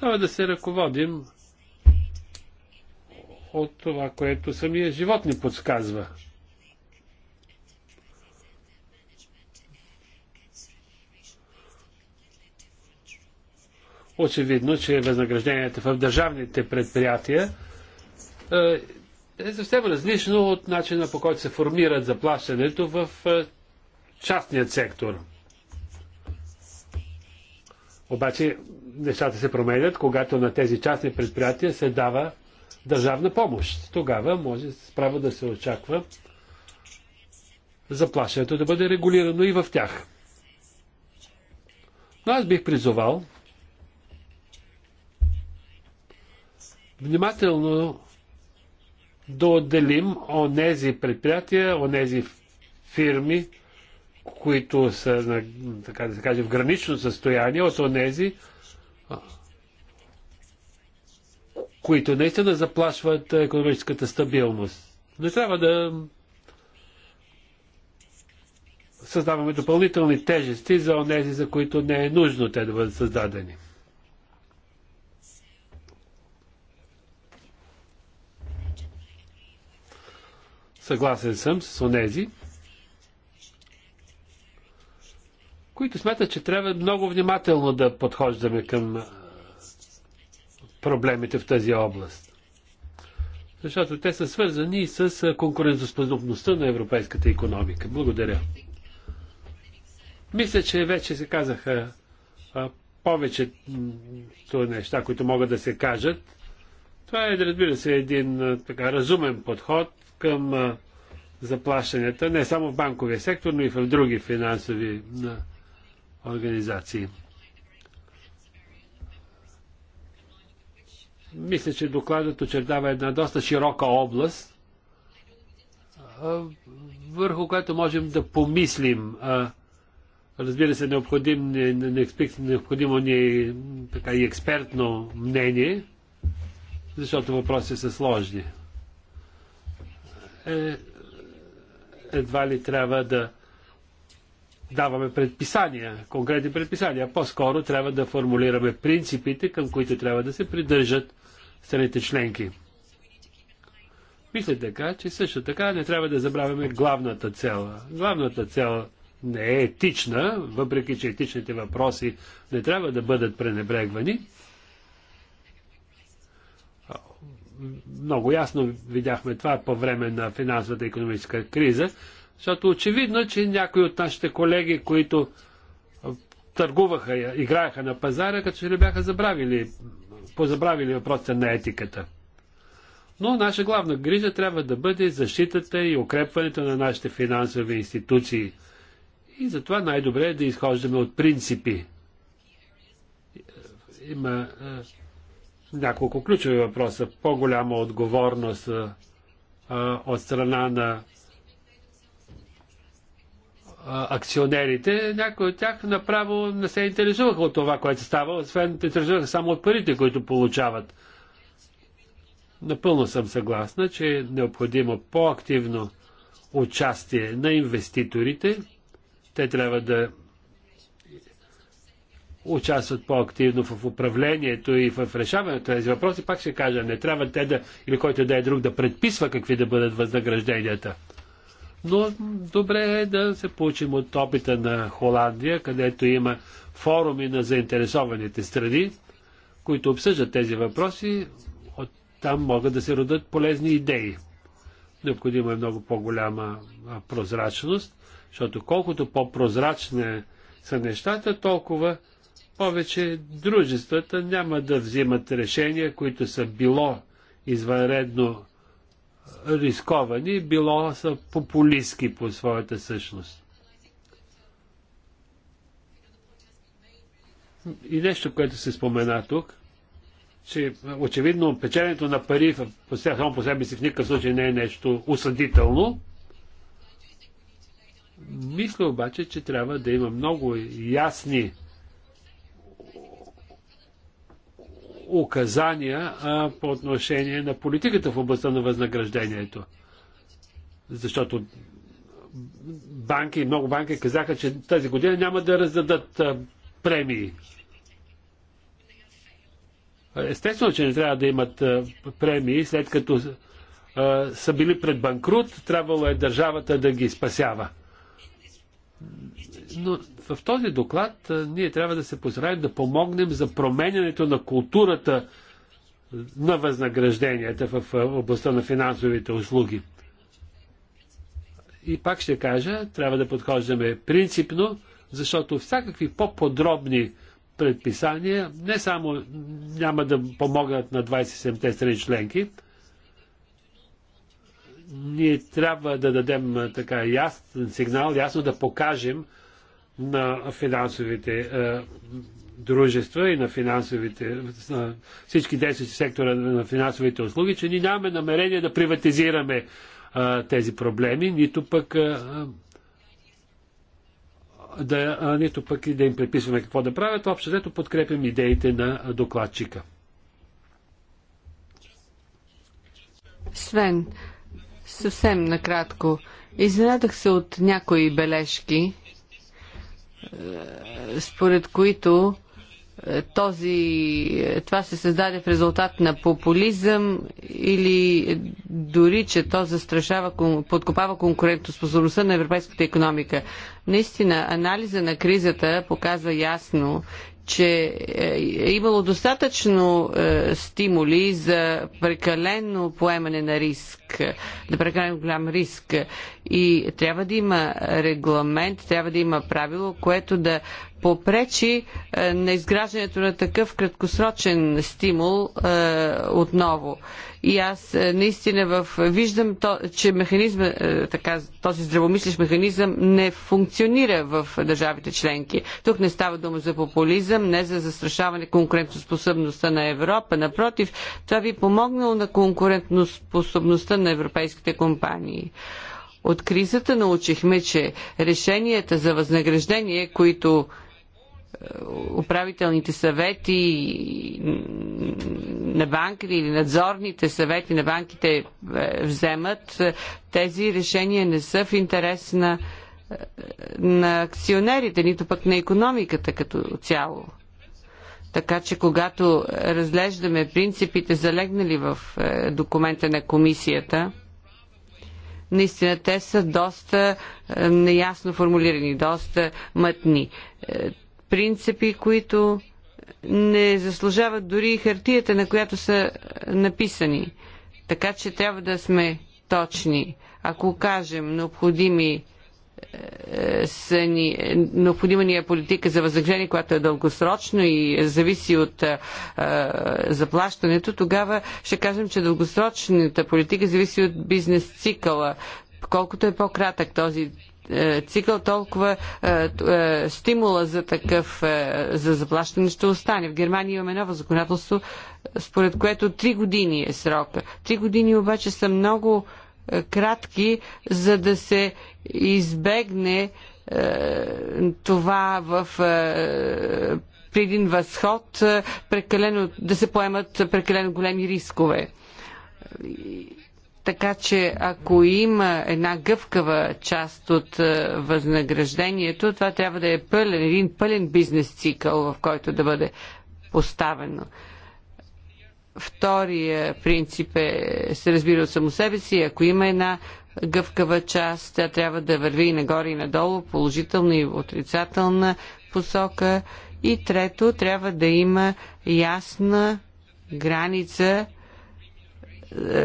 Трябва да се ръководим от това, което самия живот ни подсказва. Очевидно, че възнагражденията в държавните предприятия е, е съвсем различно от начина по който се формират заплащането в е, частният сектор. Обаче нещата се променят, когато на тези частни предприятия се дава държавна помощ. Тогава може справа да се очаква заплащането да бъде регулирано и в тях. Но аз бих призовал внимателно да отделим онези предприятия, онези фирми, които са, така да се каже, в гранично състояние от онези, които наистина заплашват економическата стабилност. Не трябва да създаваме допълнителни тежести за онези, за които не е нужно те да бъдат създадени. Съгласен съм с онези, които смятат, че трябва много внимателно да подхождаме към проблемите в тази област. Защото те са свързани и с конкурентоспособността на европейската економика. Благодаря. Мисля, че вече се казаха повечето неща, които могат да се кажат. Това е, разбира се, един така разумен подход към заплащанията, не само в банковия сектор, но и в други финансови организации. Мисля, че докладът очертава една доста широка област, върху която можем да помислим. Разбира се, необходим, необходимо ни е така и експертно мнение, защото въпроси са сложни. Е, едва ли трябва да даваме предписания, конкретни предписания. По-скоро трябва да формулираме принципите, към които трябва да се придържат страните членки. Мисля така, че също така не трябва да забравяме главната цел. Главната цел не е етична, въпреки че етичните въпроси не трябва да бъдат пренебрегвани. Много ясно видяхме това по време на финансовата и економическа криза, защото очевидно, че някои от нашите колеги, които търгуваха, играеха на пазара, като че ли бяха забравили позабравили въпроса на етиката. Но наша главна грижа трябва да бъде защитата и укрепването на нашите финансови институции. И затова най-добре е да изхождаме от принципи. Има е, няколко ключови въпроса. По-голяма отговорност е, от страна на акционерите, някои от тях направо не се интересуваха от това, което става, освен интересуваха само от парите, които получават. Напълно съм съгласна, че е необходимо по-активно участие на инвеститорите. Те трябва да участват по-активно в управлението и в решаването на тези въпроси. Пак ще кажа, не трябва те да, или който да е друг, да предписва какви да бъдат възнагражденията. Но добре е да се получим от опита на Холандия, където има форуми на заинтересованите страни, които обсъждат тези въпроси. От там могат да се родат полезни идеи. Необходимо е много по-голяма прозрачност, защото колкото по-прозрачни са нещата, толкова повече дружествата няма да взимат решения, които са било извънредно рисковани, било са популистски по своята същност. И нещо, което се спомена тук, че очевидно печенето на пари само по себе си в никакъв случай не е нещо осъдително. Мисля обаче, че трябва да има много ясни указания а, по отношение на политиката в областта на възнаграждението. Защото банки, много банки казаха, че тази година няма да раздадат а, премии. Естествено, че не трябва да имат а, премии, след като а, са били пред банкрут, трябвало е държавата да ги спасява. Но в този доклад ние трябва да се постараем да помогнем за променянето на културата на възнагражденията в областта на финансовите услуги. И пак ще кажа, трябва да подхождаме принципно, защото всякакви по-подробни предписания не само няма да помогнат на 27-те страни членки, ние трябва да дадем така ясен сигнал, ясно да покажем на финансовите е, дружества и на финансовите, на всички действащи сектора на финансовите услуги, че ние нямаме намерение да приватизираме е, тези проблеми, нито пък е, е да, е, нито пък и да им предписваме какво да правят. Общо взето подкрепям идеите на докладчика. Свен, съвсем накратко. Изненадах се от някои бележки, според които е, този, е, това се създаде в резултат на популизъм или дори, че то застрашава, подкопава конкурентоспособността на европейската економика. Наистина, анализа на кризата показва ясно, че е, е имало достатъчно е, стимули за прекалено поемане на риск, на прекалено голям риск. И трябва да има регламент, трябва да има правило, което да попречи е, на изграждането на такъв краткосрочен стимул е, отново. И аз е, наистина виждам, че механизма, така, този здравомислещ механизъм не функционира в държавите членки. Тук не става дума за популизъм, не за застрашаване конкурентоспособността на Европа. Напротив, това би помогнало на конкурентоспособността на европейските компании. От кризата научихме, че решенията за възнаграждение, които е, управителните съвети на банките или надзорните съвети на банките е, вземат, тези решения не са в интерес на, е, на акционерите, нито пък на економиката като цяло. Така че когато разглеждаме принципите залегнали в документа на комисията, наистина те са доста неясно формулирани, доста мътни принципи, които не заслужават дори и хартията, на която са написани. Така че трябва да сме точни. Ако кажем необходими е, са ни, е, необходима ни е политика за възнаграждение, която е дългосрочно и зависи от е, заплащането, тогава ще кажем, че дългосрочната политика зависи от бизнес цикъла. Колкото е по-кратък този е, цикъл, толкова е, е, стимула за такъв за заплащане ще остане. В Германия имаме ново законодателство, според което три години е срока. Три години обаче са много кратки, за да се избегне това в при един възход прекалено, да се поемат прекалено големи рискове. Така че ако има една гъвкава част от е, възнаграждението, това трябва да е пълен, един пълен бизнес цикъл, в който да бъде поставено. Втория принцип е, се разбира от само себе си, ако има една гъвкава част, тя трябва да върви и нагоре и надолу, положителна и отрицателна посока. И трето, трябва да има ясна граница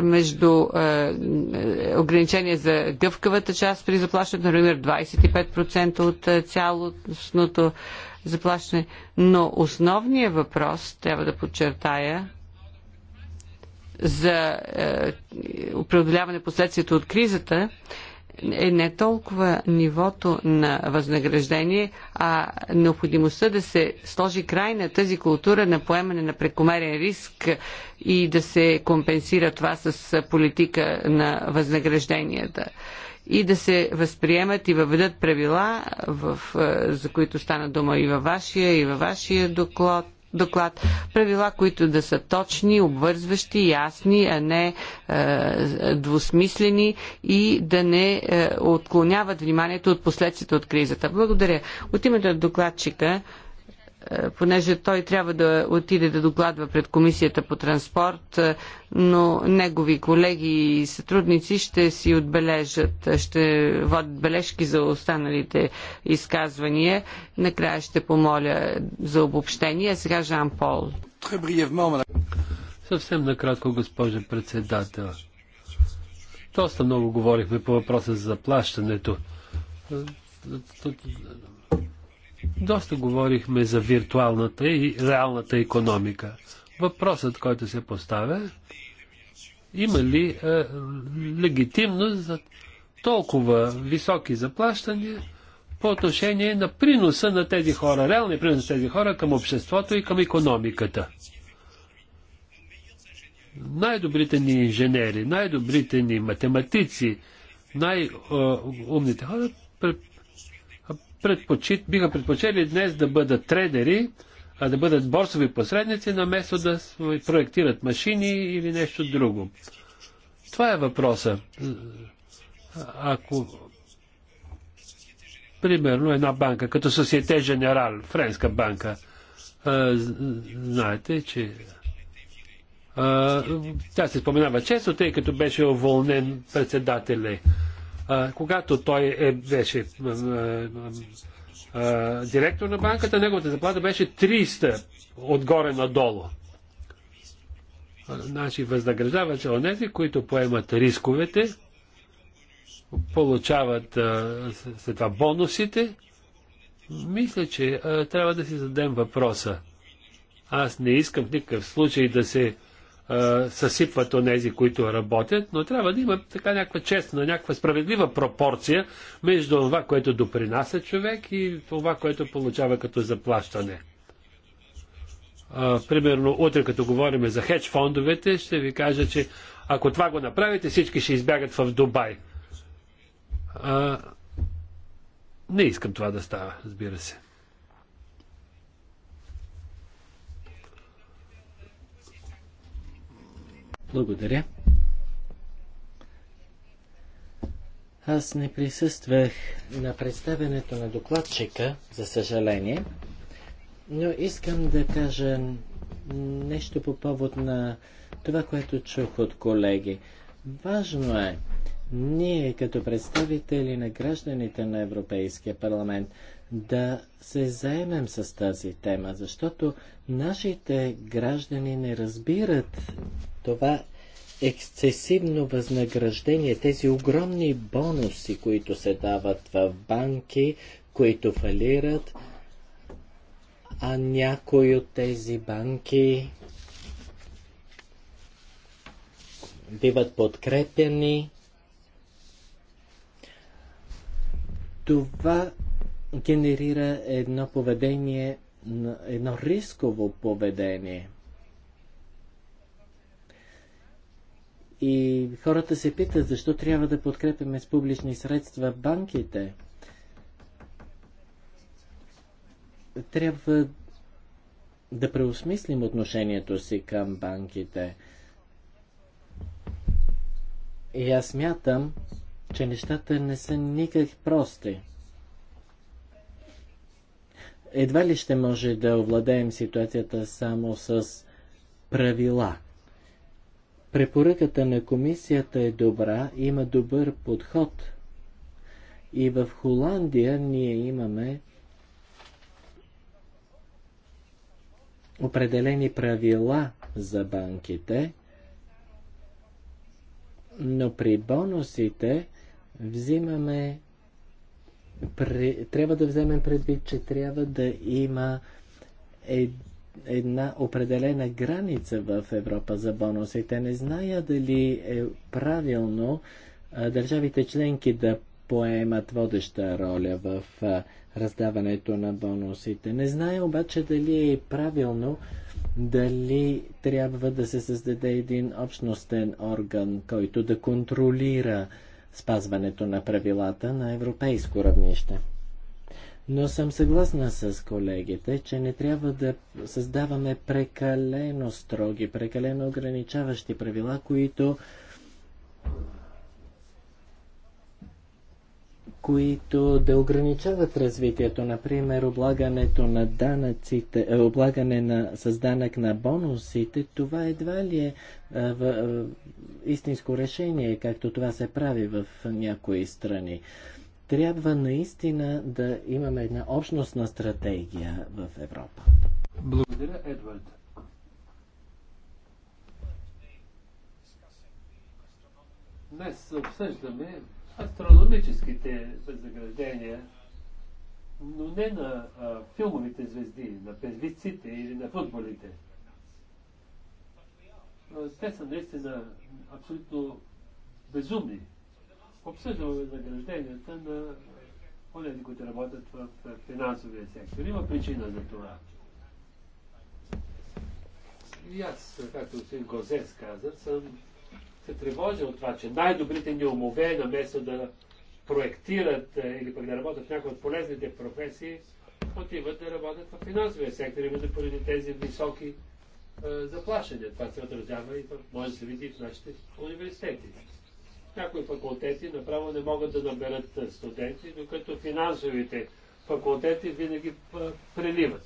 между е, е, ограничение за гъвкавата част при заплащането, например 25% от е, цялостното заплащане. Но основният въпрос, трябва да подчертая, за е, преодоляване последствието от кризата е не толкова нивото на възнаграждение, а необходимостта да се сложи край на тази култура на поемане на прекомерен риск и да се компенсира това с политика на възнагражденията и да се възприемат и въведат правила, в, за които стана дума и във вашия, и във вашия доклад, доклад. Правила, които да са точни, обвързващи, ясни, а не е, двусмислени и да не е, отклоняват вниманието от последствията от кризата. Благодаря. От името на докладчика е, понеже той трябва да отиде да докладва пред комисията по транспорт, е, но негови колеги и сътрудници ще си отбележат, ще водят бележки за останалите изказвания. Накрая ще помоля за обобщение. Сега Жан Пол. Съвсем накратко, госпожа председател. Доста много говорихме по въпроса за заплащането доста говорихме за виртуалната и реалната економика. Въпросът, който се поставя, има ли е, легитимност за толкова високи заплащания по отношение на приноса на тези хора, реалния принос на тези хора към обществото и към економиката? Най-добрите ни инженери, най-добрите ни математици, най-умните е, хора предпочит, биха предпочели днес да бъдат трейдери, а да бъдат борсови посредници, наместо да проектират машини или нещо друго. Това е въпроса. Ако примерно една банка, като Societe General, френска банка, а, знаете, че а, тя се споменава често, тъй като беше уволнен председателя когато той е, беше а, а, директор на банката, неговата заплата беше 300 отгоре надолу. Значи възнаграждава се онези, които поемат рисковете, получават а, след това бонусите. Мисля, че а, трябва да си зададем въпроса. Аз не искам в никакъв случай да се съсипват онези, които работят, но трябва да има така някаква честна, някаква справедлива пропорция между това, което допринася човек и това, което получава като заплащане. А, примерно, утре, като говорим за хедж фондовете, ще ви кажа, че ако това го направите, всички ще избягат в Дубай. А, не искам това да става, разбира се. Благодаря. Аз не присъствах на представенето на докладчика, за съжаление, но искам да кажа нещо по повод на това, което чух от колеги. Важно е ние като представители на гражданите на Европейския парламент да се заемем с тази тема, защото нашите граждани не разбират това ексцесивно възнаграждение, тези огромни бонуси, които се дават в банки, които фалират, а някои от тези банки биват подкрепени. Това генерира едно поведение, едно рисково поведение. И хората се питат, защо трябва да подкрепяме с публични средства банките. Трябва да преосмислим отношението си към банките. И аз мятам, че нещата не са никак прости едва ли ще може да овладеем ситуацията само с правила. Препоръката на комисията е добра, има добър подход. И в Холандия ние имаме определени правила за банките, но при бонусите взимаме при, трябва да вземем предвид, че трябва да има ед, една определена граница в Европа за бонусите. Не зная дали е правилно а, държавите членки да поемат водеща роля в а, раздаването на бонусите. Не зная обаче дали е правилно дали трябва да се създаде един общностен орган, който да контролира а, спазването на правилата на европейско равнище. Но съм съгласна с колегите, че не трябва да създаваме прекалено строги, прекалено ограничаващи правила, които които да ограничават развитието, например облагането на данъците, е, облагане на, с данък на бонусите, това едва ли е, в, а, истинско решение, както това се прави в някои страни. Трябва наистина да имаме една общностна стратегия в Европа. Благодаря, Едвард. Днес обсъждаме астрономическите възнаграждения, но не на а, филмовите звезди, на певиците или на футболите. Те са наистина абсолютно безумни. Обсъждаме възнагражденията на онези, които работят в финансовия сектор. Има причина за това. И аз, както господин Козец каза, съм се тревожи от това, че най-добрите ни умове, наместо да проектират е, или пък да работят в някои от полезните професии, отиват да работят в финансовия сектор, именно поради тези високи е, заплащания. Това се отразява и може да се види в нашите университети. Някои факултети направо не могат да наберат е, студенти, докато финансовите факултети винаги е, преливат.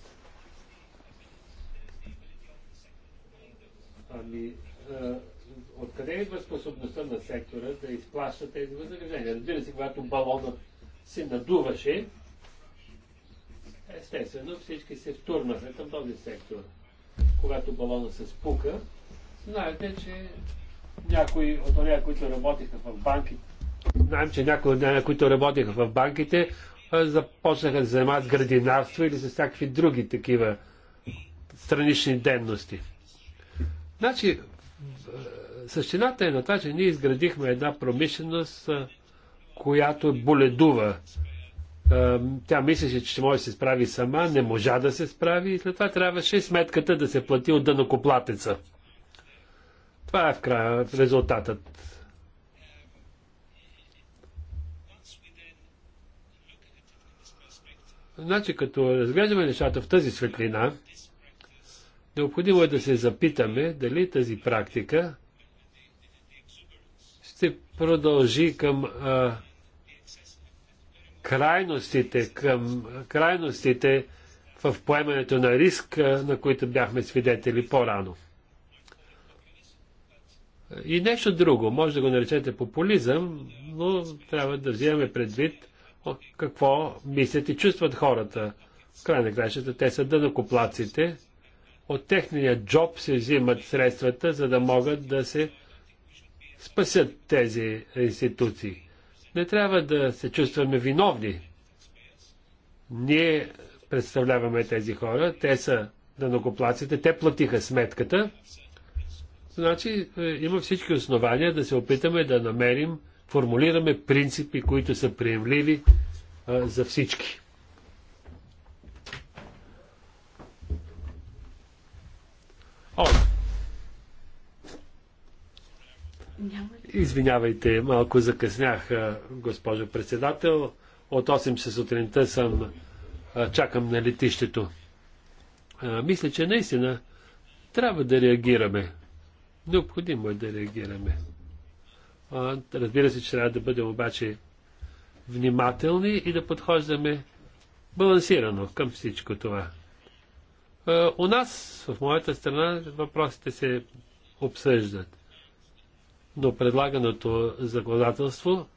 Ами, е, Откъде идва способността на сектора да изплаща тези възнаграждения? Разбира се, когато балонът се надуваше, естествено всички се втурнаха към този сектор. Когато балона се спука, знаете, че някои от тези, които работиха в банките, знаем, че някои от тези, които работиха в банките, започнаха да занимават градинарство или с всякакви други такива странични денности. Значи, същината е на това, че ние изградихме една промишленост, която боледува. Тя мислеше, че ще може да се справи сама, не можа да се справи и след това трябваше сметката да се плати от дънокоплатеца. Това е в края резултатът. Значи, като разглеждаме нещата в тази светлина, необходимо е да се запитаме дали тази практика ще продължи към а, крайностите, към крайностите в поемането на риск, а, на които бяхме свидетели по-рано. И нещо друго, може да го наречете популизъм, но трябва да вземем предвид какво мислят и чувстват хората. В край на кращата те са дънакоплаците. От техния джоб се взимат средствата, за да могат да се спасят тези институции. Не трябва да се чувстваме виновни. Ние представляваме тези хора, те са данокоплаците, те платиха сметката. Значи е, има всички основания да се опитаме да намерим, формулираме принципи, които са приемливи а, за всички. Извинявайте, малко закъснях, госпожо председател. От 8 часа сутринта съм, чакам на летището. Мисля, че наистина трябва да реагираме. Необходимо е да реагираме. Разбира се, че трябва да бъдем обаче внимателни и да подхождаме балансирано към всичко това. У нас, в моята страна, въпросите се обсъждат но предлаганото законодателство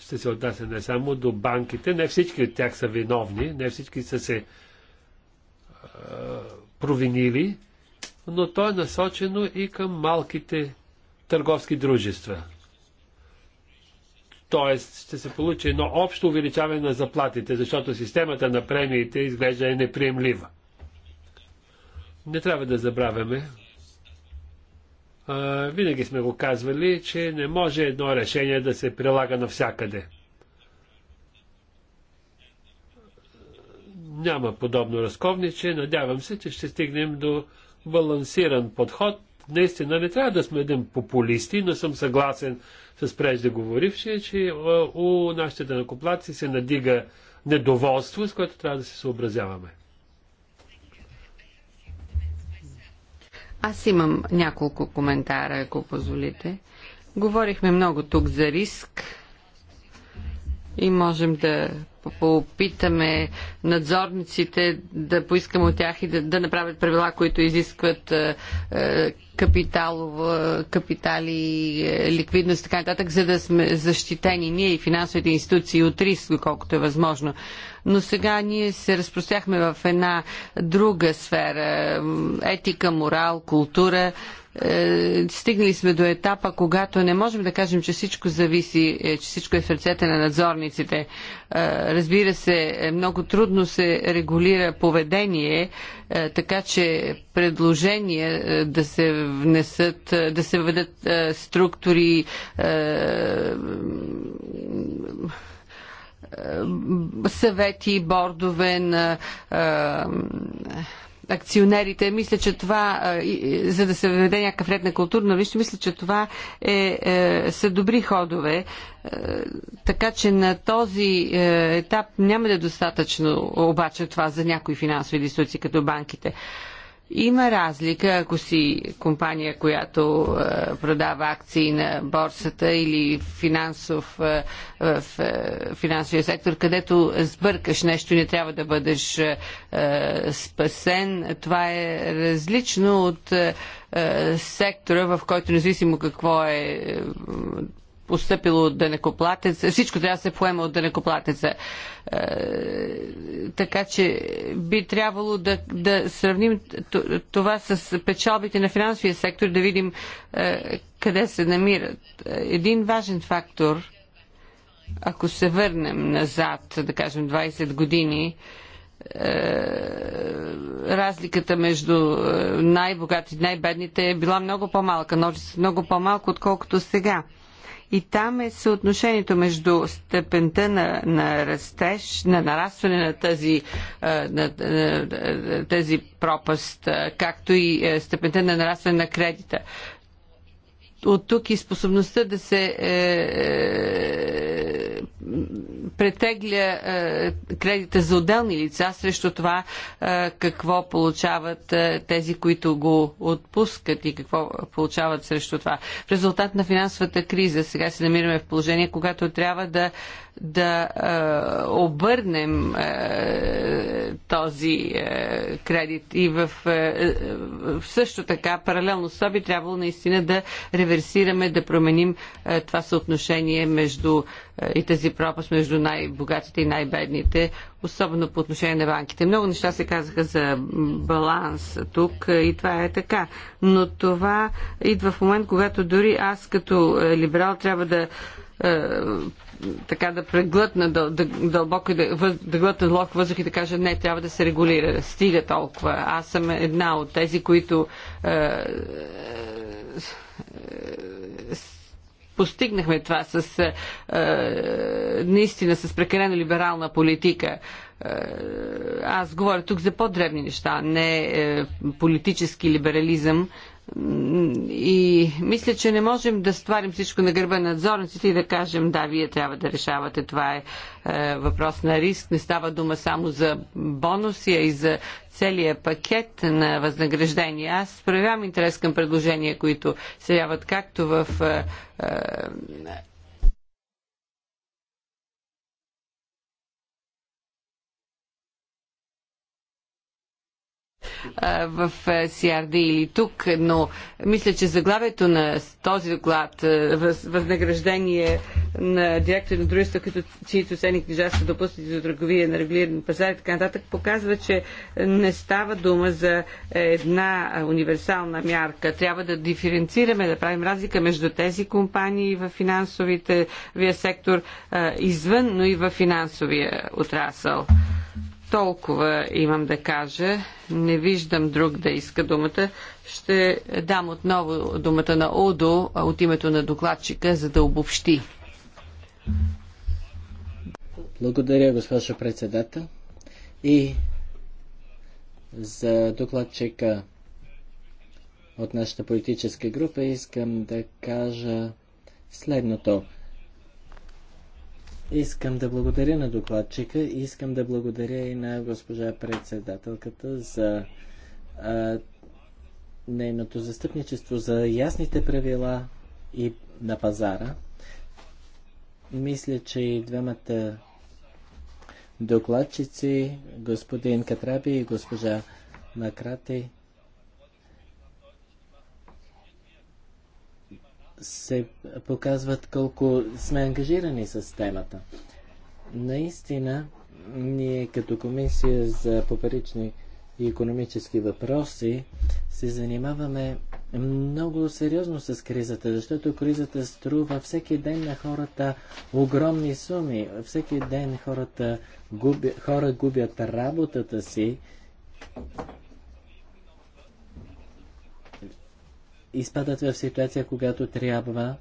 ще се отнася не само до банките, не всички от тях са виновни, не всички са се а, провинили, но то е насочено и към малките търговски дружества. Тоест ще се получи едно общо увеличаване на заплатите, защото системата на премиите изглежда е неприемлива. Не трябва да забравяме, винаги сме го казвали, че не може едно решение да се прилага навсякъде. Няма подобно разковниче. Надявам се, че ще стигнем до балансиран подход. Наистина не трябва да сме един популисти, но съм съгласен с преждеговорившия, че у нашите накоплаци се надига недоволство, с което трябва да се съобразяваме. Аз имам няколко коментара, ако позволите. Говорихме много тук за риск и можем да попитаме надзорниците, да поискаме от тях и да, да направят правила, които изискват е, е капиталов, капитали, е, ликвидност и така нататък, за да сме защитени ние и финансовите институции от риск, колкото е възможно. Но сега ние се разпростяхме в една друга сфера етика, морал, култура е, стигнали сме до етапа, когато не можем да кажем, че всичко зависи, е, че всичко е в ръцете на надзорниците. Е, разбира се, е, много трудно се регулира поведение, е, така че предложения е, да се внесат, е, да се въведат е, структури. Е, съвети, бордове на е, акционерите. Мисля, че това, за да се въведе някакъв ред на културно лично, мисля, че това е, е, са добри ходове. Е, така че на този е, етап няма да е достатъчно обаче това за някои финансови институции, като банките. Има разлика, ако си компания, която е, продава акции на борсата или финансов, е, в е, финансовия сектор, където сбъркаш нещо и не трябва да бъдеш спасен. Това е различно от сектора, в който независимо какво е постъпило от денекоплатеца, всичко трябва да се поема от денекоплатеца. Е, така че би трябвало да, да сравним това с печалбите на финансовия сектор, да видим е, къде се намират. Един важен фактор, ако се върнем назад, да кажем 20 години, е, разликата между най-богатите и най-бедните е била много по-малка. Ножицата много по-малко, отколкото сега. И там е съотношението между степента на, на растеж, на нарастване на тази, на, на, на, тази пропаст, както и степента на нарастване на кредита от тук и способността да се е, е претегля е, кредита за отделни лица срещу това е, какво получават е, тези, които го отпускат и какво получават срещу това. В резултат на финансовата криза сега се намираме в положение, когато трябва да да е, обърнем е, този е, кредит и в, е, в също така паралелно с това би трябвало наистина да реверсираме, да променим е, това съотношение между и тази пропаст между най-богатите и най-бедните, особено по отношение на банките. Много неща се казаха за баланс тук и това е така. Но това идва в момент, когато дори аз като е, либерал трябва да е, така да преглътна да, дълбоко и да, да глътна лок въздух и да кажа не, трябва да се регулира, стига толкова. Аз съм една от тези, които е, е постигнахме това с е, е, наистина с прекалено либерална политика. Е, аз говоря тук за по-древни неща, не е, политически либерализъм, и мисля, че не можем да стварим всичко на гърба на надзорниците и да кажем, да, вие трябва да решавате. Това е, е въпрос на риск. Не става дума само за бонуси, а и за целия пакет на възнаграждения. Аз проявявам интерес към предложения, които се яват както в е, е, в CRD е, или тук, но мисля, че заглавието на този доклад, е, възнаграждение на директори на дружества, като чието ценни книжа са допуснати до търговия на регулиран пазар и така нататък, показва, че не става дума за една универсална мярка. Трябва да диференцираме, да правим разлика между тези компании в финансовите вия сектор извън, но и в финансовия отрасъл. Толкова имам да кажа. Не виждам друг да иска думата. Ще дам отново думата на Одо от името на докладчика, за да обобщи. Благодаря, госпожо председател. И за докладчика от нашата политическа група искам да кажа следното. Искам да благодаря на докладчика и искам да благодаря и на госпожа председателката за а, нейното застъпничество, за ясните правила и на пазара. Мисля, че и двамата докладчици, господин Катраби и госпожа Макрати, се показват колко сме ангажирани с темата. Наистина, ние като комисия за поперични и економически въпроси се занимаваме много сериозно с кризата, защото кризата струва всеки ден на хората огромни суми. Всеки ден хората губи, хора губят работата си изпадат в ситуация, когато трябва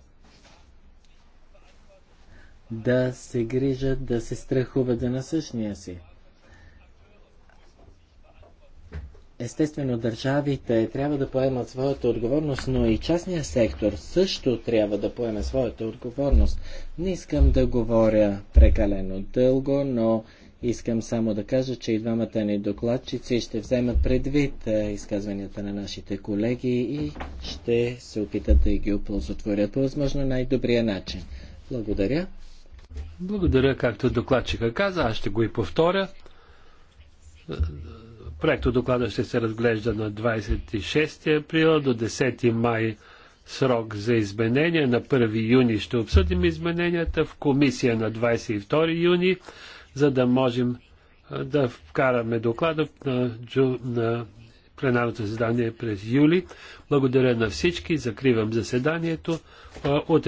да се грижат, да се страхуват за насъщния си. Естествено, държавите трябва да поемат своята отговорност, но и частния сектор също трябва да поеме своята отговорност. Не искам да говоря прекалено дълго, но Искам само да кажа, че и двамата ни докладчици ще вземат предвид е, изказванията на нашите колеги и ще се опитат да ги оползотворят по възможно най-добрия начин. Благодаря. Благодаря, както докладчика каза, аз ще го и повторя. Е, проекто доклада ще се разглежда на 26 април до 10 май срок за изменения. На 1 юни ще обсъдим измененията в комисия на 22 юни за да можем да вкараме доклада на, джу, на пленарното заседание през юли. Благодаря на всички. Закривам заседанието.